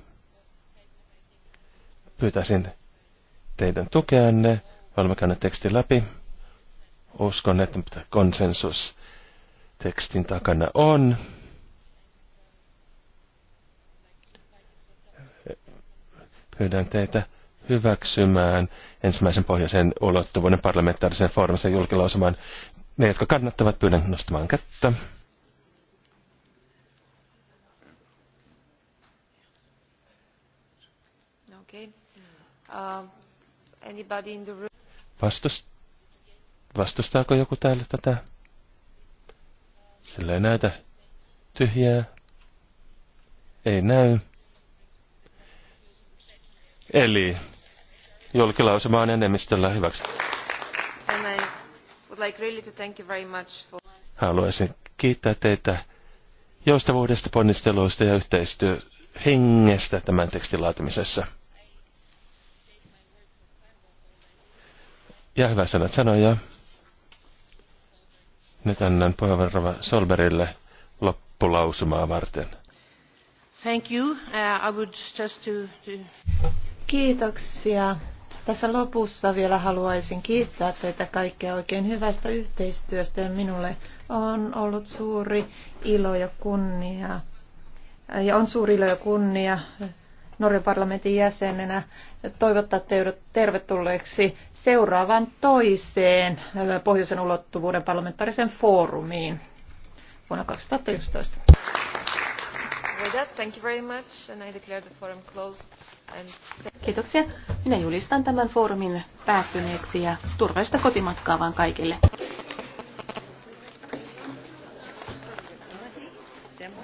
pyytäisin teidän tukeanne. Olemme käyneet teksti läpi uskon, että konsensus tekstin takana on. Pyydän teitä hyväksymään ensimmäisen pohjoisen ulottuvuuden parlamentaarisen foorumisen julkilausumaan. Ne, jotka kannattavat, pyydän nostamaan kättä. Okay. Uh, anybody in the room? Vastustaa Vastustaako joku täällä tätä? Sillä ei näytä tyhjää. Ei näy. Eli julkilausumaan on enemmistöllä hyväksi. Haluaisin kiittää teitä joustavuudesta, ponnisteluista ja yhteistyöhengestä tämän tekstin laatimisessa. Ja hyvä sanat sanoja. Nyt annan puheenvuoron Solberille loppulausumaa varten. Thank you. Uh, I would just to, to... Kiitoksia. Tässä lopussa vielä haluaisin kiittää teitä kaikkia oikein hyvästä yhteistyöstä ja minulle on ollut suuri ilo ja kunnia ja on suuri ilo ja kunnia Norjan parlamentin jäsenenä toivottaa teidät tervetulleeksi seuraavan toiseen pohjoisen ulottuvuuden parlamentaariseen foorumiin vuonna 2011. Kiitoksia. Minä julistan tämän foorumin päättyneeksi ja turvallista kotimatkaa vaan kaikille.